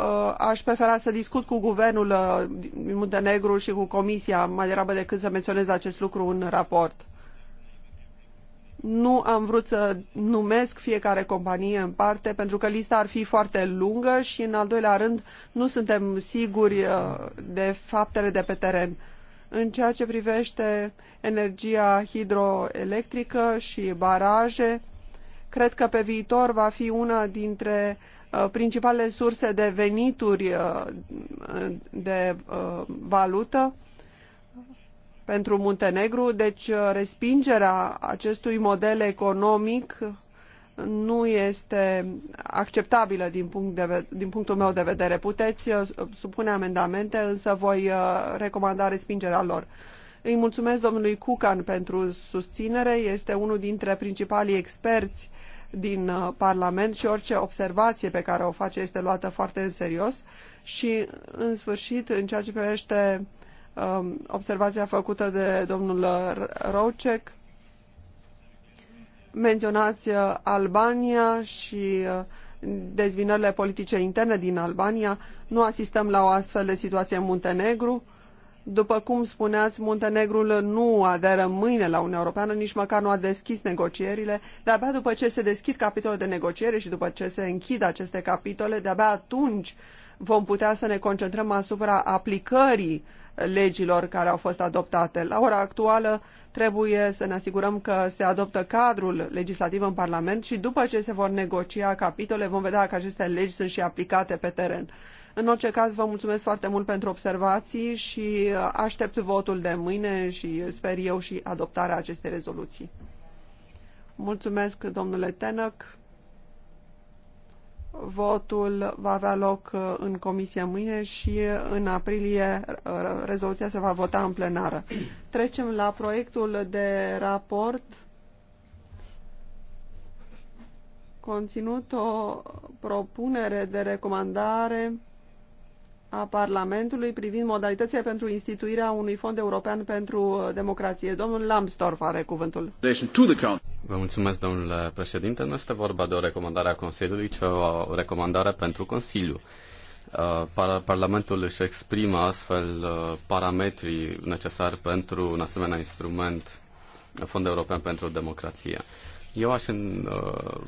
uh, aș prefera să discut cu guvernul uh, Muntenegru și cu comisia mai degrabă decât să menționez acest lucru în raport. Nu am vrut să numesc fiecare companie în parte pentru că lista ar fi foarte lungă și în al doilea rând nu suntem siguri uh, de faptele de pe teren. Uh, în ceea ce privește energia hidroelectrică și baraje. Cred că pe viitor va fi una dintre uh, principalele surse de venituri uh, de uh, valută pentru Muntenegru, deci respingerea acestui model economic nu este acceptabilă din, punct de, din punctul meu de vedere. Puteți uh, supune amendamente, însă voi uh, recomanda respingerea lor. Îi mulțumesc domnului Cucan pentru susținere, este unul dintre principalii experți din uh, Parlament și orice observație pe care o face este luată foarte în serios și, în sfârșit, în ceea ce privește um, observația făcută de domnul Roucek, menționați uh, Albania și uh, dezvinările politice interne din Albania. Nu asistăm la o astfel de situație în Muntenegru. După cum spuneați, Muntenegrul nu aderă mâine la Uniunea Europeană, nici măcar nu a deschis negocierile. De-abia după ce se deschid capitole de negociere și după ce se închid aceste capitole, de-abia atunci vom putea să ne concentrăm asupra aplicării legilor care au fost adoptate. La ora actuală trebuie să ne asigurăm că se adoptă cadrul legislativ în Parlament și după ce se vor negocia capitole vom vedea că aceste legi sunt și aplicate pe teren. În orice caz, vă mulțumesc foarte mult pentru observații și aștept votul de mâine și sper eu și adoptarea acestei rezoluții. Mulțumesc, domnule Tenăc. Votul va avea loc uh, în comisie mâine și uh, în aprilie uh, rezoluția se va vota în plenară. Trecem la proiectul de raport conținut o propunere de recomandare a Parlamentului privind modalitățile pentru instituirea unui fond european pentru democrație. Domnul Lambsdorff are cuvântul. Vă mulțumesc, domnule președinte. Nu este vorba de o recomandare a Consiliului, ci o recomandare pentru Consiliu. Uh, Parlamentul își exprimă astfel uh, parametrii necesari pentru un asemenea instrument, Fondul European pentru Democrație. Eu aș uh,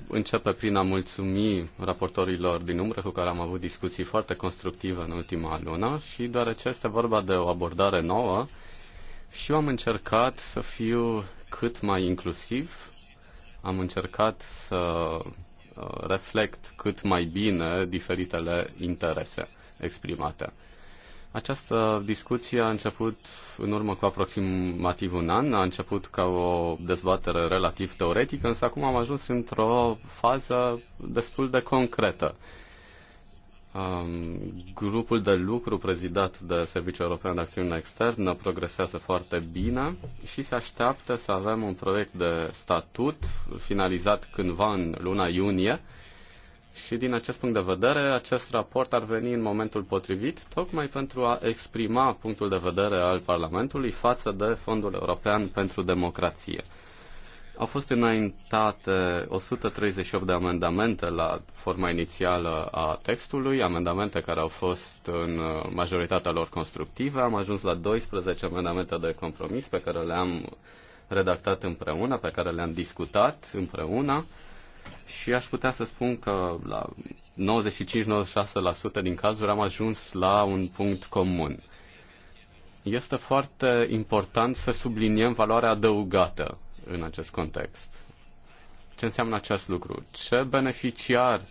începe prin a mulțumi raportorilor din umbră cu care am avut discuții foarte constructive în ultima lună și deoarece este vorba de o abordare nouă și eu am încercat să fiu cât mai inclusiv am încercat să uh, reflect cât mai bine diferitele interese exprimate. Această discuție a început în urmă cu aproximativ un an, a început ca o dezbatere relativ teoretică, însă acum am ajuns într-o fază destul de concretă. Um, grupul de lucru prezidat de Serviciul European de Acțiune Externă progresează foarte bine și se așteaptă să avem un proiect de statut finalizat cândva în luna iunie. Și din acest punct de vedere, acest raport ar veni în momentul potrivit, tocmai pentru a exprima punctul de vedere al Parlamentului față de Fondul European pentru Democrație. Au fost înaintate 138 de amendamente la forma inițială a textului, amendamente care au fost în uh, majoritatea lor constructive. Am ajuns la 12 amendamente de compromis pe care le-am redactat împreună, pe care le-am discutat împreună și aș putea să spun că la 95-96% din cazuri am ajuns la un punct comun. Este foarte important să subliniem valoarea adăugată în acest context. Ce înseamnă acest lucru? Ce beneficiar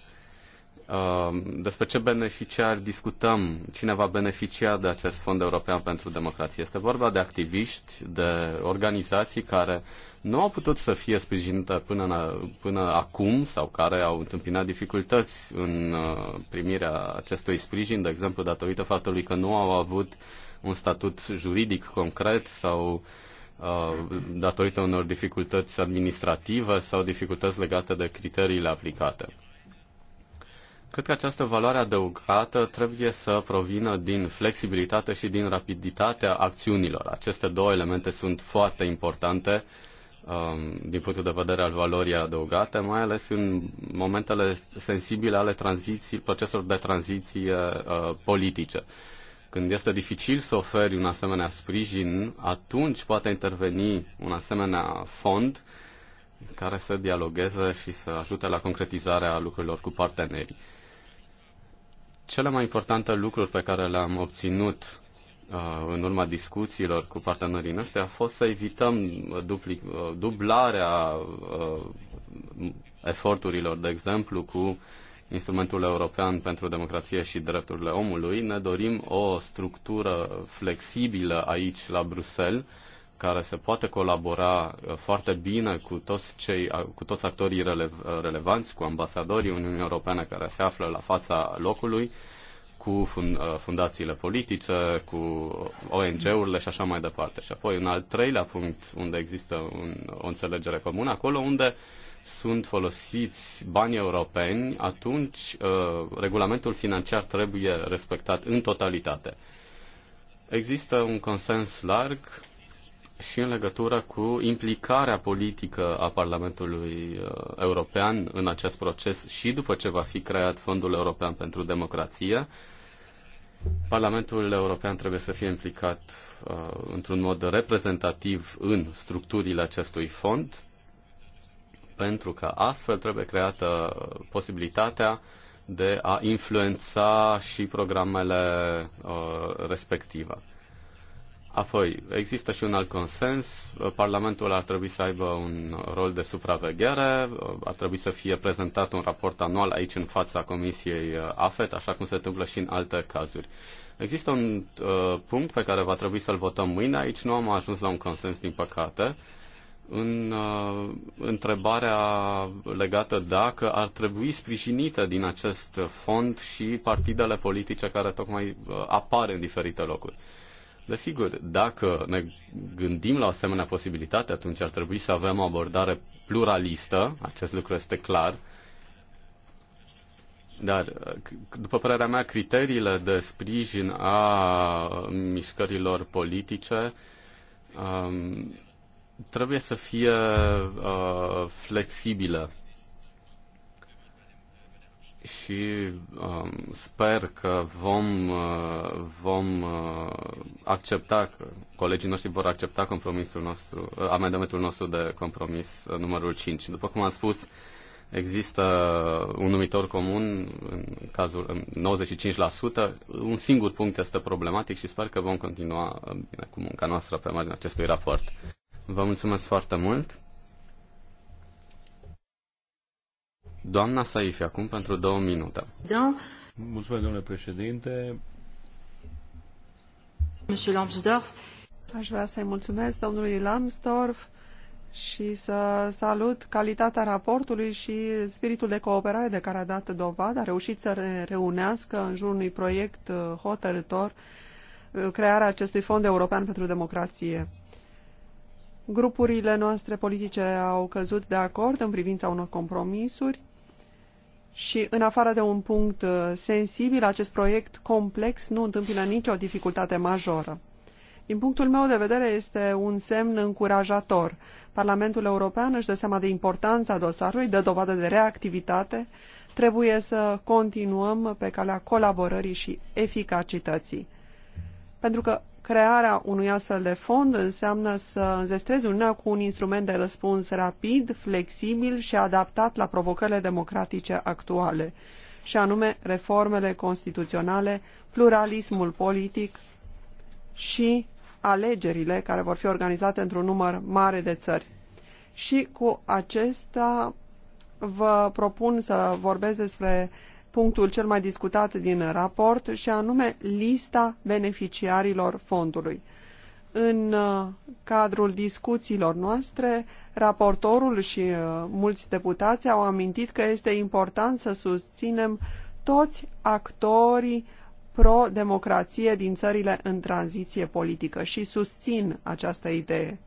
uh, despre ce beneficiar discutăm, cine va beneficia de acest Fond European pentru Democrație. Este vorba de activiști, de organizații care nu au putut să fie sprijinite până, în, până acum sau care au întâmpinat dificultăți în uh, primirea acestui sprijin, de exemplu datorită faptului că nu au avut un statut juridic concret sau uh, Uh, datorită unor dificultăți administrative sau dificultăți legate de criteriile aplicate. Cred că această valoare adăugată trebuie să provină din flexibilitate și din rapiditatea acțiunilor. Aceste două elemente sunt foarte importante um, din punctul de vedere al valorii adăugate, mai ales în momentele sensibile ale tranziții, proceselor de tranziție uh, politice. Când este dificil să oferi un asemenea sprijin, atunci poate interveni un asemenea fond care să dialogueze și să ajute la concretizarea lucrurilor cu partenerii. Cele mai importante lucruri pe care le-am obținut uh, în urma discuțiilor cu partenerii noștri a fost să evităm uh, dupli, uh, dublarea eforturilor, de exemplu, cu instrumentul european pentru democrație și drepturile omului. Ne dorim o structură flexibilă aici la Bruxelles care se poate colabora uh, foarte bine cu toți, cei, uh, cu toți actorii rele, uh, relevanți, cu ambasadorii Uniunii Europene care se află la fața locului, cu fundațiile politice, cu ONG-urile și așa mai departe. Și apoi un al treilea punct unde există un, o înțelegere comună, acolo unde sunt folosiți bani europeni, atunci uh, regulamentul financiar trebuie respectat în totalitate. Există un consens larg și în legătură cu implicarea politică a Parlamentului uh, European în acest proces și după ce va fi creat Fondul European pentru Democrație. Parlamentul European trebuie să fie implicat uh, într-un mod reprezentativ în structurile acestui fond pentru că astfel trebuie creată posibilitatea de a influența și programele uh, respective. Apoi, există și un alt consens. Parlamentul ar trebui să aibă un rol de supraveghere, ar trebui să fie prezentat un raport anual aici în fața Comisiei AFET, așa cum se întâmplă și în alte cazuri. Există un uh, punct pe care va trebui să-l votăm mâine. Aici nu am ajuns la un consens, din păcate în uh, întrebarea legată dacă ar trebui sprijinită din acest fond și partidele politice care tocmai uh, apar în diferite locuri. Desigur, dacă ne gândim la asemenea posibilitate, atunci ar trebui să avem o abordare pluralistă, acest lucru este clar, dar, uh, după părerea mea, criteriile de sprijin a mișcărilor politice um, trebuie să fie uh, flexibilă și um, sper că vom, uh, vom uh, accepta, că colegii noștri vor accepta compromisul nostru, uh, amendamentul nostru de compromis uh, numărul 5. După cum am spus, există un numitor comun, în cazul în 95%, un singur punct este problematic și sper că vom continua uh, bine cu munca noastră pe marginea acestui raport. Vă mulțumesc foarte mult. Doamna Saifi, acum pentru două minute. Da. Mulțumesc, domnule președinte. Monsieur Lambsdorff. Aș vrea să-i mulțumesc domnului Lambsdorff și să salut calitatea raportului și spiritul de cooperare de care a dat dovadă. A reușit să reunească în jurul unui proiect uh, hotărător uh, crearea acestui Fond European pentru Democrație. Grupurile noastre politice au căzut de acord în privința unor compromisuri și, în afară de un punct uh, sensibil, acest proiect complex nu întâmpină nicio dificultate majoră. Din punctul meu de vedere, este un semn încurajator. Parlamentul European își dă seama de importanța dosarului, dă dovadă de reactivitate. Trebuie să continuăm pe calea colaborării și eficacității. Pentru că crearea unui astfel de fond înseamnă să înzestrezi Uniunea cu un instrument de răspuns rapid, flexibil și adaptat la provocările democratice actuale, și anume reformele constituționale, pluralismul politic și alegerile care vor fi organizate într-un număr mare de țări. Și cu acesta vă propun să vorbesc despre punctul cel mai discutat din raport și anume lista beneficiarilor fondului. În uh, cadrul discuțiilor noastre, raportorul și uh, mulți deputați au amintit că este important să susținem toți actorii pro-democrație din țările în tranziție politică și susțin această idee.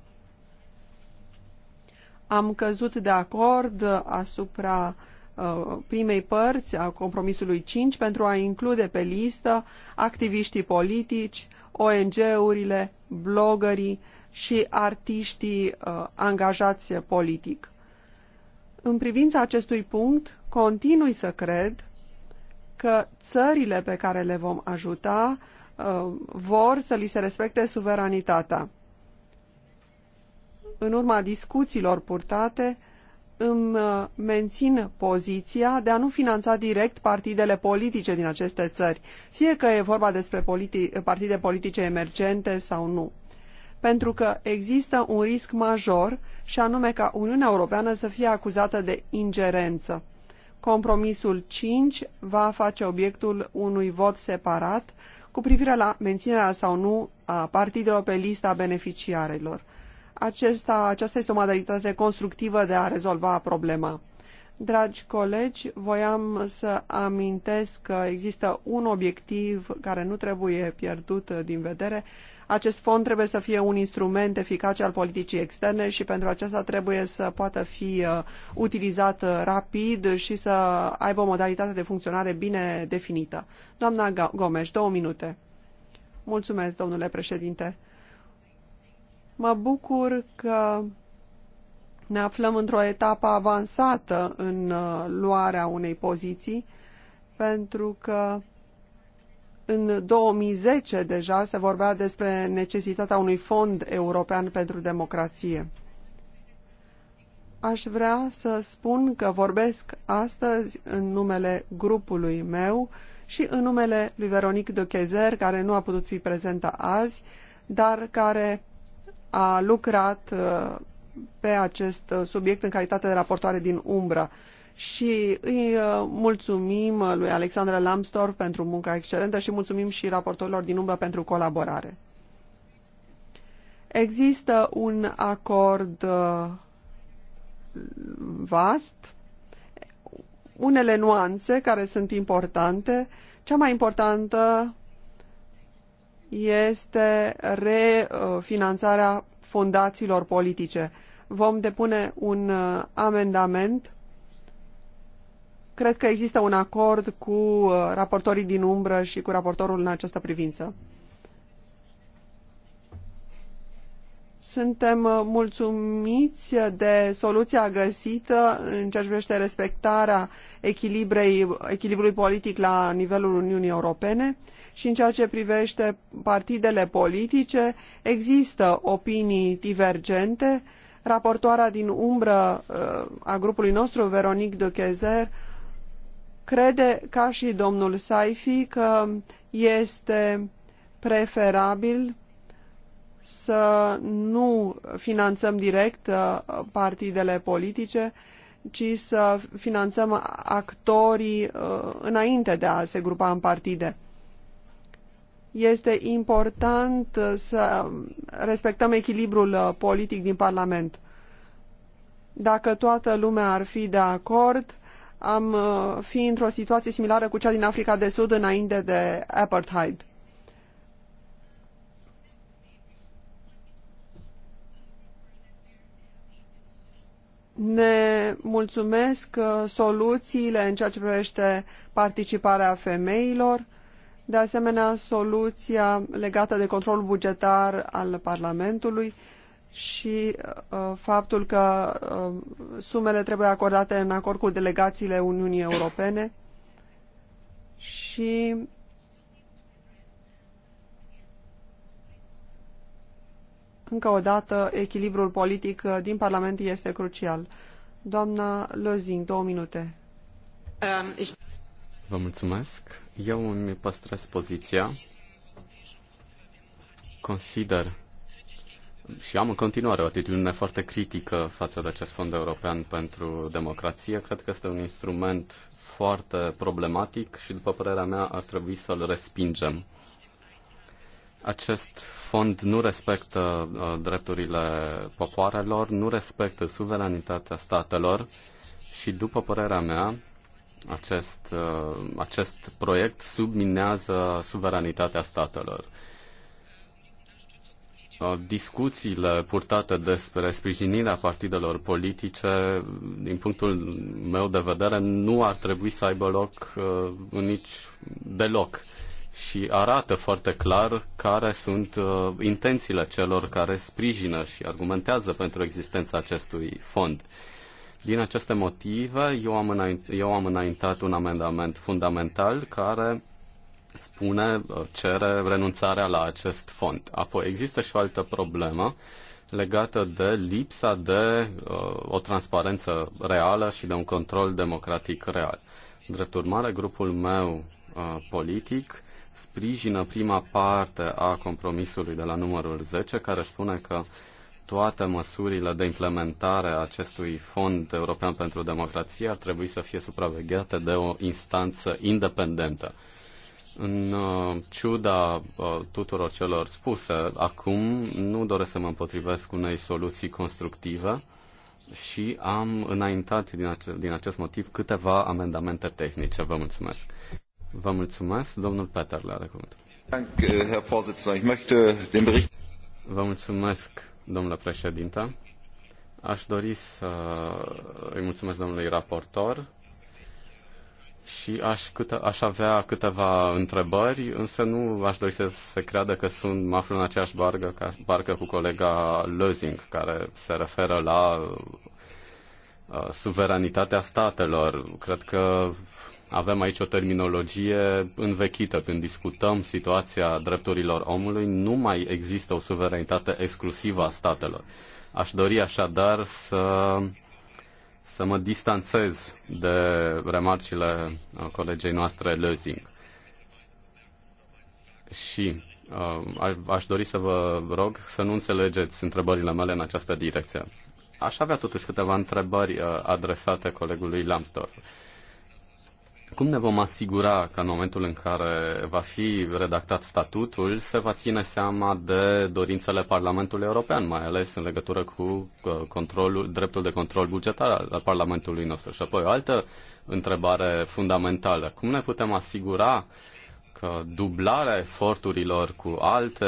Am căzut de acord uh, asupra Uh, primei părți a compromisului 5 pentru a include pe listă activiștii politici, ONG-urile, blogării și artiștii uh, angajați politic. În privința acestui punct, continui să cred că țările pe care le vom ajuta uh, vor să li se respecte suveranitatea. În urma discuțiilor purtate, îmi uh, mențin poziția de a nu finanța direct partidele politice din aceste țări, fie că e vorba despre politi- partide politice emergente sau nu. Pentru că există un risc major și anume ca Uniunea Europeană să fie acuzată de ingerență. Compromisul 5 va face obiectul unui vot separat cu privire la menținerea sau nu a partidelor pe lista beneficiarilor. Acesta, aceasta este o modalitate constructivă de a rezolva problema. Dragi colegi, voiam să amintesc că există un obiectiv care nu trebuie pierdut din vedere. Acest fond trebuie să fie un instrument eficace al politicii externe și pentru aceasta trebuie să poată fi uh, utilizat uh, rapid și să aibă o modalitate de funcționare bine definită. Doamna Gomes, două minute. Mulțumesc, domnule președinte. Mă bucur că ne aflăm într-o etapă avansată în uh, luarea unei poziții, pentru că în 2010 deja se vorbea despre necesitatea unui fond european pentru democrație. Aș vrea să spun că vorbesc astăzi în numele grupului meu și în numele lui Veronique de Chezer, care nu a putut fi prezentă azi, dar care a lucrat uh, pe acest uh, subiect în calitate de raportoare din umbră și îi uh, mulțumim lui Alexandra Lambsdorff pentru munca excelentă și mulțumim și raportorilor din umbră pentru colaborare. Există un acord vast, unele nuanțe care sunt importante. Cea mai importantă este refinanțarea fondațiilor politice. Vom depune un uh, amendament. Cred că există un acord cu uh, raportorii din umbră și cu raportorul în această privință. Suntem uh, mulțumiți de soluția găsită în ceea ce privește respectarea echilibrului politic la nivelul Uniunii Europene și în ceea ce privește partidele politice există opinii divergente. Raportoarea din umbră uh, a grupului nostru, Veronique de Chezer, crede ca și domnul Saifi că este preferabil să nu finanțăm direct uh, partidele politice, ci să finanțăm actorii uh, înainte de a se grupa în partide este important uh, să respectăm echilibrul uh, politic din Parlament. Dacă toată lumea ar fi de acord, am uh, fi într-o situație similară cu cea din Africa de Sud înainte de apartheid. Ne mulțumesc soluțiile în ceea ce privește participarea femeilor, de asemenea soluția legată de controlul bugetar al Parlamentului și uh, faptul că uh, sumele trebuie acordate în acord cu delegațiile Uniunii Europene și încă o dată echilibrul politic uh, din Parlament este crucial. Doamna Lozing, două minute. Um, Vă mulțumesc. Eu îmi păstrez poziția. Consider și am în continuare o atitudine foarte critică față de acest fond european pentru democrație. Cred că este un instrument foarte problematic și, după părerea mea, ar trebui să-l respingem. Acest fond nu respectă uh, drepturile popoarelor, nu respectă suveranitatea statelor și, după părerea mea, acest, uh, acest proiect subminează suveranitatea statelor. Uh, discuțiile purtate despre sprijinirea partidelor politice, din punctul meu de vedere, nu ar trebui să aibă loc uh, nici deloc și arată foarte clar care sunt uh, intențiile celor care sprijină și argumentează pentru existența acestui fond. Uh, din aceste motive, eu am, înainte, eu am înaintat un amendament fundamental care spune, uh, cere renunțarea la acest fond. Apoi există și o altă problemă legată de lipsa de uh, o transparență reală și de un control democratic real. Drept urmare, grupul meu uh, politic sprijină prima parte a compromisului de la numărul 10, care spune că uh, toate măsurile de implementare a acestui Fond European pentru Democrație ar trebui să fie supravegheate de o instanță independentă. În uh, ciuda uh, tuturor celor spuse, acum nu doresc să mă împotrivesc unei soluții constructive și am înaintat din, ace- din acest motiv câteva amendamente tehnice. Vă mulțumesc. Vă mulțumesc. Domnul Peter le are cuvântul. Uh, Vă mulțumesc, domnule președinte. Aș dori să îi mulțumesc domnului raportor și aș, câte, aș avea câteva întrebări, însă nu aș dori să se creadă că sunt, mă aflu în aceeași barcă, ca, barcă cu colega Lözing, care se referă la uh, suveranitatea statelor. Cred că avem aici o terminologie învechită. Când discutăm situația drepturilor omului, nu mai există o suveranitate exclusivă a statelor. Aș dori așadar să, să mă distanțez de remarcile colegei noastre Lezing. Și uh, aș dori să vă rog să nu înțelegeți întrebările mele în această direcție. Aș avea totuși câteva întrebări uh, adresate colegului Lambsdorff cum ne vom asigura că în momentul în care va fi redactat statutul se va ține seama de dorințele Parlamentului European, mai ales în legătură cu uh, controlul, dreptul de control bugetar al Parlamentului nostru? Și apoi o altă întrebare fundamentală. Cum ne putem asigura că dublarea eforturilor cu alte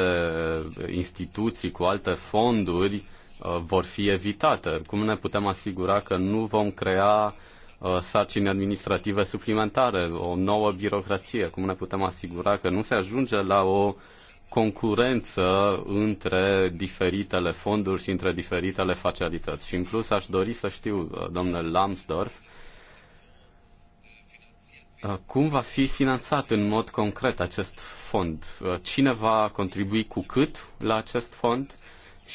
instituții, cu alte fonduri uh, vor fi evitate? Cum ne putem asigura că nu vom crea uh, Uh, sarcini administrative suplimentare, o nouă birocrație? Cum ne putem asigura că nu se ajunge la o concurență între diferitele fonduri și între diferitele facilități? Și în plus aș dori să știu, uh, domnule Lambsdorff, uh, cum va fi finanțat în mod concret acest fond? Cine va contribui cu cât la acest fond?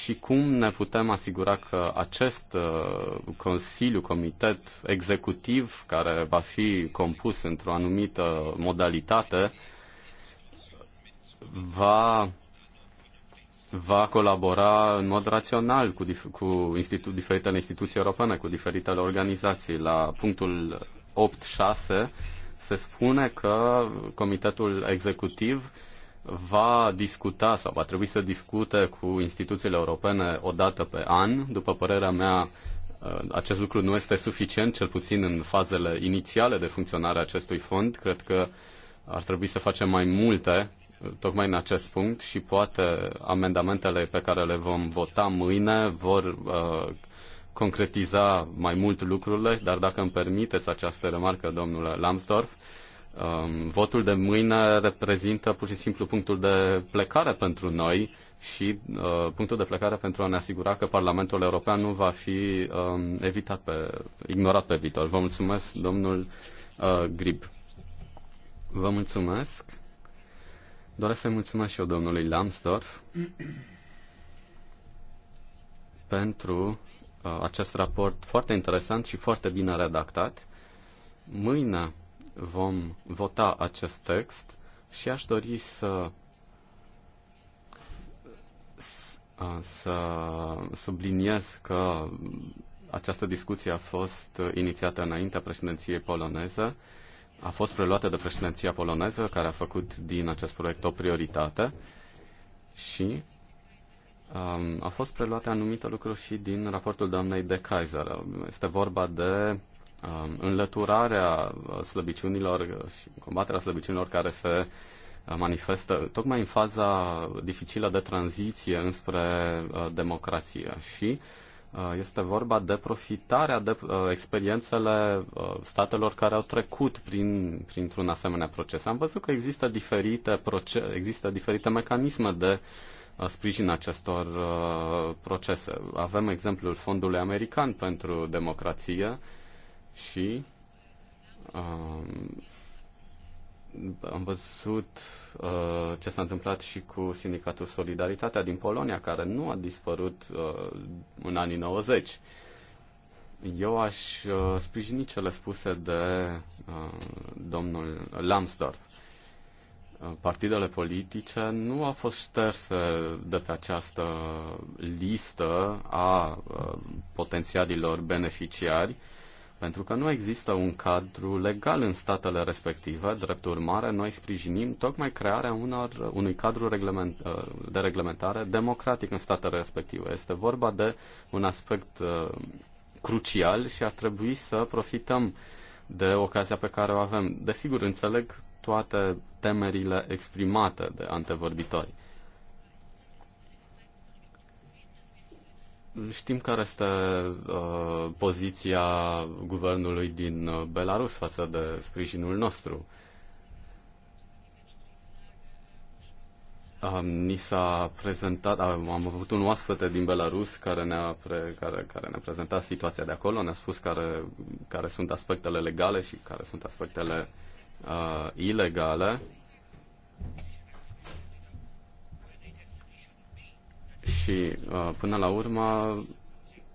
și cum ne putem asigura că acest uh, Consiliu, Comitet Executiv, care va fi compus într-o anumită modalitate, va, va colabora în mod rațional cu, dif- cu institu- diferitele instituții europene, cu diferitele organizații. La punctul 8.6 se spune că Comitetul Executiv uh, va discuta sau va trebui să discute cu instituțiile europene o dată pe an. După părerea mea, uh, acest lucru nu este suficient, cel puțin în fazele inițiale de funcționare a acestui fond. Cred că ar trebui să facem mai multe uh, tocmai în acest punct și poate amendamentele pe care le vom vota mâine vor uh, concretiza mai mult lucrurile, dar dacă îmi permiteți această remarcă, domnule Lambsdorff, uh, Um, votul de mâine reprezintă pur și simplu punctul de plecare pentru noi și uh, punctul de plecare pentru a ne asigura că Parlamentul European nu va fi uh, evitat pe, ignorat pe viitor. Vă mulțumesc, domnul uh, Grib. Vă mulțumesc. Doresc să-i mulțumesc și eu domnului Lambsdorff pentru uh, acest raport foarte interesant și foarte bine redactat. Mâine vom vota acest text și aș dori să să subliniez că această discuție a fost inițiată înaintea președinției poloneze, a fost preluată de președinția poloneză, care a făcut din acest proiect o prioritate și um, a fost preluate anumite lucruri și din raportul doamnei de Kaiser. Este vorba de Um, înlăturarea uh, slăbiciunilor și combaterea slăbiciunilor care se uh, manifestă tocmai în faza dificilă de tranziție înspre uh, democrație și este vorba de profitarea de experiențele statelor care au trecut prin, printr-un asemenea proces. Am văzut că există diferite, proces, există diferite mecanisme de sprijin acestor procese. Avem exemplul Fondului American pentru Democrație, și um, am văzut uh, ce s-a întâmplat și cu Sindicatul Solidaritatea din Polonia, care nu a dispărut uh, în anii 90. Eu aș uh, sprijini cele spuse de uh, domnul Lambsdorff. Uh, partidele politice nu au fost șterse de pe această listă a uh, potențialilor beneficiari uh, pentru că nu există un cadru legal în statele respective. Drept urmare, noi sprijinim tocmai crearea unor, unui cadru reglement, uh, de reglementare democratic în statele respective. Este vorba de un aspect uh, crucial și ar trebui să profităm de ocazia pe care o avem. Desigur, înțeleg toate temerile exprimate de antevorbitori. Știm care este uh, poziția guvernului din uh, Belarus față de sprijinul nostru. Um, ni s-a prezentat, am, am avut un oaspete din Belarus care ne-a, pre, care, care ne-a prezentat situația de acolo, ne-a spus care, care sunt aspectele legale și care sunt aspectele uh, ilegale. Și uh, până la urmă,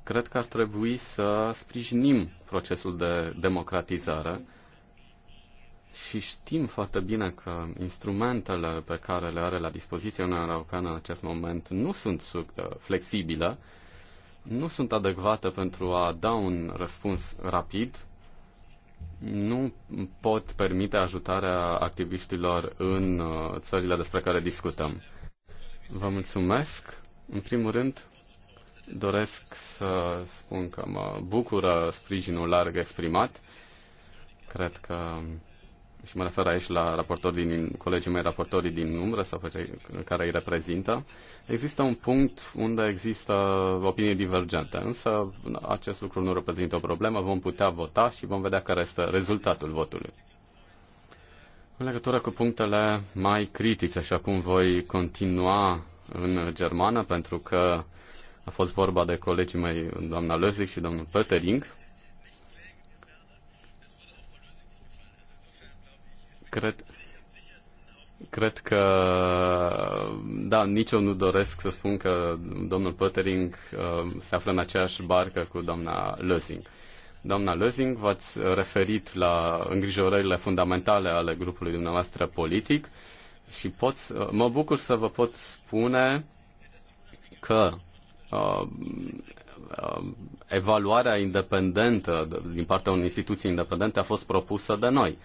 cred că ar trebui să sprijinim procesul de democratizare și știm foarte bine că instrumentele pe care le are la dispoziție Uniunea Europeană în acest moment nu sunt uh, flexibile, nu sunt adecvate pentru a da un răspuns rapid, nu pot permite ajutarea activiștilor în uh, țările despre care discutăm. Vă mulțumesc! În primul rând, doresc să spun că mă bucură sprijinul larg exprimat. Cred că și mă refer aici la raportori din, colegii mei raportorii din umbră sau cei care îi reprezintă, există un punct unde există opinii divergente, însă acest lucru nu reprezintă o problemă, vom putea vota și vom vedea care este rezultatul votului. În legătură cu punctele mai critice, așa cum voi continua în germană, pentru că a fost vorba de colegii mei, doamna Lösig și domnul Pöttering. Cred, cred că, da, nici eu nu doresc să spun că domnul Pöttering uh, se află în aceeași barcă cu doamna Lözing. Doamna Lözing v-ați referit la îngrijorările fundamentale ale grupului dumneavoastră politic. Uh, și pot, mă bucur să vă pot spune că uh, uh, evaluarea independentă din partea unei instituții independente a fost propusă de noi.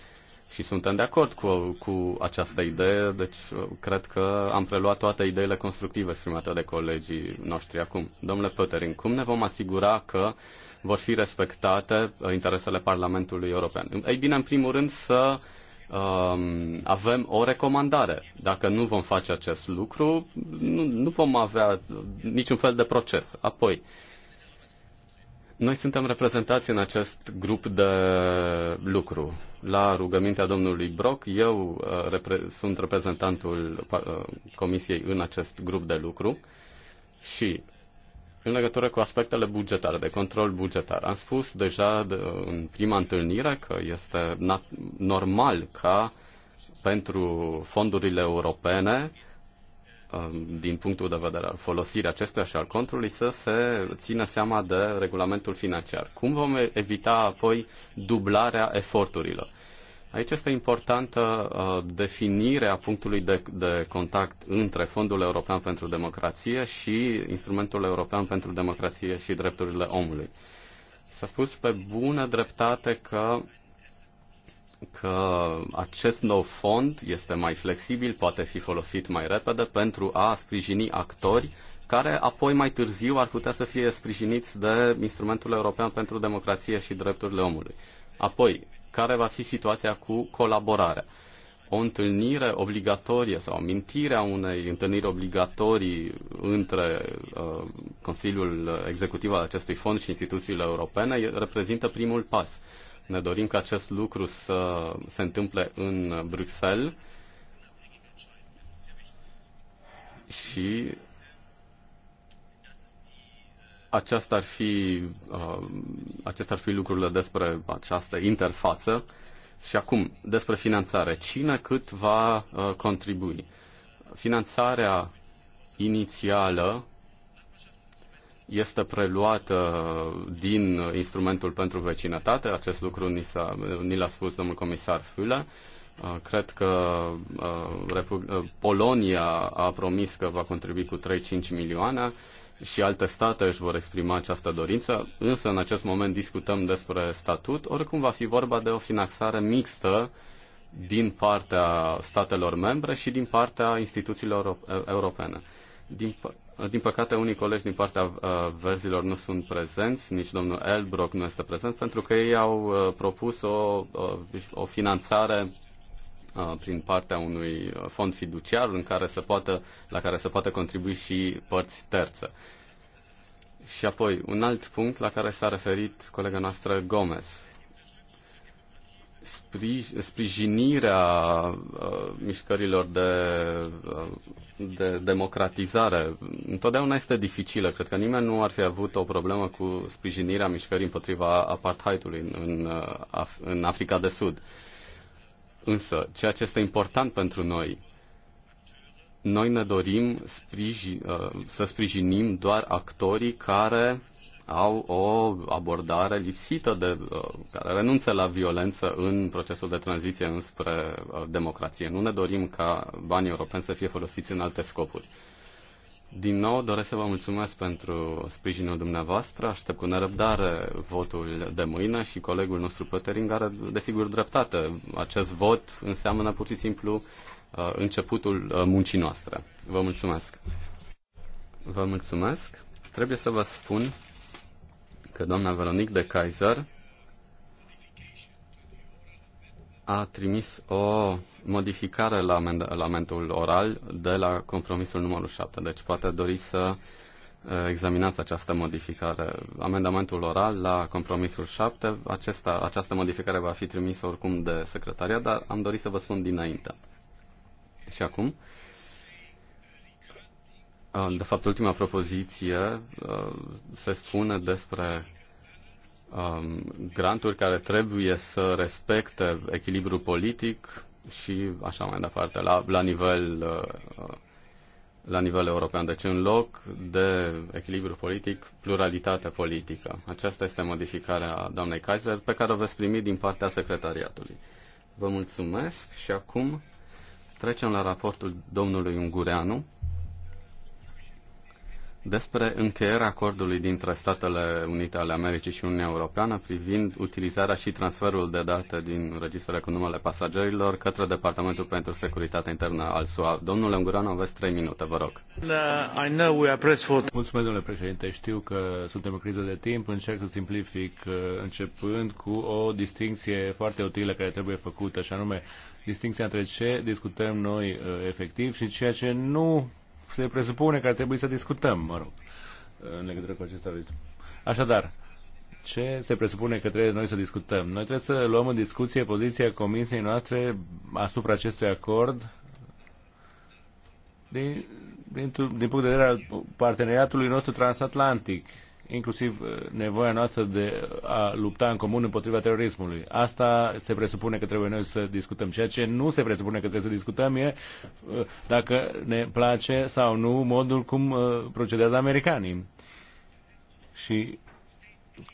Și suntem de acord cu, cu această idee, deci uh, cred că am preluat toate ideile constructive exprimate de colegii noștri acum. Domnule Pătărin, cum ne vom asigura că vor fi respectate uh, interesele Parlamentului European? Ei bine, în primul rând să uh, Um, avem o recomandare. Dacă nu vom face acest lucru, nu, nu vom avea niciun fel de proces. Apoi, noi suntem reprezentați în acest grup de lucru. La rugămintea domnului Brock, eu uh, repre- sunt reprezentantul uh, Comisiei în acest grup de lucru și în legătură cu aspectele bugetare, de control bugetar, am spus deja de, în prima întâlnire că este normal ca pentru fondurile europene, um, din punctul de vedere al folosirii acestuia și al controlului, să se țină seama de regulamentul financiar. Cum vom evita apoi dublarea eforturilor? Aici este importantă uh, definirea punctului de, de contact între Fondul European pentru Democrație și Instrumentul European pentru Democrație și Drepturile Omului. S-a spus pe bună dreptate că că acest nou fond este mai flexibil, poate fi folosit mai repede pentru a sprijini actori care apoi mai târziu ar putea să fie sprijiniți de instrumentul european pentru democrație și drepturile omului. Apoi, care va fi situația cu colaborarea. O întâlnire obligatorie sau amintirea unei întâlniri obligatorii între uh, Consiliul Executiv al acestui fond și instituțiile europene reprezintă primul pas. Ne dorim ca acest lucru să se întâmple în Bruxelles și aceasta ar fi, uh, acestea ar fi lucrurile despre această interfață. Și acum, despre finanțare. Cine cât va uh, contribui? Finanțarea inițială este preluată din instrumentul pentru vecinătate. Acest lucru ni, s-a, ni l-a spus domnul comisar Füle. Uh, cred că uh, uh, Polonia a promis că va contribui cu 3-5 milioane și alte state își vor exprima această dorință, însă în acest moment discutăm despre statut, oricum va fi vorba de o finanțare mixtă din partea statelor membre și din partea instituțiilor europene. Din, din păcate, unii colegi din partea uh, verzilor nu sunt prezenți, nici domnul Elbrock nu este prezent, pentru că ei au uh, propus o, o, o finanțare Uh, prin partea unui uh, fond fiduciar în care se poată, la care se poate contribui și părți terțe. Și apoi, un alt punct la care s-a referit colega noastră Gomez, sprijinirea uh, mișcărilor de, uh, de democratizare întotdeauna este dificilă. Cred că nimeni nu ar fi avut o problemă cu sprijinirea mișcării împotriva apartheidului în, în, uh, Af- în Africa de Sud. Însă, ceea ce este important pentru noi, noi ne dorim sprijin, uh, să sprijinim doar actorii care au o abordare lipsită de, uh, care renunță la violență în procesul de tranziție înspre uh, democrație. Nu ne dorim ca banii europeni să fie folosiți în alte scopuri. Din nou, doresc să vă mulțumesc pentru sprijinul dumneavoastră. Aștept cu nerăbdare votul de mâine și colegul nostru Pătering are desigur dreptate. Acest vot înseamnă pur și simplu uh, începutul uh, muncii noastre. Vă mulțumesc. Vă mulțumesc. Trebuie să vă spun că doamna Veronic de Kaiser a trimis o modificare la amendamentul oral de la compromisul numărul 7. Deci poate dori să uh, examinați această modificare. Amendamentul oral la compromisul 7, acesta, această modificare va fi trimisă oricum de secretaria, dar am dorit să vă spun dinainte. Și acum? Uh, de fapt, ultima propoziție uh, se spune despre Um, granturi care trebuie să respecte echilibru politic și așa mai departe, la, la nivel uh, la nivel european. Deci în loc de echilibru politic, pluralitate politică. Aceasta este modificarea doamnei Kaiser pe care o veți primi din partea secretariatului. Vă mulțumesc și acum trecem la raportul domnului Ungureanu despre încheierea acordului dintre Statele Unite ale Americii și Uniunea Europeană privind utilizarea și transferul de date din registrele cu numele pasagerilor către Departamentul pentru securitate Internă al SUA. Domnule Ungureanu, aveți trei minute, vă rog. Uh, I know we are pressed for... Mulțumesc, domnule președinte. Știu că suntem în criză de timp. Încerc să simplific uh, începând cu o distinție foarte utilă care trebuie făcută, și anume distinția între ce discutăm noi uh, efectiv și ceea ce nu se presupune că ar trebui să discutăm, mă rog, în legătură cu acest aviz. Așadar, ce se presupune că trebuie noi să discutăm? Noi trebuie să luăm în discuție poziția Comisiei noastre asupra acestui acord din, din, din punct de vedere al parteneriatului nostru transatlantic inclusiv uh, nevoia noastră de a lupta în comun împotriva terorismului. Asta se presupune că trebuie noi să discutăm. Ceea ce nu se presupune că trebuie să discutăm e uh, dacă ne place sau nu modul cum uh, procedează americanii. Și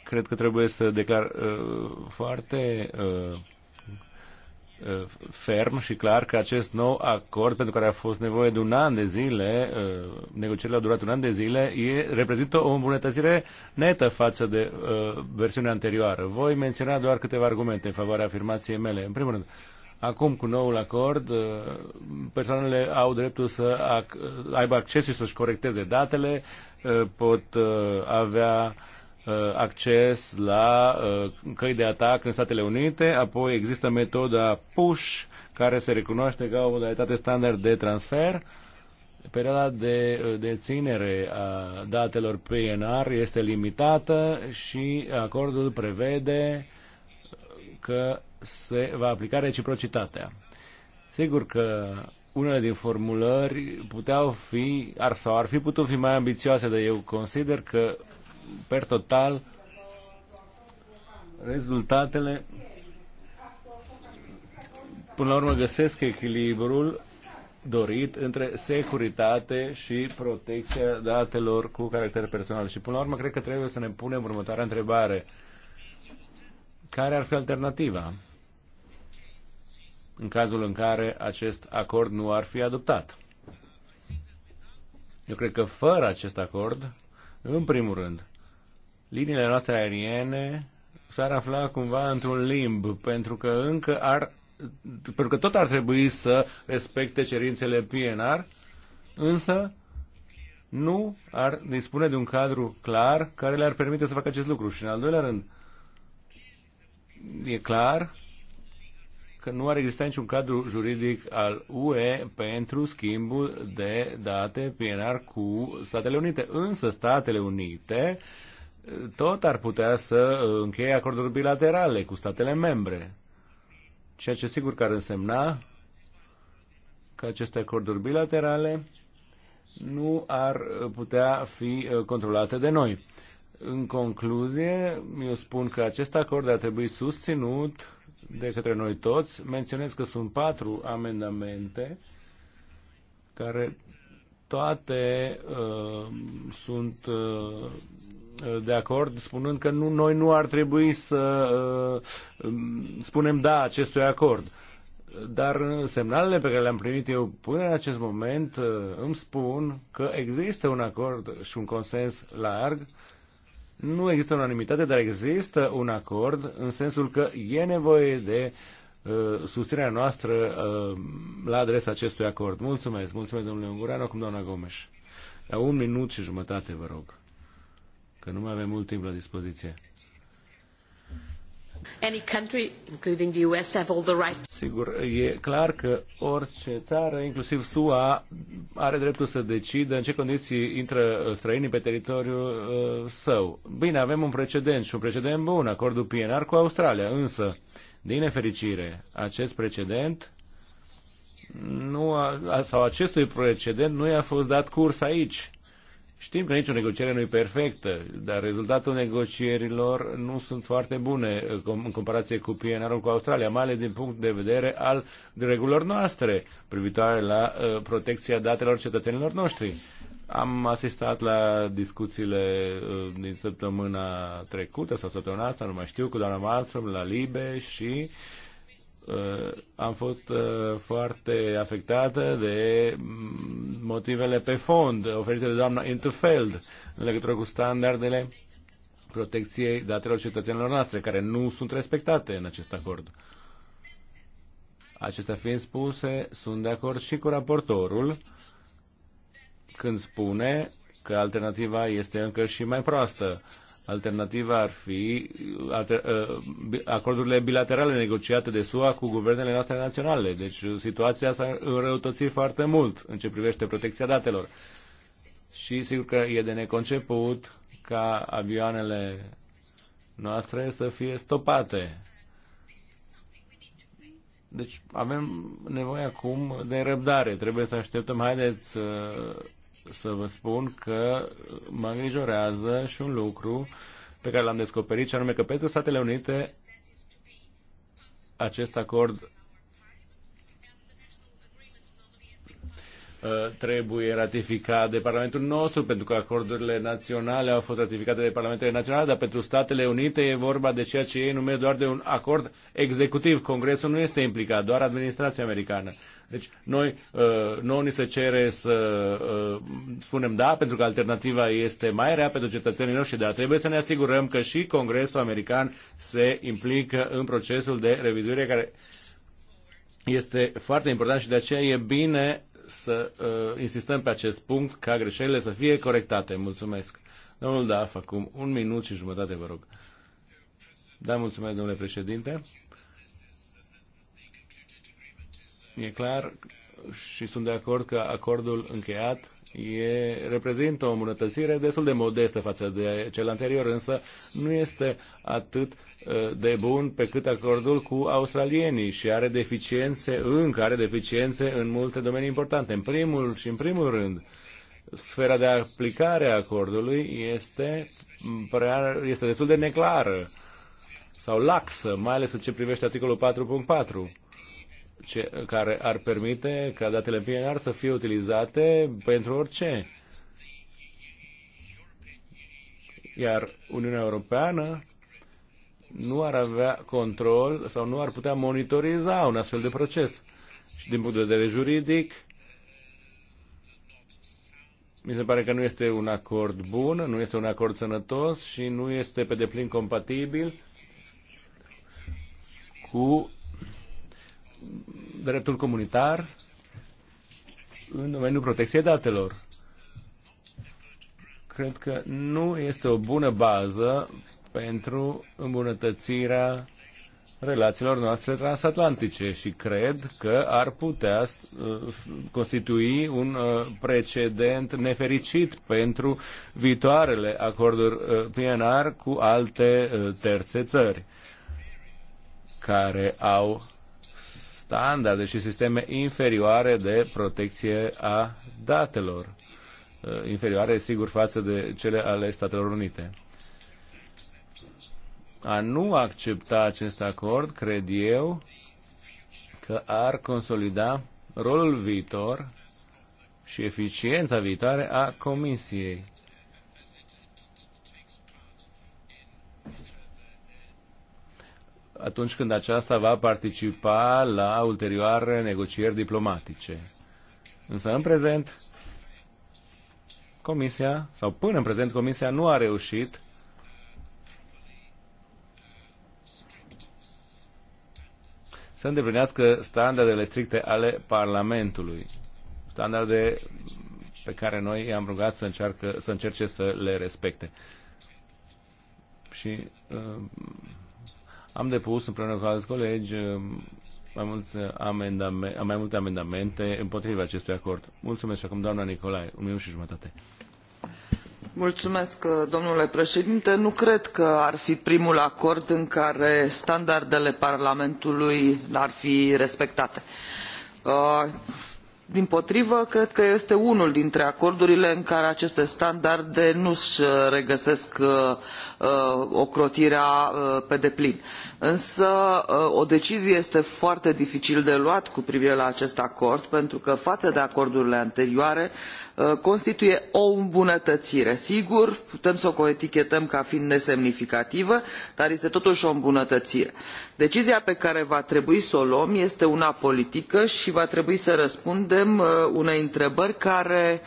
cred că trebuie să declar uh, foarte uh, Uh, ferm și clar că acest nou acord, pentru care a fost nevoie de un an de zile, uh, negocierile au durat un an de zile, e, reprezintă o îmbunătățire netă față de uh, versiunea anterioară. Voi menționa doar câteva argumente în favoarea afirmației mele. În primul rând, Acum, cu noul acord, uh, persoanele au dreptul să aibă acces și să-și corecteze datele, pot avea Uh, acces la uh, căi de atac în Statele Unite, apoi există metoda PUSH, care se recunoaște ca o modalitate standard de transfer. Perioada de uh, deținere a datelor PNR este limitată și acordul prevede că se va aplica reciprocitatea. Sigur că unele din formulări puteau fi, ar sau ar fi putut fi mai ambițioase, dar eu consider că per total, rezultatele până la urmă găsesc echilibrul dorit între securitate și protecția datelor cu caracter personal. Și până la urmă cred că trebuie să ne punem următoarea întrebare. Care ar fi alternativa în cazul în care acest acord nu ar fi adoptat? Eu cred că fără acest acord, în primul rând, liniile noastre aeriene s-ar afla cumva într-un limb, pentru că încă ar, pentru că tot ar trebui să respecte cerințele PNR, însă nu ar dispune de un cadru clar care le-ar permite să facă acest lucru. Și în al doilea rând, e clar că nu ar exista niciun cadru juridic al UE pentru schimbul de date PNR cu Statele Unite. Însă Statele Unite uh, tot ar putea să uh, încheie acorduri bilaterale cu statele membre. Ceea ce sigur că ar însemna că aceste acorduri bilaterale nu ar uh, putea fi uh, controlate de noi. În concluzie, eu spun că acest acord ar trebui susținut de către noi toți. Menționez că sunt patru amendamente care toate uh, sunt uh, de acord, spunând că nu, noi nu ar trebui să uh, um, spunem da acestui acord. Dar semnalele pe care le-am primit eu până în acest moment uh, îmi spun că există un acord și un consens larg. Nu există unanimitate, dar există un acord în sensul că e nevoie de uh, susținerea noastră uh, la adresa acestui acord. Mulțumesc, mulțumesc domnule Ungureanu, acum doamna Gomes. La un minut și jumătate, vă rog că nu mai avem mult timp la dispoziție. Any country, including the US, have all the right. Sigur, e clar că orice țară, inclusiv SUA, are dreptul să decidă în ce condiții intră uh, străinii pe teritoriul uh, său. Bine, avem un precedent și un precedent bun, acordul PNR cu Australia, însă, din nefericire, acest precedent nu a, sau acestui precedent nu i-a fost dat curs aici Știm că nicio negociere nu e perfectă, dar rezultatul negocierilor nu sunt foarte bune uh, în comparație cu PNR-ul cu Australia, mai ales din punct de vedere al regulilor noastre privitoare la uh, protecția datelor cetățenilor noștri. Am asistat la discuțiile uh, din săptămâna trecută sau săptămâna asta, nu mai știu, cu doamna Malmström la Libe și uh, Uh, am fost uh, foarte afectată de mm, motivele pe fond oferite de doamna Interfeld în legătură cu standardele protecției datelor cetățenilor noastre, care nu sunt respectate în acest acord. Acestea fiind spuse, sunt de acord și cu raportorul când spune că alternativa este încă și mai proastă Alternativa ar fi uh, acordurile bilaterale negociate de SUA cu guvernele noastre naționale. Deci uh, situația s-a înrăutățit foarte mult în ce privește protecția datelor. Și sigur că e de neconceput ca avioanele noastre să fie stopate. Deci avem nevoie acum de răbdare, trebuie să așteptăm. Haideți uh, să vă spun că mă îngrijorează și un lucru pe care l-am descoperit, și anume că pentru Statele Unite acest acord Uh, trebuie ratificat de Parlamentul nostru, pentru că acordurile naționale au fost ratificate de Parlamentele naționale, dar pentru Statele Unite e vorba de ceea ce ei numesc doar de un acord executiv. Congresul nu este implicat, doar administrația americană. Deci noi, uh, noi ni se cere să uh, spunem da, pentru că alternativa este mai rea pentru cetățenii noștri, dar trebuie să ne asigurăm că și Congresul american se implică în procesul de revizuire care este foarte important și de aceea e bine să uh, insistăm pe acest punct ca greșelile să fie corectate. Mulțumesc. Domnul Daf, acum un minut și jumătate, vă rog. Da, mulțumesc, domnule președinte. E clar și sunt de acord că acordul încheiat e, reprezintă o îmbunătățire destul de modestă față de cel anterior, însă nu este atât ă, de bun pe cât acordul cu australienii și are deficiențe, încă are deficiențe în multe domenii importante. În primul și în primul rând, sfera de aplicare a acordului este, prea, este destul de neclară sau laxă, mai ales în ce privește articolul 4.4 ce, care ar permite ca datele PNR să fie utilizate pentru orice. Iar Uniunea Europeană nu ar avea control sau nu ar putea monitoriza un astfel de proces. Și din punct de vedere juridic, mi se pare că nu este un acord bun, nu este un acord sănătos și nu este pe deplin compatibil cu dreptul comunitar în domeniul protecției datelor. Cred că nu este o bună bază pentru îmbunătățirea relațiilor noastre transatlantice și cred că ar putea uh, constitui un uh, precedent nefericit pentru viitoarele acorduri uh, PNR cu alte terțe țări care au standarde și sisteme inferioare de protecție a datelor, uh, inferioare, sigur, față de cele ale Statelor Unite. A nu accepta acest acord, cred eu, că ar consolida rolul viitor și eficiența viitoare a Comisiei atunci când aceasta va participa la ulterioare negocieri diplomatice. Însă, în prezent, Comisia, sau până în prezent, Comisia nu a reușit să îndeplinească standardele stricte ale Parlamentului, standarde pe care noi i-am rugat să, încearcă, să încerce să le respecte. Și uh, am depus împreună cu alți colegi um, mai, mulți uh, amendame, uh, mai multe amendamente împotriva acestui acord. Mulțumesc și acum doamna Nicolae, un minut și jumătate. Mulțumesc, uh, domnule președinte. nu cred că ar fi primul acord în care standardele parlamentului ar fi respectate dimpotrivă cred că este unul dintre acordurile în care aceste standarde nu își uh, regăsesc uh, uh, ocrotirea pe deplin însă o decizie este foarte dificil de luat cu privire la acest acord pentru că față de acordurile anterioare Uh, constituie o îmbunătăire. Sigur, putem să o etichetăm ca fiind nesemnificativă, dar este totuși o îmbunătăire. Decizia pe care va trebui să o luăm este una politică și va trebui să răspundem uh, unei întrebări care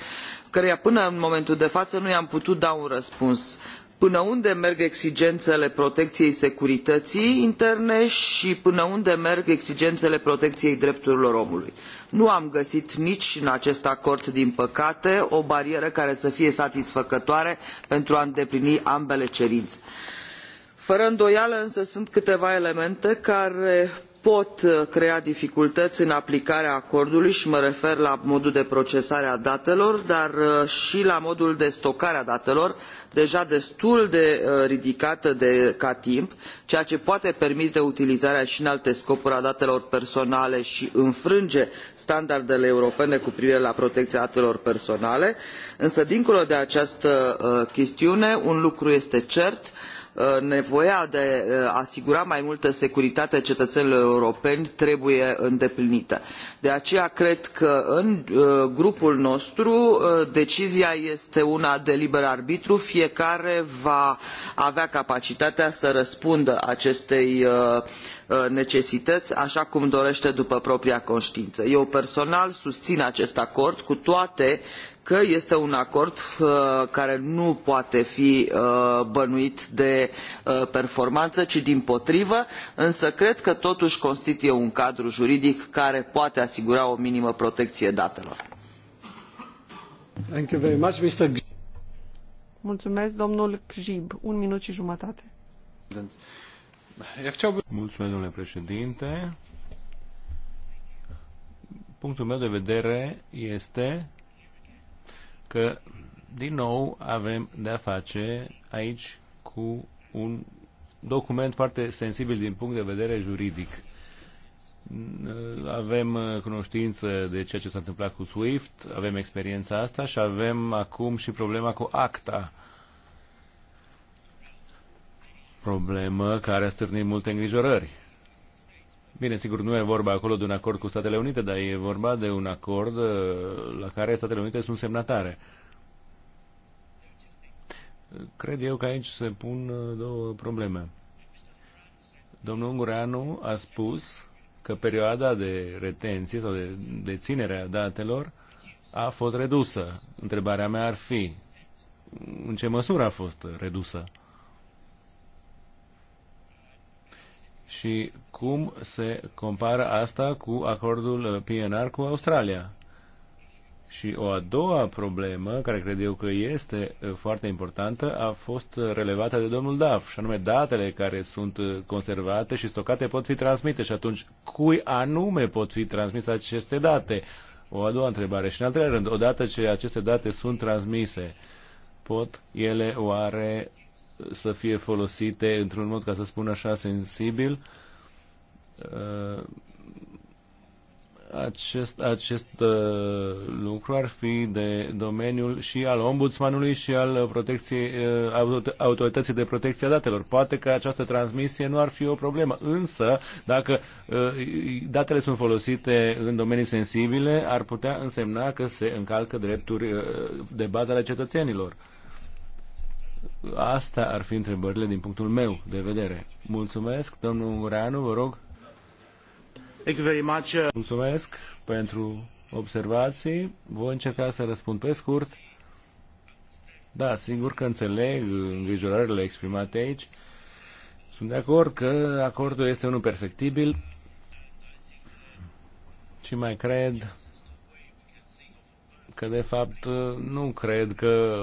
căreia până în momentul de față nu i am putut da un răspuns până unde merg exigențele protecției securității interne și până unde merg exigențele protecției drepturilor omului. Nu am găsit nici în acest acord, din păcate, o barieră care să fie satisfăcătoare pentru a îndeplini ambele cerințe. Fără îndoială însă sunt câteva elemente care pot uh, crea dificultăi în aplicarea acordului i mă refer la modul de procesare a datelor dar uh, i la modul de stocare a datelor deja destul de uh, ridicată de, ca timp ceea ce poate permite utilizarea i în alte scopuri a datelor personale i înfrânge standardele europene cu privire la protecia datelor personale însă dincolo de această chestiune un lucru este cert i anume Uh, nevoia de a uh, asigura mai multă securitate cetățenilor europeni trebuie îndeplinită. de aceea cred că în uh, grupul nostru decizia este una de liber arbitru fiecare va avea capacitatea să răspundă acestei necesități așa cum dorește după propria conștiință. eu personal susțin acest acord cu toate că este un acord uh, care nu poate fi uh, bănuit de uh, performanță, ci din potrivă, însă cred că totuși constituie un cadru juridic care poate asigura o minimă protecție datelor. Mulțumesc, domnul Gjib. Un minut și jumătate. Mulțumesc, domnule președinte. Punctul meu de vedere este că, din nou, avem de-a face aici cu un document foarte sensibil din punct de vedere juridic. Avem uh, cunoștință de ceea ce s-a întâmplat cu SWIFT, avem experiența asta și avem acum și problema cu ACTA. Problemă care a stârnit multe îngrijorări Bine, sigur, nu e vorba acolo de un acord cu Statele Unite, dar e vorba de un acord uh, la care Statele Unite sunt semnatare. Cred eu că aici se pun uh, două probleme. Domnul Ungureanu a spus că perioada de retenție sau de deținere a datelor a fost redusă. Întrebarea mea ar fi, în ce măsură a fost redusă? și cum se compară asta cu acordul uh, PNR cu Australia. Și o a doua problemă, care cred eu că este uh, foarte importantă, a fost uh, relevată de domnul Daf, și anume datele care sunt conservate și stocate pot fi transmite și atunci cui anume pot fi transmise aceste date? O a doua întrebare. Și în al treilea rând, odată ce aceste date sunt transmise, pot ele oare să fie folosite într-un mod, ca să spun așa, sensibil. Uh, acest, acest uh, lucru ar fi de domeniul și al ombudsmanului și al protecției, uh, autorității de protecție a datelor. Poate că această transmisie nu ar fi o problemă, însă dacă datele sunt folosite în domenii sensibile, ar putea însemna că se încalcă drepturi de bază ale cetățenilor. Asta ar fi întrebările din punctul meu de vedere. Mulțumesc, domnul Ungureanu, vă rog. Thank you very much. Uh, Mulțumesc pentru observații. Voi încerca să răspund pe scurt. Da, sigur că înțeleg îngrijorările exprimate aici. Sunt de acord că acordul este unul perfectibil și mai cred că de fapt nu cred că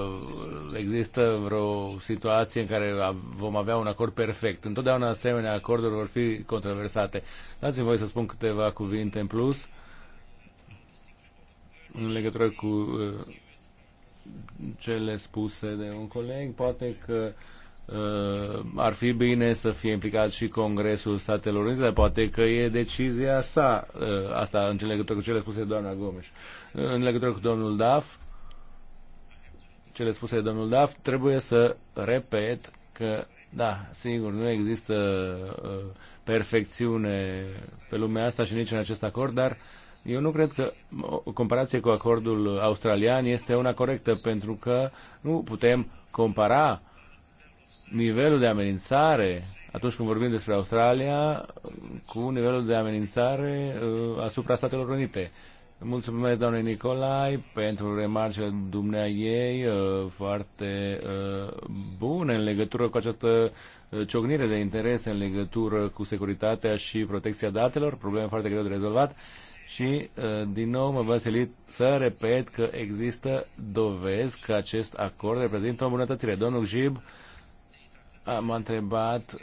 există vreo situație în care vom avea un acord perfect. Întotdeauna asemenea acorduri vor fi controversate. Dați-mi voi să spun câteva cuvinte în plus în legătură cu uh, cele spuse de un coleg. Poate că uh, Uh, ar fi bine să fie implicat și Congresul Statelor Unite, dar poate că e decizia sa, uh, asta în legătură cu cele spuse doamna Gomes. Uh, în legătură cu domnul Daf, cele spuse de domnul Daf, trebuie să repet că, da, sigur, nu există perfecțiune pe lumea asta și nici în acest acord, dar eu nu cred că o comparație cu acordul australian este una corectă, pentru că nu putem compara uh, nivelul de amenințare atunci când vorbim despre Australia cu nivelul de amenințare uh, asupra Statelor Unite. Mulțumesc, doamne Nicolai, pentru remarcele dumnea ei uh, foarte uh, bune în legătură cu această ciocnire de interese în legătură cu securitatea și protecția datelor, probleme foarte greu de rezolvat. Și, din nou, mă văselit să repet că există dovezi că acest acord reprezintă o îmbunătățire. Domnul Jib, m-a întrebat,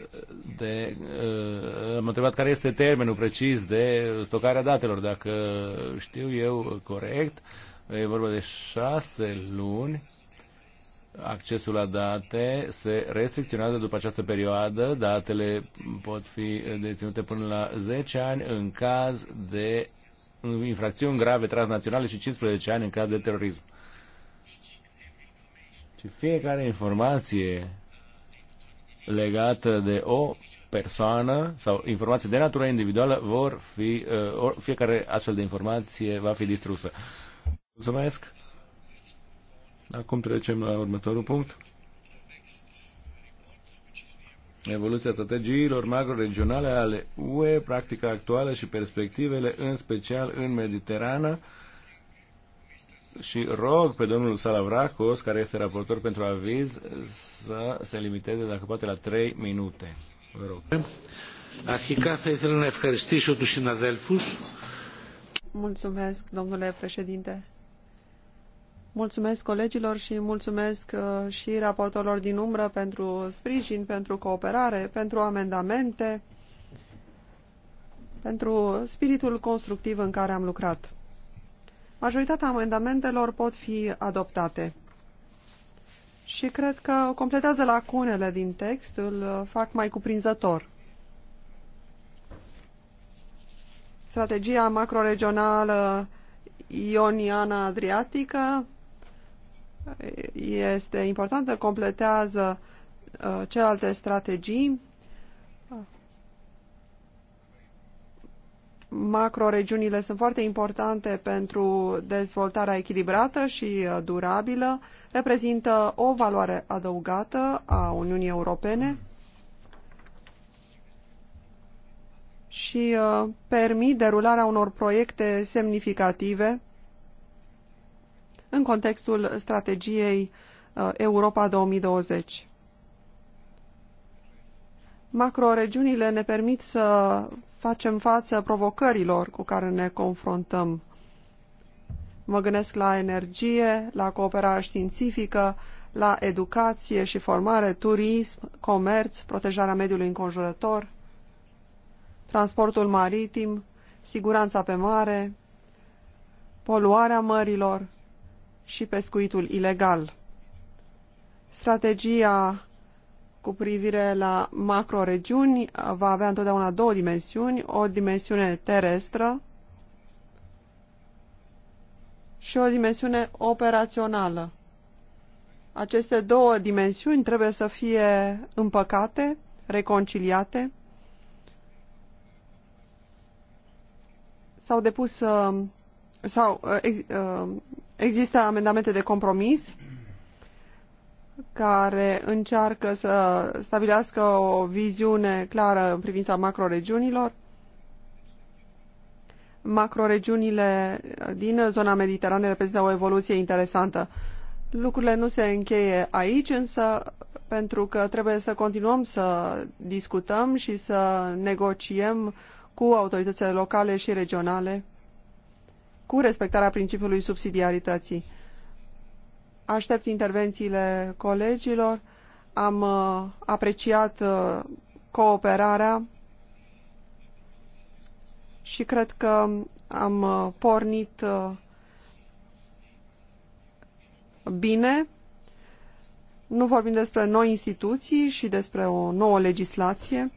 de, uh, m-a întrebat care este termenul precis de stocarea datelor. Dacă știu eu corect, e vorba de șase luni. Accesul la date se restricționează după această perioadă. Datele pot fi deținute până la 10 ani în caz de infracțiuni grave transnaționale și 15 ani în caz de terorism. Și fiecare informație legată de o persoană sau informații de natură individuală vor fi, uh, fiecare astfel de informație va fi distrusă. Mulțumesc! Acum trecem la următorul punct. Evoluția strategiilor macro-regionale ale UE, practica actuală și perspectivele, în special în Mediterana, și rog pe domnul Salavracos, care este raportor pentru aviz, să se limiteze, dacă poate, la trei minute. Vă rog. Αρχικά θα ήθελα να ευχαριστήσω τους συναδέλφους. Mulțumesc, domnule președinte. Mulțumesc colegilor și mulțumesc uh, și raportorilor din umbră pentru sprijin, pentru cooperare, pentru amendamente, pentru spiritul constructiv în care am lucrat. Majoritatea amendamentelor pot fi adoptate. Și cred că completează lacunele din text, îl fac mai cuprinzător. Strategia macroregională ioniana adriatică este importantă, completează uh, celelalte strategii Macroregiunile sunt foarte importante pentru dezvoltarea echilibrată și uh, durabilă, reprezintă o valoare adăugată a Uniunii Europene și uh, permit derularea unor proiecte semnificative în contextul strategiei uh, Europa 2020. Macroregiunile ne permit să facem față provocărilor cu care ne confruntăm. Mă gândesc la energie, la cooperarea științifică, la educație și formare, turism, comerț, protejarea mediului înconjurător, transportul maritim, siguranța pe mare, poluarea mărilor și pescuitul ilegal. Strategia cu privire la macroregiuni va avea întotdeauna două dimensiuni, o dimensiune terestră și o dimensiune operațională. Aceste două dimensiuni trebuie să fie împăcate, reconciliate. sau depus sau ex, există amendamente de compromis care încearcă să stabilească o viziune clară în privința macroregiunilor. Macroregiunile din zona mediterană reprezintă o evoluție interesantă. Lucrurile nu se încheie aici, însă pentru că trebuie să continuăm să discutăm și să negociem cu autoritățile locale și regionale cu respectarea principiului subsidiarității. Aștept intervențiile colegilor. Am uh, apreciat uh, cooperarea și cred că am uh, pornit bine. Nu vorbim despre noi instituții și despre o nouă legislație.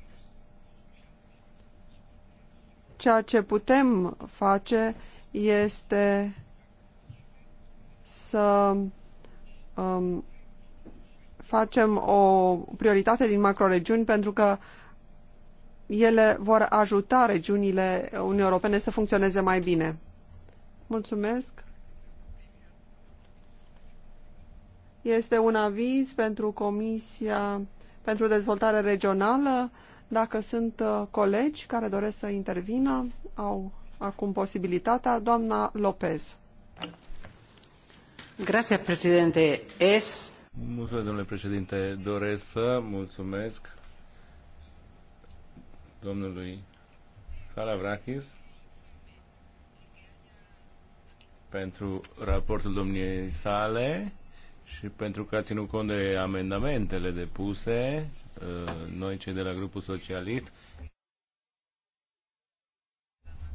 Ceea ce putem face este să um, facem o prioritate din macroregiuni pentru că ele vor ajuta regiunile Uniunii Europene să funcționeze mai bine. Mulțumesc! Este un aviz pentru Comisia pentru Dezvoltare Regională. Dacă sunt uh, colegi care doresc să intervină, au acum posibilitatea. Doamna Lopez președinte. președinte. Doresc să mulțumesc domnului Salavrachis pentru raportul domniei sale și pentru că a ținut cont de amendamentele depuse, uh, noi cei de la grupul socialist,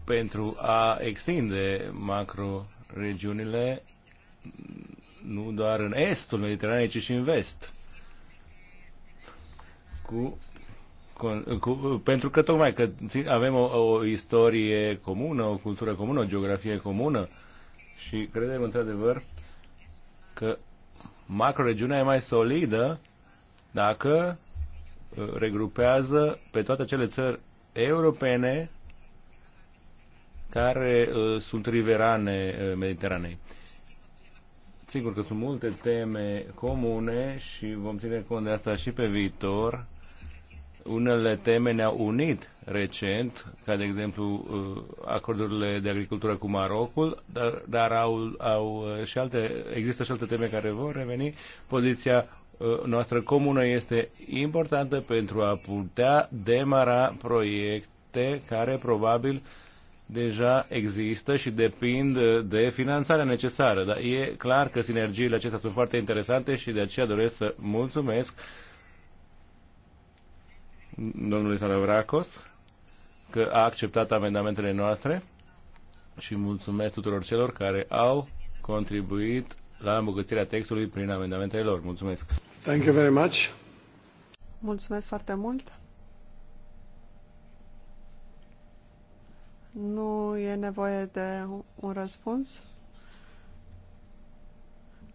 pentru a extinde macro-regiunile nu doar în estul Mediteranei, ci și în vest. Cu, cu, cu, pentru că tocmai că avem o, o istorie comună, o cultură comună, o geografie comună și credem într-adevăr că macroregiunea e mai solidă dacă uh, regrupează pe toate cele țări europene care uh, sunt riverane uh, Mediteranei. Sigur că sunt multe teme comune și vom ține cont de asta și pe viitor. Unele teme ne-au unit recent, ca de exemplu uh, acordurile de agricultură cu Marocul, dar, dar au, au uh, și alte, există și alte teme care vor reveni. Poziția uh, noastră comună este importantă pentru a putea demara proiecte care probabil uh, deja există și depind de finanțarea necesară. Dar e clar că sinergiile acestea sunt foarte interesante și de aceea doresc să mulțumesc domnului Salavracos că a acceptat amendamentele noastre și mulțumesc tuturor celor care au contribuit la îmbogățirea textului prin amendamentele lor. Mulțumesc! Thank you very much! Mulțumesc foarte mult! Nu e nevoie de un răspuns?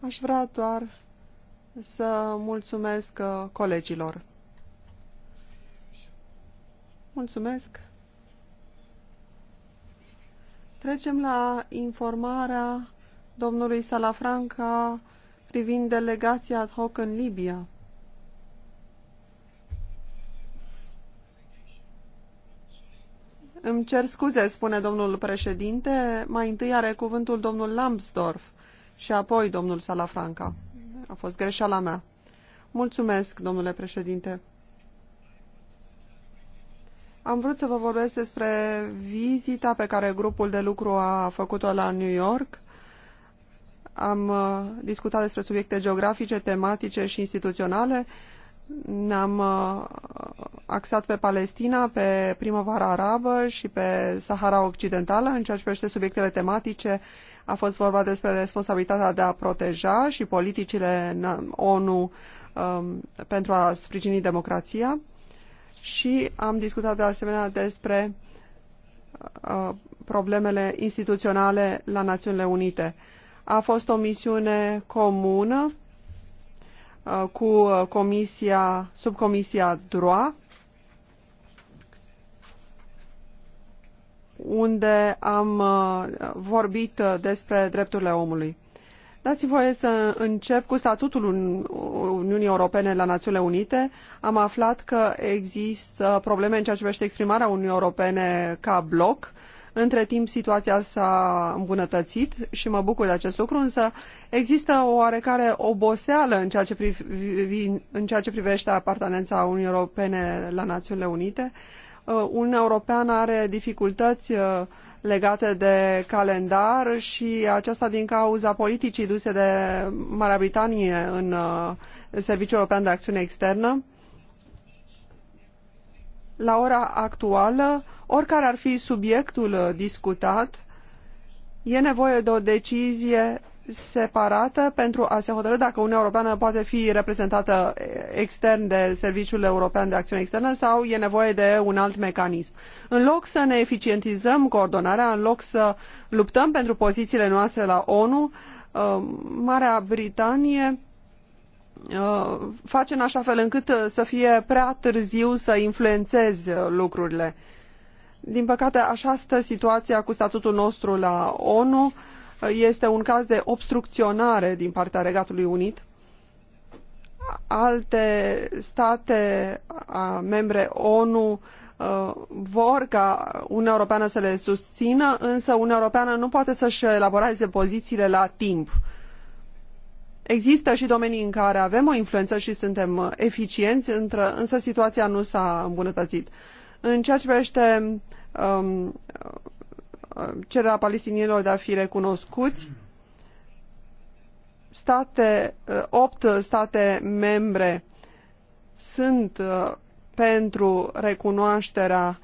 Aș vrea doar să mulțumesc uh, colegilor. Mulțumesc! Trecem la informarea domnului Salafranca privind delegația ad hoc în Libia. Îmi cer scuze, spune domnul președinte. Mai întâi are cuvântul domnul Lambsdorff și apoi domnul Salafranca. A fost greșeala mea. Mulțumesc, domnule președinte. Am vrut să vă vorbesc despre vizita pe care grupul de lucru a făcut-o la New York. Am uh, discutat despre subiecte geografice, tematice și instituționale ne-am uh, axat pe Palestina, pe primăvara arabă și pe Sahara Occidentală. În ceea ce privește subiectele tematice, a fost vorba despre responsabilitatea de a proteja și politicile ONU um, pentru a sprijini democrația. Și am discutat de asemenea despre uh, problemele instituționale la Națiunile Unite. A fost o misiune comună Uh, cu uh, comisia, subcomisia DROA, unde am uh, vorbit despre drepturile omului. Dați-mi voie să încep cu statutul Uniunii Europene la Națiunile Unite. Am aflat că există probleme în ceea ce privește exprimarea Uniunii Europene ca bloc. Uh, între timp, situația s-a îmbunătățit și mă bucur de acest lucru, însă există o oarecare oboseală în ceea ce, privi, în ceea ce privește apartenența Uniunii Europene la Națiunile Unite. Uh, Uniunea Europeană are dificultăți uh, legate de calendar și aceasta din cauza politicii duse de Marea Britanie în uh, Serviciul European de Acțiune Externă. La ora actuală, Oricare ar fi subiectul uh, discutat, e nevoie de o decizie separată pentru a se hotărâ dacă Uniunea Europeană poate fi reprezentată uh, extern de Serviciul European de Acțiune Externă sau e nevoie de un alt mecanism. În loc să ne eficientizăm coordonarea, în loc să luptăm pentru pozițiile noastre la ONU, uh, Marea Britanie face în așa fel încât să fie prea târziu să influențeze lucrurile. Din păcate, așa stă situația cu statutul nostru la ONU. Este un caz de obstrucționare din partea Regatului Unit. Alte state membre ONU vor ca Uniunea Europeană să le susțină, însă Uniunea Europeană nu poate să-și elaboreze pozițiile la timp. Există și domenii în care avem o influență și suntem eficienți, însă situația nu s-a îmbunătățit. În ceea ce privește um, cererea palestinienilor de a fi recunoscuți, state, uh, opt state membre sunt uh, pentru recunoașterea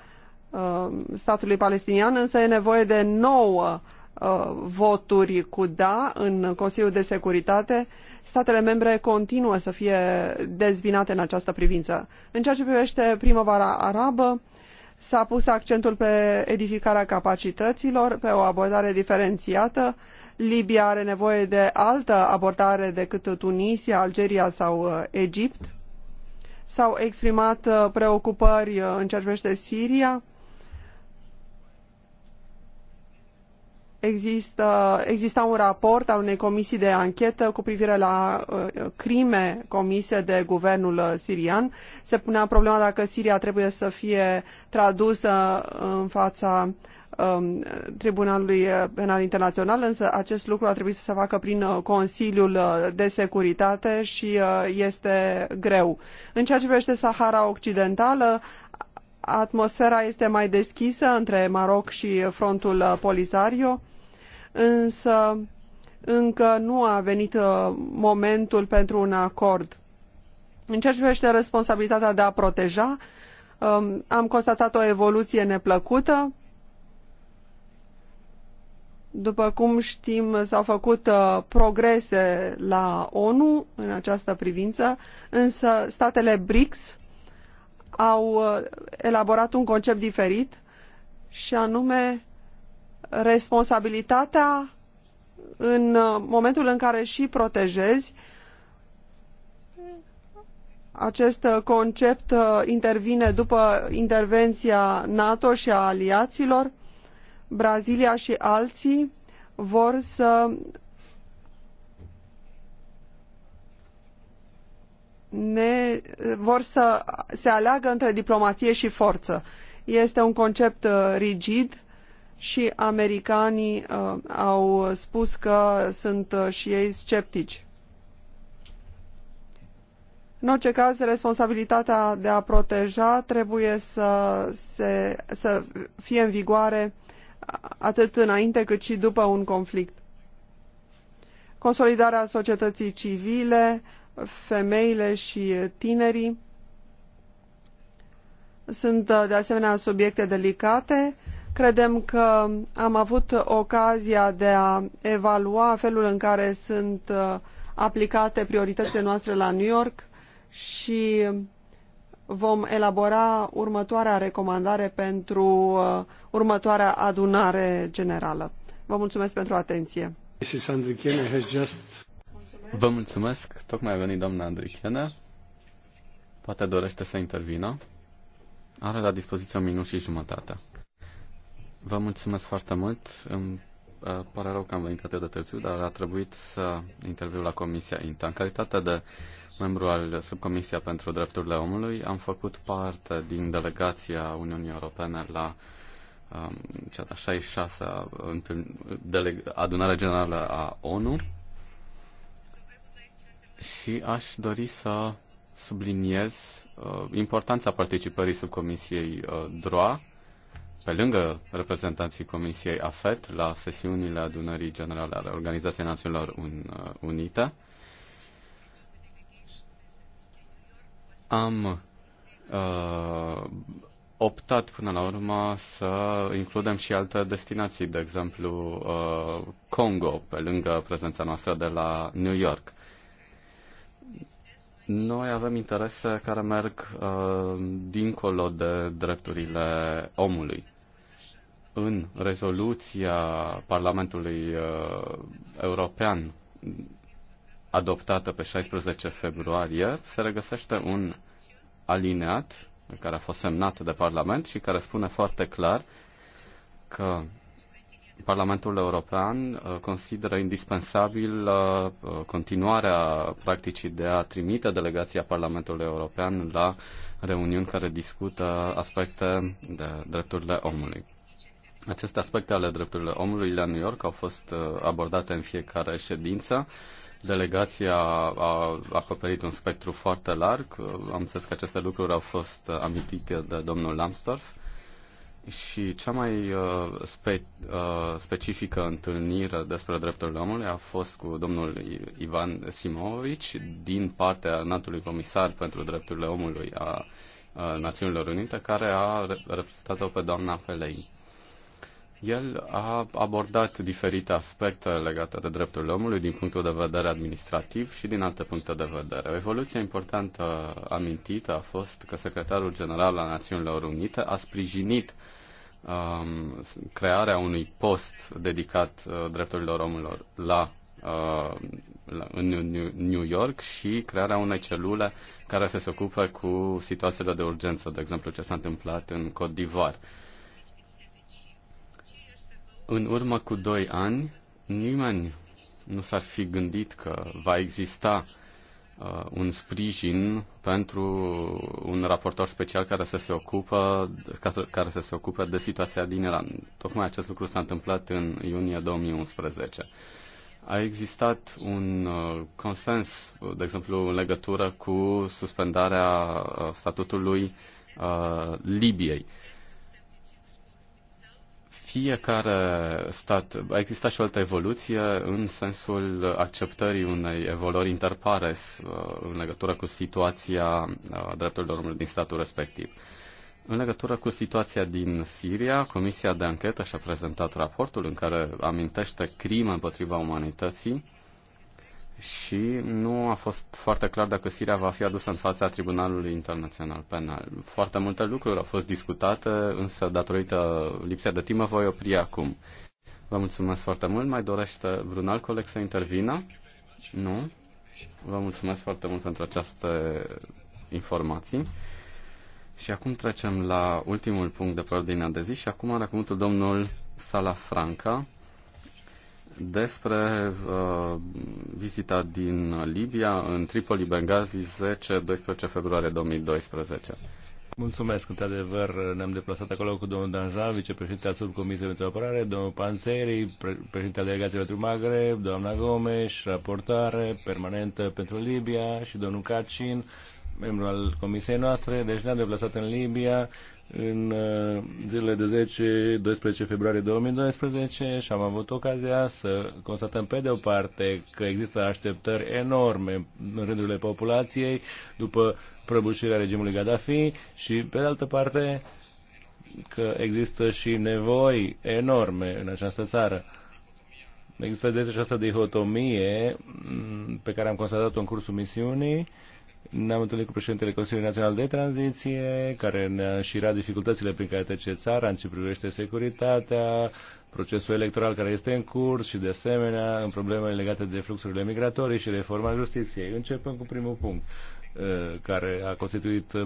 um, statului palestinian, însă e nevoie de nouă Uh, voturi cu da în Consiliul de Securitate, statele membre continuă să fie dezbinate în această privință. În ceea ce privește primăvara arabă, s-a pus accentul pe edificarea capacităților, pe o abordare diferențiată. Libia are nevoie de altă abordare decât Tunisia, Algeria sau uh, Egipt. S-au exprimat uh, preocupări în ceea ce privește Siria, există, exista un raport al unei comisii de anchetă cu privire la uh, crime comise de guvernul uh, sirian. Se punea problema dacă Siria trebuie să fie tradusă în fața um, Tribunalului uh, Penal Internațional, însă acest lucru a trebuit să se facă prin uh, Consiliul de Securitate și este greu. În ceea ce privește Sahara Occidentală, atmosfera este mai deschisă între Maroc și frontul Polisario însă încă nu a venit uh, momentul pentru un acord. În ceea ce privește responsabilitatea de a proteja, um, am constatat o evoluție neplăcută. După cum știm, s-au făcut uh, progrese la ONU în această privință, însă statele BRICS au uh, elaborat un concept diferit și anume responsabilitatea în uh, momentul în care și protejezi acest uh, concept uh, intervine după intervenția NATO și a aliaților. Brazilia și alții vor să ne, vor să se aleagă între diplomație și forță. Este un concept rigid și americanii uh, au spus că sunt uh, și ei sceptici. În orice caz, responsabilitatea de a proteja trebuie să, se, să fie în vigoare atât înainte cât și după un conflict. Consolidarea societății civile, femeile și tinerii sunt uh, de asemenea subiecte delicate Credem că am avut ocazia de a evalua felul în care sunt uh, aplicate prioritățile noastre la New York și vom elabora următoarea recomandare pentru uh, următoarea adunare generală. Vă mulțumesc pentru atenție. Vă mulțumesc. Tocmai a venit doamna Andrichene. Poate dorește să intervină. Are la dispoziție un minut și jumătate. Vă mulțumesc foarte mult. Îmi uh, pare rău că am venit atât de târziu, dar a trebuit să interviu la Comisia INTA. În calitate de membru al Subcomisia pentru Drepturile Omului, am făcut parte din delegația Uniunii Europene la um, cea de 66 -a, adunare generală a ONU și aș dori să subliniez uh, importanța participării subcomisiei uh, DROA pe lângă reprezentanții Comisiei AFET, la sesiunile adunării generale ale Organizației Națiunilor uh, Unite. Am uh, optat până la urmă să includem și alte destinații, de exemplu uh, Congo, pe lângă prezența noastră de la New York. Noi avem interese care merg uh, dincolo de drepturile omului. În rezoluția Parlamentului uh, European adoptată pe 16 februarie se regăsește un alineat care a fost semnat de Parlament și care spune foarte clar că Parlamentul European uh, consideră indispensabil uh, uh, continuarea practicii de a trimite delegația Parlamentului European la reuniuni care discută aspecte de drepturile omului. Aceste aspecte ale drepturilor omului la New York au fost abordate în fiecare ședință. Delegația a acoperit un spectru foarte larg. Am înțeles că aceste lucruri au fost amintite de domnul Lambsdorff și cea mai uh, spe, uh, specifică întâlnire despre drepturile omului a fost cu domnul Ivan Simovici din partea înaltului comisar pentru drepturile omului a Națiunilor Unite, care a reprezentat-o pe doamna Pelei. El a abordat diferite aspecte legate de drepturile omului din punctul de vedere administrativ și din alte puncte de vedere. O evoluție importantă amintită a fost că secretarul general al Națiunilor Unite a sprijinit um, crearea unui post dedicat uh, drepturilor omului la, uh, la, în New York și crearea unei celule care să se ocupe cu situațiile de urgență, de exemplu ce s-a întâmplat în Cote d'Ivoire în urmă cu doi ani, nimeni nu s-ar fi gândit că va exista uh, un sprijin pentru un raportor special care să se ocupă, care să se ocupe de situația din Iran. Tocmai acest lucru s-a întâmplat în iunie 2011. A existat un uh, consens, uh, de exemplu, în legătură cu suspendarea uh, statutului uh, Libiei fiecare stat, a existat și o altă evoluție în sensul acceptării unei evoluări interpares uh, în legătură cu situația uh, drepturilor omului din statul respectiv. În legătură cu situația din Siria, Comisia de Anchetă și-a prezentat raportul în care amintește crime împotriva umanității și nu a fost foarte clar dacă Siria va fi adusă în fața Tribunalului Internațional Penal. Foarte multe lucruri au fost discutate, însă datorită lipsei de timp mă voi opri acum. Vă mulțumesc foarte mult. Mai dorește vreun alt coleg să intervină? Nu? Vă mulțumesc foarte mult pentru această informații. Și acum trecem la ultimul punct de pe ordinea de zi și acum are cuvântul domnul Sala Franca, despre uh, vizita din Libia în Tripoli, Benghazi, 10-12 februarie 2012. Mulțumesc, într-adevăr, ne-am deplasat acolo cu domnul Danja, vicepreședinte al subcomisiei pentru apărare, domnul Panzeri, pre președinte al delegației pentru Maghreb, doamna Gomes, raportare permanentă pentru Libia și domnul Cacin, membru al comisiei noastre, deci ne-am deplasat în Libia, în uh, zilele de 10-12 februarie 2012 și am avut ocazia să constatăm pe de o parte că există așteptări enorme în rândurile populației după prăbușirea regimului Gaddafi și pe de altă parte că există și nevoi enorme în această țară. Există deci această dihotomie mm, pe care am constatat-o în cursul misiunii ne-am întâlnit cu președintele Consiliului Național de Tranziție, care ne-a înșirat dificultățile prin care trece țara în ce privește securitatea, procesul electoral care este în curs și, de asemenea, în problemele legate de fluxurile migratorii și reforma justiției. Începem cu primul punct. Uh, care a constituit uh,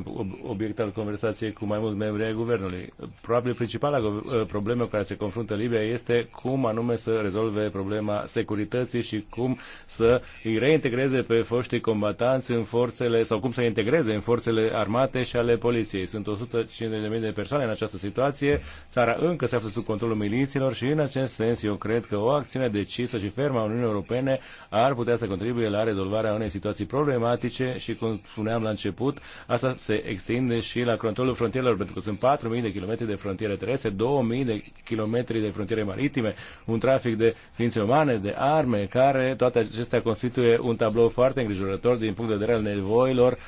obiectul conversației cu mai mulți membri ai guvernului. Probabil principala uh, problemă cu care se confruntă Libia este cum anume să rezolve problema securității și cum să îi reintegreze pe foștii combatanți în forțele sau cum să îi integreze în forțele armate și ale poliției. Sunt 150.000 de persoane în această situație. Țara încă se află sub controlul milițiilor și în acest sens eu cred că o acțiune decisă și fermă a Uniunii Europene ar putea să contribuie la rezolvarea unei situații problematice și cum spuneam la început, asta se extinde și la controlul frontierelor, pentru că sunt 4.000 de kilometri de frontiere terestre, 2.000 de kilometri de frontiere maritime, un trafic de ființe umane, de arme, care toate acestea constituie un tablou foarte îngrijorător din punct de vedere al nevoilor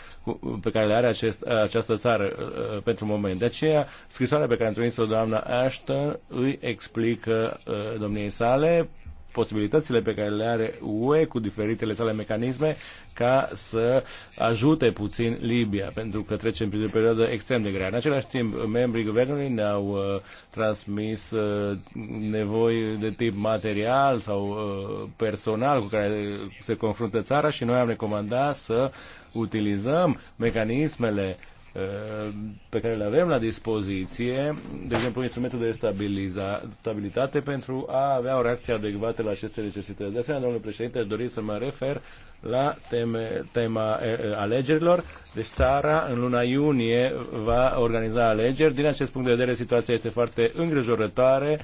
pe care le are acest, această țară uh, uh, pentru moment. De aceea, scrisoarea pe care am trimis-o doamna Ashton îi explică uh, domniei sale posibilitățile pe care le are UE cu diferitele sale mecanisme ca să ajute puțin Libia, pentru că trecem prin o perioadă extrem de grea. În același timp, membrii guvernului ne-au uh, transmis uh, nevoi de tip material sau uh, personal cu care se confruntă țara și noi am recomandat să utilizăm mecanismele uh, Uh, pe care le avem la dispoziție, de exemplu instrumentul de stabilitate pentru a avea o reacție adecvată la aceste necesități. De asemenea, domnule președinte, aș dori să mă refer la teme, tema uh, alegerilor. Deci țara în luna iunie va organiza alegeri. Din acest punct de vedere, situația este foarte îngrijorătoare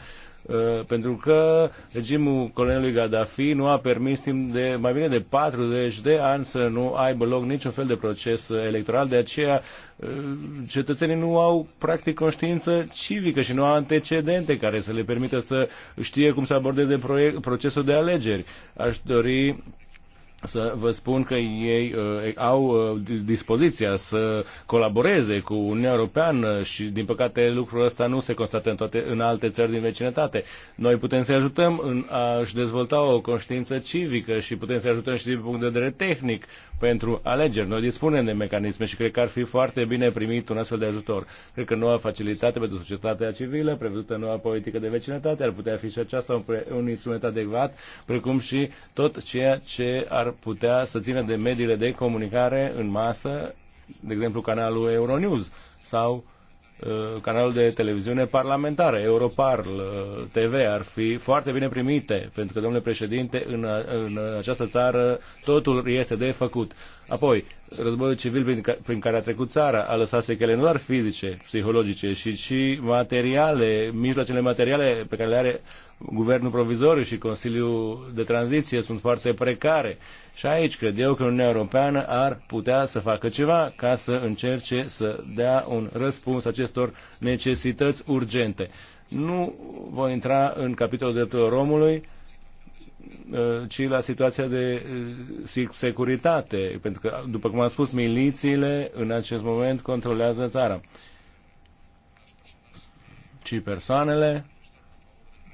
Uh, pentru că regimul colonelului Gaddafi nu a permis timp de mai bine de 40 de ani să nu aibă loc niciun fel de proces electoral, de aceea uh, cetățenii nu au practic conștiință civică și nu au antecedente care să le permită să știe cum să abordeze procesul de alegeri. Aș dori să vă spun că ei uh, au uh, dispoziția să colaboreze cu Uniunea Europeană și, din păcate, lucrul ăsta nu se constată în, toate, în alte țări din vecinătate. Noi putem să ajutăm în a-și dezvolta o conștiință civică și putem să ajutăm și din punct de vedere tehnic pentru alegeri. Noi dispunem de mecanisme și cred că ar fi foarte bine primit un astfel de ajutor. Cred că noua facilitate pentru societatea civilă, prevăzută noua politică de vecinătate, ar putea fi și aceasta un, un instrument adecvat, precum și tot ceea ce ar putea să țină de mediile de comunicare în masă, de exemplu canalul Euronews sau uh, canalul de televiziune parlamentară, Europarl, uh, TV, ar fi foarte bine primite, pentru că, domnule președinte, în, în această țară totul este de făcut. Apoi, războiul civil prin, ca, prin care a trecut țara a lăsat sechele nu doar fizice, psihologice, ci și materiale, mijloacele materiale pe care le are guvernul provizoriu și Consiliul de Tranziție sunt foarte precare. Și aici cred eu că Uniunea Europeană ar putea să facă ceva ca să încerce să dea un răspuns acestor necesități urgente. Nu voi intra în capitolul drepturilor omului, Uh, ci la situația de uh, securitate, pentru că, după cum am spus, milițiile în acest moment controlează țara. Ci persoanele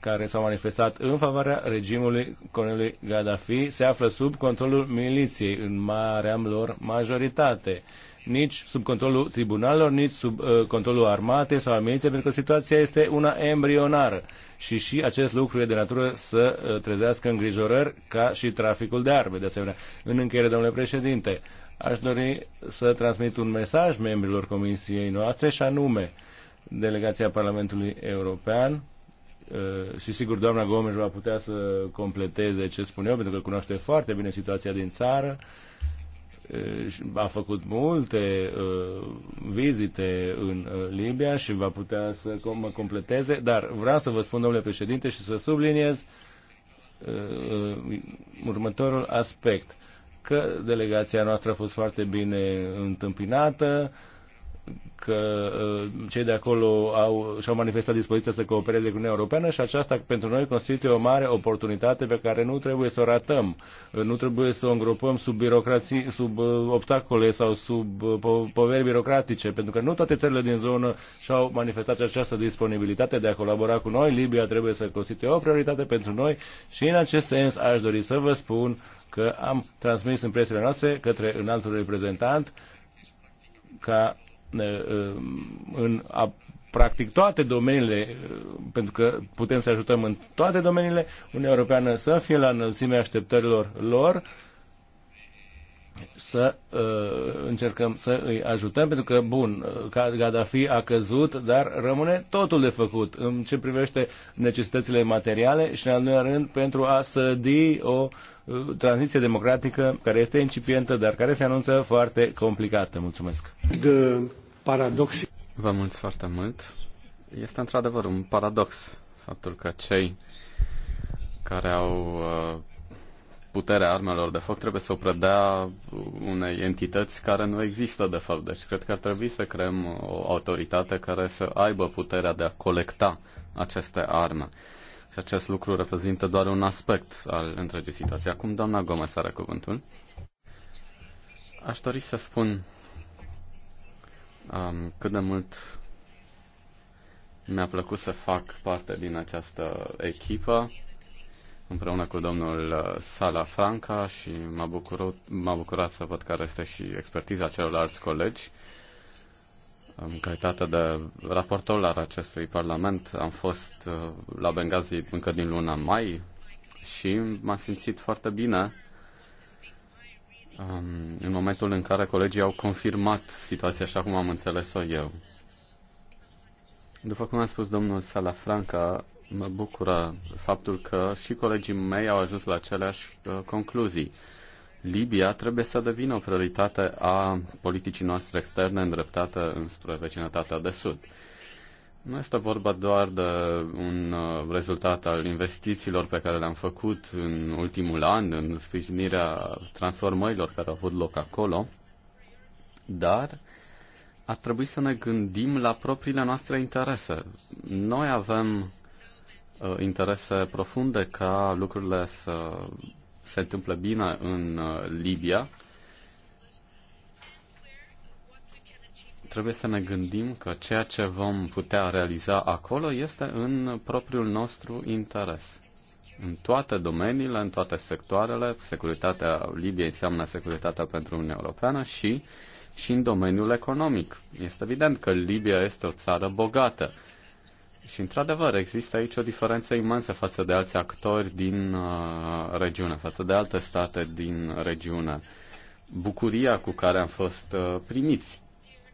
care s-au manifestat în favoarea regimului colonelului Gaddafi se află sub controlul miliției în marea lor majoritate nici sub controlul tribunalelor, nici sub uh, controlul armatei sau al miliției, pentru că situația este una embrionară și și acest lucru e de natură să uh, trezească îngrijorări ca și traficul de arme, de asemenea. În încheiere, domnule președinte, aș dori să transmit un mesaj membrilor comisiei noastre și anume delegația Parlamentului European uh, și sigur doamna Gomes va putea să completeze ce spun eu, pentru că cunoaște foarte bine situația din țară a făcut multe uh, vizite în uh, Libia și va putea să mă completeze, dar vreau să vă spun, domnule președinte, și să subliniez uh, următorul aspect, că delegația noastră a fost foarte bine întâmpinată, că uh, cei de acolo au, și-au manifestat dispoziția să coopereze cu Uniunea Europeană și aceasta pentru noi constituie o mare oportunitate pe care nu trebuie să o ratăm, uh, nu trebuie să o îngropăm sub birocrații, sub uh, obstacole sau sub poveri birocratice, pentru că nu toate țările din zonă și-au manifestat această disponibilitate de a colabora cu noi. Libia trebuie să constituie o prioritate pentru noi și în acest sens aș dori să vă spun că am transmis impresiile noastre către înaltul reprezentant ca Um, în a, practic toate domeniile, uh, pentru că putem să ajutăm în toate domeniile, Uniunea Europeană să fie la înălțimea așteptărilor lor, să uh, încercăm să îi ajutăm, pentru că, bun, uh, Gaddafi a căzut, dar rămâne totul de făcut în ce privește necesitățile materiale și, în al doilea rând, pentru a sădi o uh, tranziție democratică care este incipientă, dar care se anunță foarte complicată. Mulțumesc. De paradox. Vă mulțumesc foarte mult. Este într-adevăr un paradox faptul că cei care au uh, puterea armelor de foc trebuie să o predea unei entități care nu există de fapt. Deci cred că ar trebui să creăm o autoritate care să aibă puterea de a colecta aceste arme și acest lucru reprezintă doar un aspect al întregii situații. Acum, doamna Gomez are cuvântul. Aș dori să spun um, cât de mult mi-a plăcut să fac parte din această echipă împreună cu domnul uh, Sala Franca și m-a bucurat, m-a bucurat să văd care este și expertiza celorlalți colegi. În calitate de raportor al acestui parlament am fost uh, la Benghazi încă din luna mai și m-am simțit foarte bine um, în momentul în care colegii au confirmat situația așa cum am înțeles-o eu. După cum a spus domnul Salafranca, mă bucură faptul că și colegii mei au ajuns la aceleași uh, concluzii. Libia trebuie să devină o prioritate a politicii noastre externe îndreptată înspre vecinătatea de sud. Nu este vorba doar de un uh, rezultat al investițiilor pe care le-am făcut în ultimul an, în sprijinirea transformărilor care au avut loc acolo, dar ar trebui să ne gândim la propriile noastre interese. Noi avem uh, interese profunde ca lucrurile să se întâmplă bine în uh, Libia, trebuie să ne gândim că ceea ce vom putea realiza acolo este în propriul nostru interes. În toate domeniile, în toate sectoarele, securitatea Libiei înseamnă securitatea pentru Uniunea Europeană și, și în domeniul economic. Este evident că Libia este o țară bogată și, într-adevăr, există aici o diferență imensă față de alți actori din uh, regiune, față de alte state din regiune. Bucuria cu care am fost uh, primiți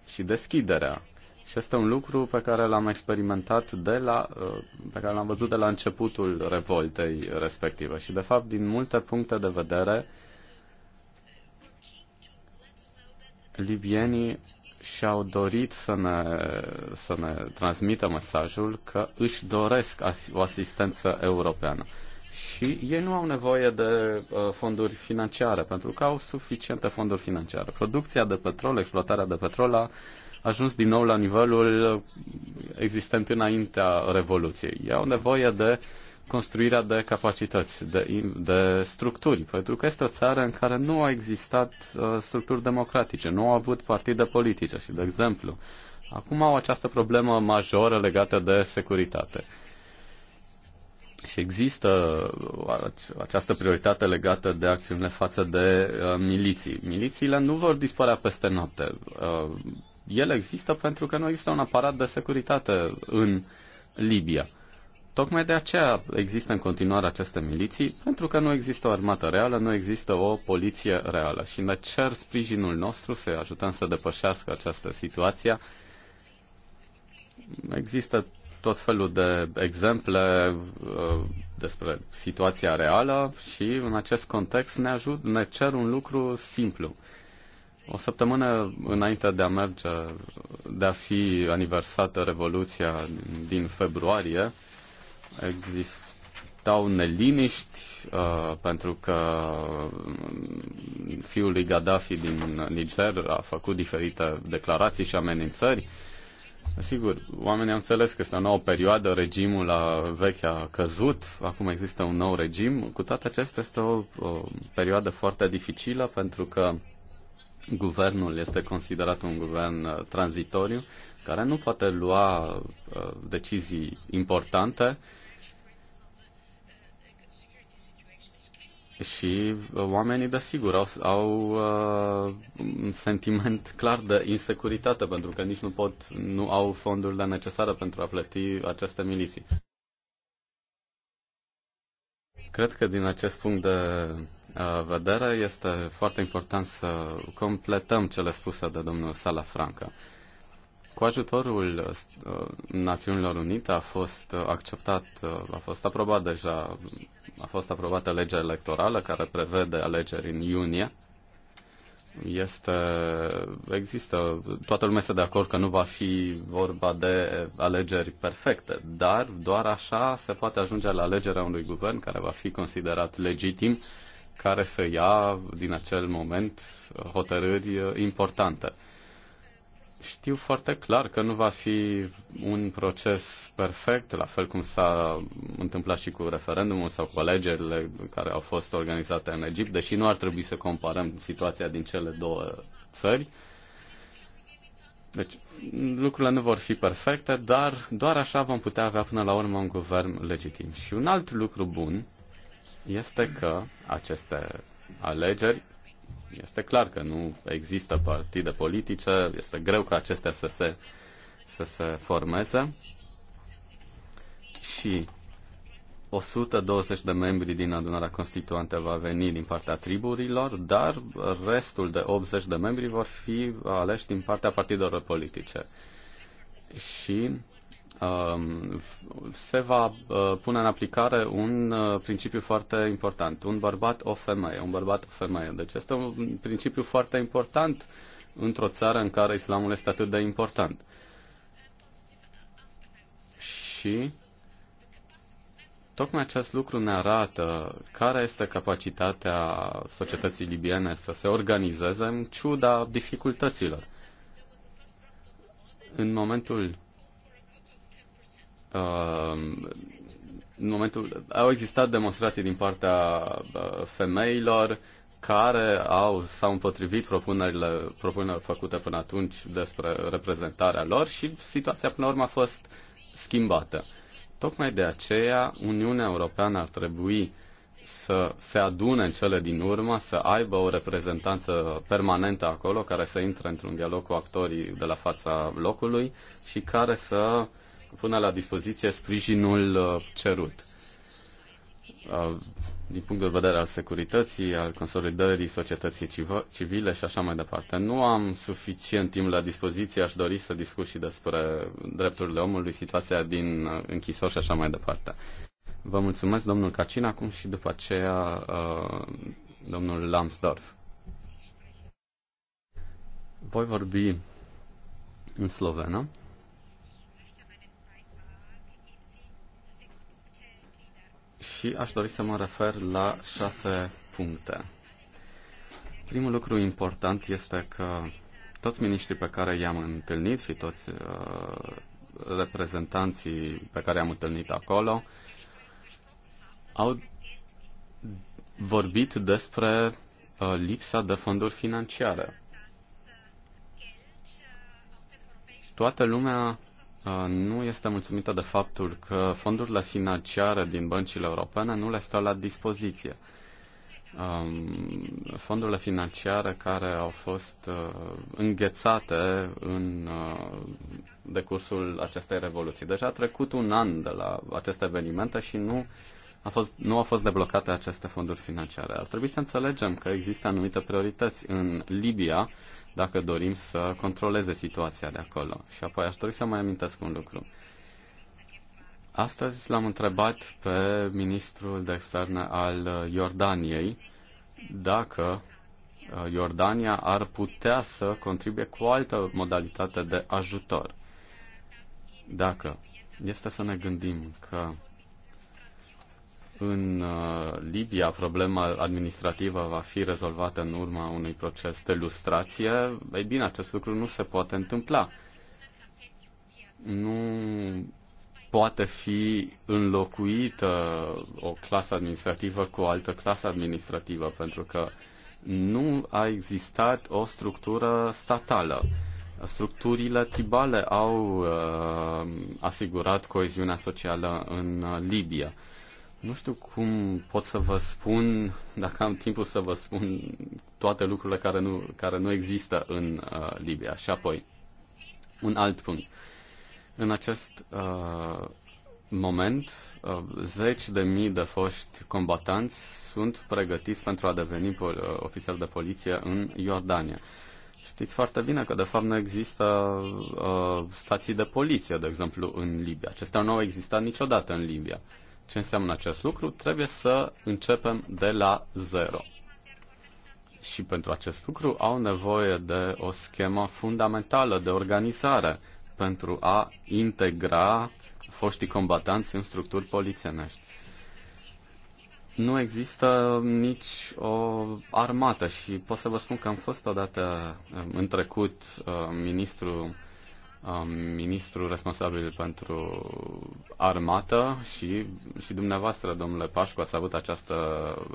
și deschiderea. Și este un lucru pe care l-am experimentat de la, uh, pe care l-am văzut de la începutul revoltei respective. Și, de fapt, din multe puncte de vedere, libienii și au dorit să ne, să ne transmită mesajul că își doresc o asistență europeană. Și ei nu au nevoie de uh, fonduri financiare, pentru că au suficiente fonduri financiare. Producția de petrol, exploatarea de petrol a ajuns din nou la nivelul existent înaintea Revoluției. Ei au nevoie de uh, construirea de capacități, de, de structuri, pentru că este o țară în care nu au existat uh, structuri democratice, nu au avut partide politice și, de exemplu, acum au această problemă majoră legată de securitate. Și există uh, această prioritate legată de acțiunile față de uh, miliții. Milițiile nu vor dispărea peste noapte. Uh, ele există pentru că nu există un aparat de securitate în Libia. Uh, Tocmai de aceea există în continuare aceste miliții, pentru că nu există o armată reală, nu există o poliție reală și ne cer sprijinul nostru să ajutăm să depășească această situație. Există tot felul de exemple uh, despre situația reală și în acest context ne, ajut, ne cer un lucru simplu. O săptămână înainte de a merge, de a fi aniversată Revoluția din februarie, Existau neliniști uh, pentru că mm, fiul lui Gaddafi din Niger a făcut diferite declarații și amenințări. Sigur, oamenii au înțeles că este o nouă perioadă, regimul la vechi a căzut, acum există un nou regim. Cu toate acestea este o, o perioadă foarte dificilă pentru că guvernul este considerat un guvern uh, tranzitoriu care nu poate lua uh, decizii importante uh, și uh, oamenii, desigur, au, au uh, un sentiment clar de insecuritate, pentru că nici nu pot, nu au fondurile necesare pentru a plăti aceste miliții. Cred că din acest punct de uh, vedere este foarte important să completăm cele spuse de domnul Sala Franca. Cu ajutorul uh, Națiunilor Unite a fost acceptat, a fost aprobat deja a fost aprobată legea electorală care prevede alegeri în iunie. Este, există, toată lumea este de acord că nu va fi vorba de alegeri perfecte, dar doar așa se poate ajunge la alegerea unui guvern care va fi considerat legitim, care să ia din acel moment hotărâri importante. Știu foarte clar că nu va fi un proces perfect, la fel cum s-a întâmplat și cu referendumul sau cu alegerile care au fost organizate în Egipt, deși nu ar trebui să comparăm situația din cele două țări. Deci, lucrurile nu vor fi perfecte, dar doar așa vom putea avea până la urmă un guvern legitim. Și un alt lucru bun este că aceste alegeri este clar că nu există partide politice, este greu ca acestea să se, să se formeze și 120 de membri din adunarea constituantă va veni din partea triburilor, dar restul de 80 de membri vor fi aleși din partea partidelor politice. Și Um, se va uh, pune în aplicare un uh, principiu foarte important. Un bărbat, o femeie. Un bărbat, o femeie. Deci este un principiu foarte important într-o țară în care islamul este atât de important. Și tocmai acest lucru ne arată care este capacitatea societății libiene să se organizeze în ciuda dificultăților. În momentul Ehm, în momentul, au existat demonstrații din partea femeilor care au, s-au împotrivit propunerile, propunerile făcute până atunci despre reprezentarea lor și situația până la urmă a fost schimbată. Tocmai de aceea Uniunea Europeană ar trebui să se adune în cele din urmă, să aibă o reprezentanță permanentă acolo, care să intre într-un dialog cu actorii de la fața locului și care să uh, pună la dispoziție sprijinul uh, cerut. Uh, din punct de vedere al securității, al consolidării societății civile și așa mai departe. Nu am suficient timp la dispoziție, aș dori să discut și despre drepturile omului, situația din uh, închisori și așa mai departe. Vă mulțumesc, domnul Cacin, acum și după aceea domnul Lambsdorff. Voi vorbi în slovenă. și aș dori să mă refer la șase puncte. Primul lucru important este că toți miniștrii pe care i-am întâlnit și toți uh, reprezentanții pe care i-am întâlnit acolo au vorbit despre uh, lipsa de fonduri financiare. Toată lumea Uh, nu este mulțumită de faptul că fondurile financiare din băncile europene nu le stau la dispoziție. Um, fondurile financiare care au fost uh, înghețate în uh, decursul acestei revoluții. Deja a trecut un an de la aceste evenimente și nu a fost, nu au fost deblocate aceste fonduri financiare. Ar trebui să înțelegem că există anumite priorități în Libia dacă dorim să controleze situația de acolo. Și apoi aș dori să mai amintesc un lucru. Astăzi l-am întrebat pe ministrul de externe al uh, Iordaniei dacă uh, Iordania ar putea să contribuie cu o altă modalitate de ajutor. Dacă este să ne gândim că în uh, Libia, problema administrativă va fi rezolvată în urma unui proces de lustrație. Ei bine, acest lucru nu se poate întâmpla. Nu poate fi înlocuită o clasă administrativă cu o altă clasă administrativă, pentru că nu a existat o structură statală. Structurile tribale au uh, asigurat coeziunea socială în uh, Libia. Nu știu cum pot să vă spun, dacă am timpul să vă spun toate lucrurile care nu, care nu există în uh, Libia. Și apoi, un alt punct. În acest uh, moment, uh, zeci de mii de foști combatanți sunt pregătiți pentru a deveni pol- uh, ofițeri de poliție în Iordania. Știți foarte bine că, de fapt, nu există uh, stații de poliție, de exemplu, în Libia. Acestea nu au existat niciodată în Libia. Ce înseamnă acest lucru? Trebuie să începem de la zero. Și pentru acest lucru au nevoie de o schemă fundamentală de organizare pentru a integra foștii combatanți în structuri polițienești. Nu există nici o armată și pot să vă spun că am fost odată în trecut uh, ministrul ministrul responsabil pentru armată și, și dumneavoastră, domnule Pașcu, ați avut această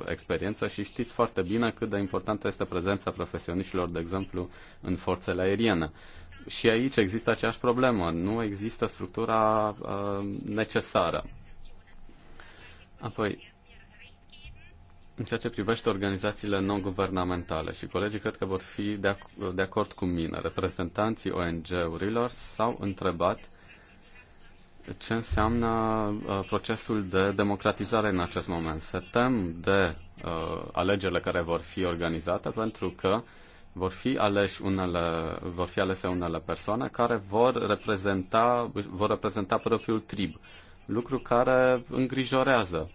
experiență și știți foarte bine cât de importantă este prezența profesioniștilor, de exemplu, în forțele aeriene. Și aici există aceeași problemă, nu există structura uh, necesară. Apoi, în ceea ce privește organizațiile non-guvernamentale și colegii cred că vor fi de, ac- de acord cu mine, reprezentanții ONG-urilor s-au întrebat ce înseamnă uh, procesul de democratizare în acest moment. Se tem de uh, alegerile care vor fi organizate pentru că vor fi, aleși unele, vor fi alese unele persoane care vor reprezenta, vor reprezenta propriul trib, lucru care îngrijorează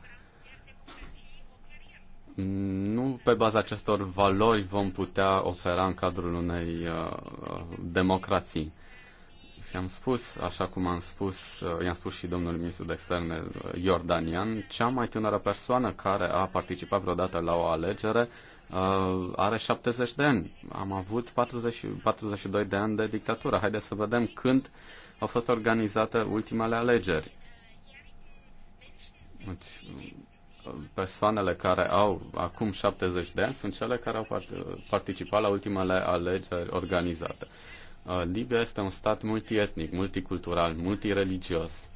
nu pe baza acestor valori vom putea ofera în cadrul unei uh, democrații. Și am spus, așa cum am spus, uh, i-am spus și domnul ministru de externe uh, Iordanian, cea mai tânără persoană care a participat vreodată la o alegere uh, are 70 de ani. Am avut 40, 42 de ani de dictatură. Haideți să vedem când au fost organizate ultimele alegeri. Deci, persoanele care au acum 70 de ani sunt cele care au participat la ultimele alegeri organizate. Uh, Libia este un stat multietnic, multicultural, multireligios.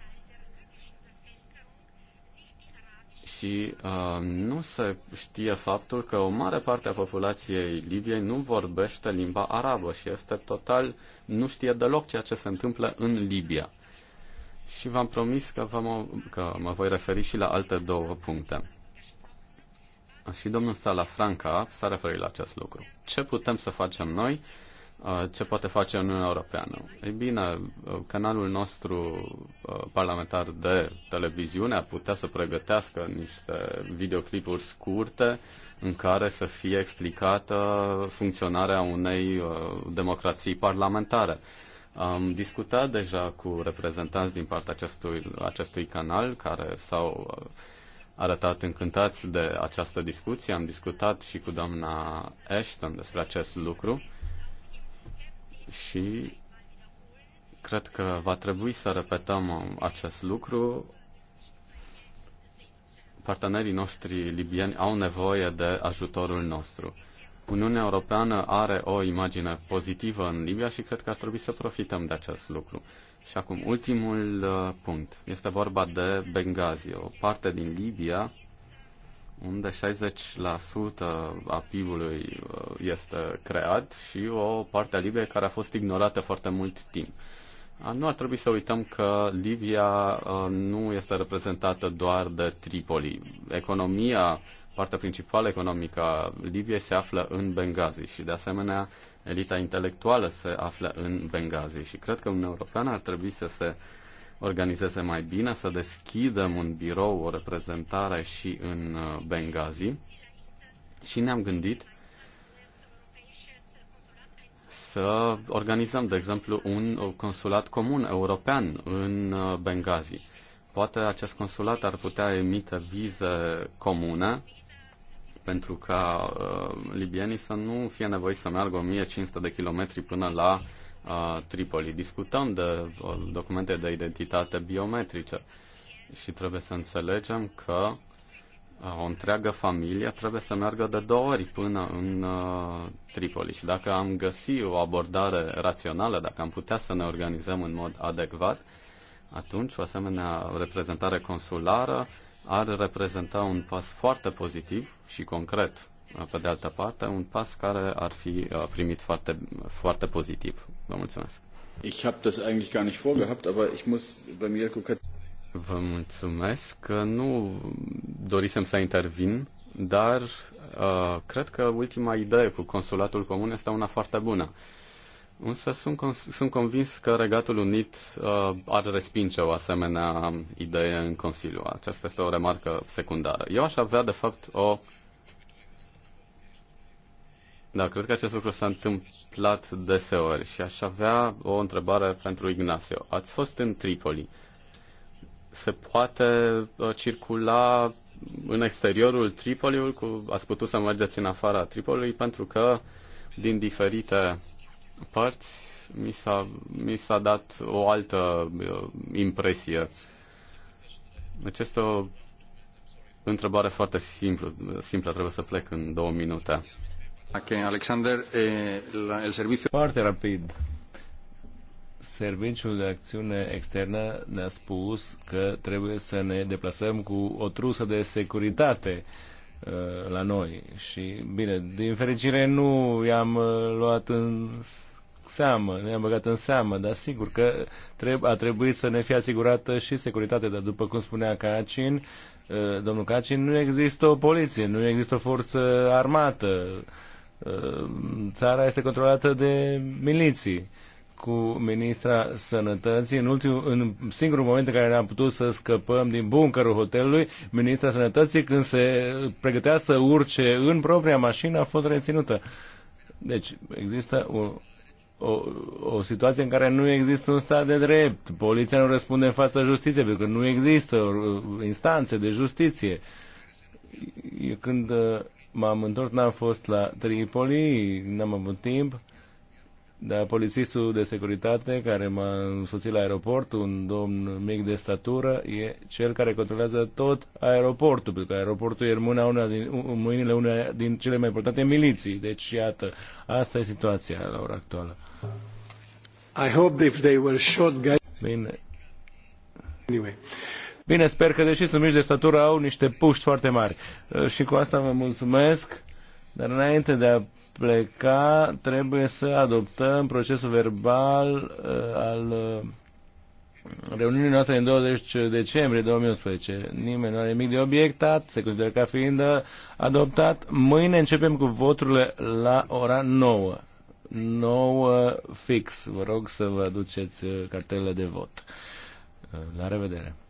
Și uh, nu se știe faptul că o mare parte a populației Libiei nu vorbește limba arabă și este total, nu știe deloc ceea ce se întâmplă în Libia și v-am promis că, vă, că mă voi referi și la alte două puncte. Și domnul Sala Franca s-a referit la acest lucru. Ce putem să facem noi? Uh, ce poate face Uniunea Europeană? Ei bine, uh, canalul nostru uh, parlamentar de televiziune ar putea să pregătească niște videoclipuri scurte în care să fie explicată funcționarea unei democrații parlamentare am discutat deja cu reprezentanți din partea acestui, acestui canal care s-au uh, arătat încântați de această discuție. Am discutat și cu doamna Ashton despre acest lucru și cred că va trebui să repetăm uh, acest lucru. Partenerii noștri libieni au nevoie de ajutorul nostru. Uniunea Europeană are o imagine pozitivă în Libia și cred că ar trebui să profităm de acest lucru. Și acum, ultimul uh, punct. Este vorba de Benghazi, o parte din Libia unde 60% a PIB-ului uh, este creat și o parte a Libiei care a fost ignorată foarte mult timp. Nu ar trebui să uităm că Libia uh, nu este reprezentată doar de Tripoli. Economia partea principală economică a Libiei se află în Benghazi și, de asemenea, elita intelectuală se află în Benghazi și cred că un european ar trebui să se organizeze mai bine, să deschidem un birou, o reprezentare și în uh, Benghazi și ne-am gândit să organizăm, de exemplu, un consulat comun european în uh, Benghazi. Poate acest consulat ar putea emite vize comune pentru ca uh, libienii să nu fie nevoi să meargă 1500 de kilometri până la uh, Tripoli. Discutăm de uh, documente de identitate biometrice și trebuie să înțelegem că uh, o întreagă familie trebuie să meargă de două ori până în uh, Tripoli. Și dacă am găsi o abordare rațională, dacă am putea să ne organizăm în mod adecvat, atunci o asemenea reprezentare consulară ar reprezenta un pas foarte pozitiv și concret, pe de altă parte, un pas care ar fi uh, primit foarte, foarte pozitiv. Vă mulțumesc. Ich habe das eigentlich gar nicht vorgehabt, aber ich muss bei mir gucken. Vă mulțumesc. că Nu dorisem să intervin, dar uh, cred că ultima idee cu consulatul comun este una foarte bună. Uh, Însă sunt, sunt convins că Regatul Unit uh, ar respinge o asemenea idee în Consiliu. Aceasta este o remarcă secundară. Eu aș avea, de fapt, o. Da, cred că acest lucru s-a întâmplat deseori și aș avea o întrebare pentru Ignacio. Ați fost în Tripoli. Se poate uh, circula în exteriorul Tripoliului? Cu... Ați putut să mergeți în afara Tripoliului pentru că din diferite părți mi s-a, mi s-a dat o altă uh, impresie. Deci este o întrebare foarte simplă, simplă trebuie să plec în două minute. Ok, Alexander, eh, el serviciu... Foarte rapid. Serviciul de acțiune externă ne-a spus că trebuie să ne deplasăm cu o trusă de securitate. Uh, Uh, la noi. Și, bine, din fericire nu i-am uh, luat în seamă, ne-am băgat în seamă, dar sigur că treb- a trebuit să ne fie asigurată și securitatea, dar după cum spunea Cacin, uh, domnul Cacin, nu există o poliție, nu există o forță armată, țara este controlată de miliții cu ministra sănătății. În, ultimul, în singurul moment în care am putut să scăpăm din bunkerul hotelului, ministra sănătății, când se pregătea să urce în propria mașină, a fost reținută. Deci există un, o, o situație în care nu există un stat de drept. Poliția nu răspunde în fața justiției, pentru că nu există instanțe de justiție. Eu când uh, m-am întors, n-am fost la Tripoli, n-am avut timp dar polițistul de securitate care m-a însoțit la aeroport, un domn mic de statură, e cel care controlează tot aeroportul, pentru că aeroportul e în mâna una din, în mâinile unei din cele mai importante miliții. Deci, iată, asta e situația la ora actuală. I hope if they were short guys... Bine. Anyway. Bine, sper că deși sunt mici de statură, au niște puști foarte mari. Și cu asta vă mulțumesc. Dar înainte de a pleca, trebuie să adoptăm procesul verbal uh, al uh, reuniunii noastre în 20 decembrie 2011. Nimeni nu are nimic de obiectat, se consideră ca fiind uh, adoptat. Mâine începem cu voturile la ora 9. 9 fix. Vă rog să vă aduceți cartelele de vot. La revedere!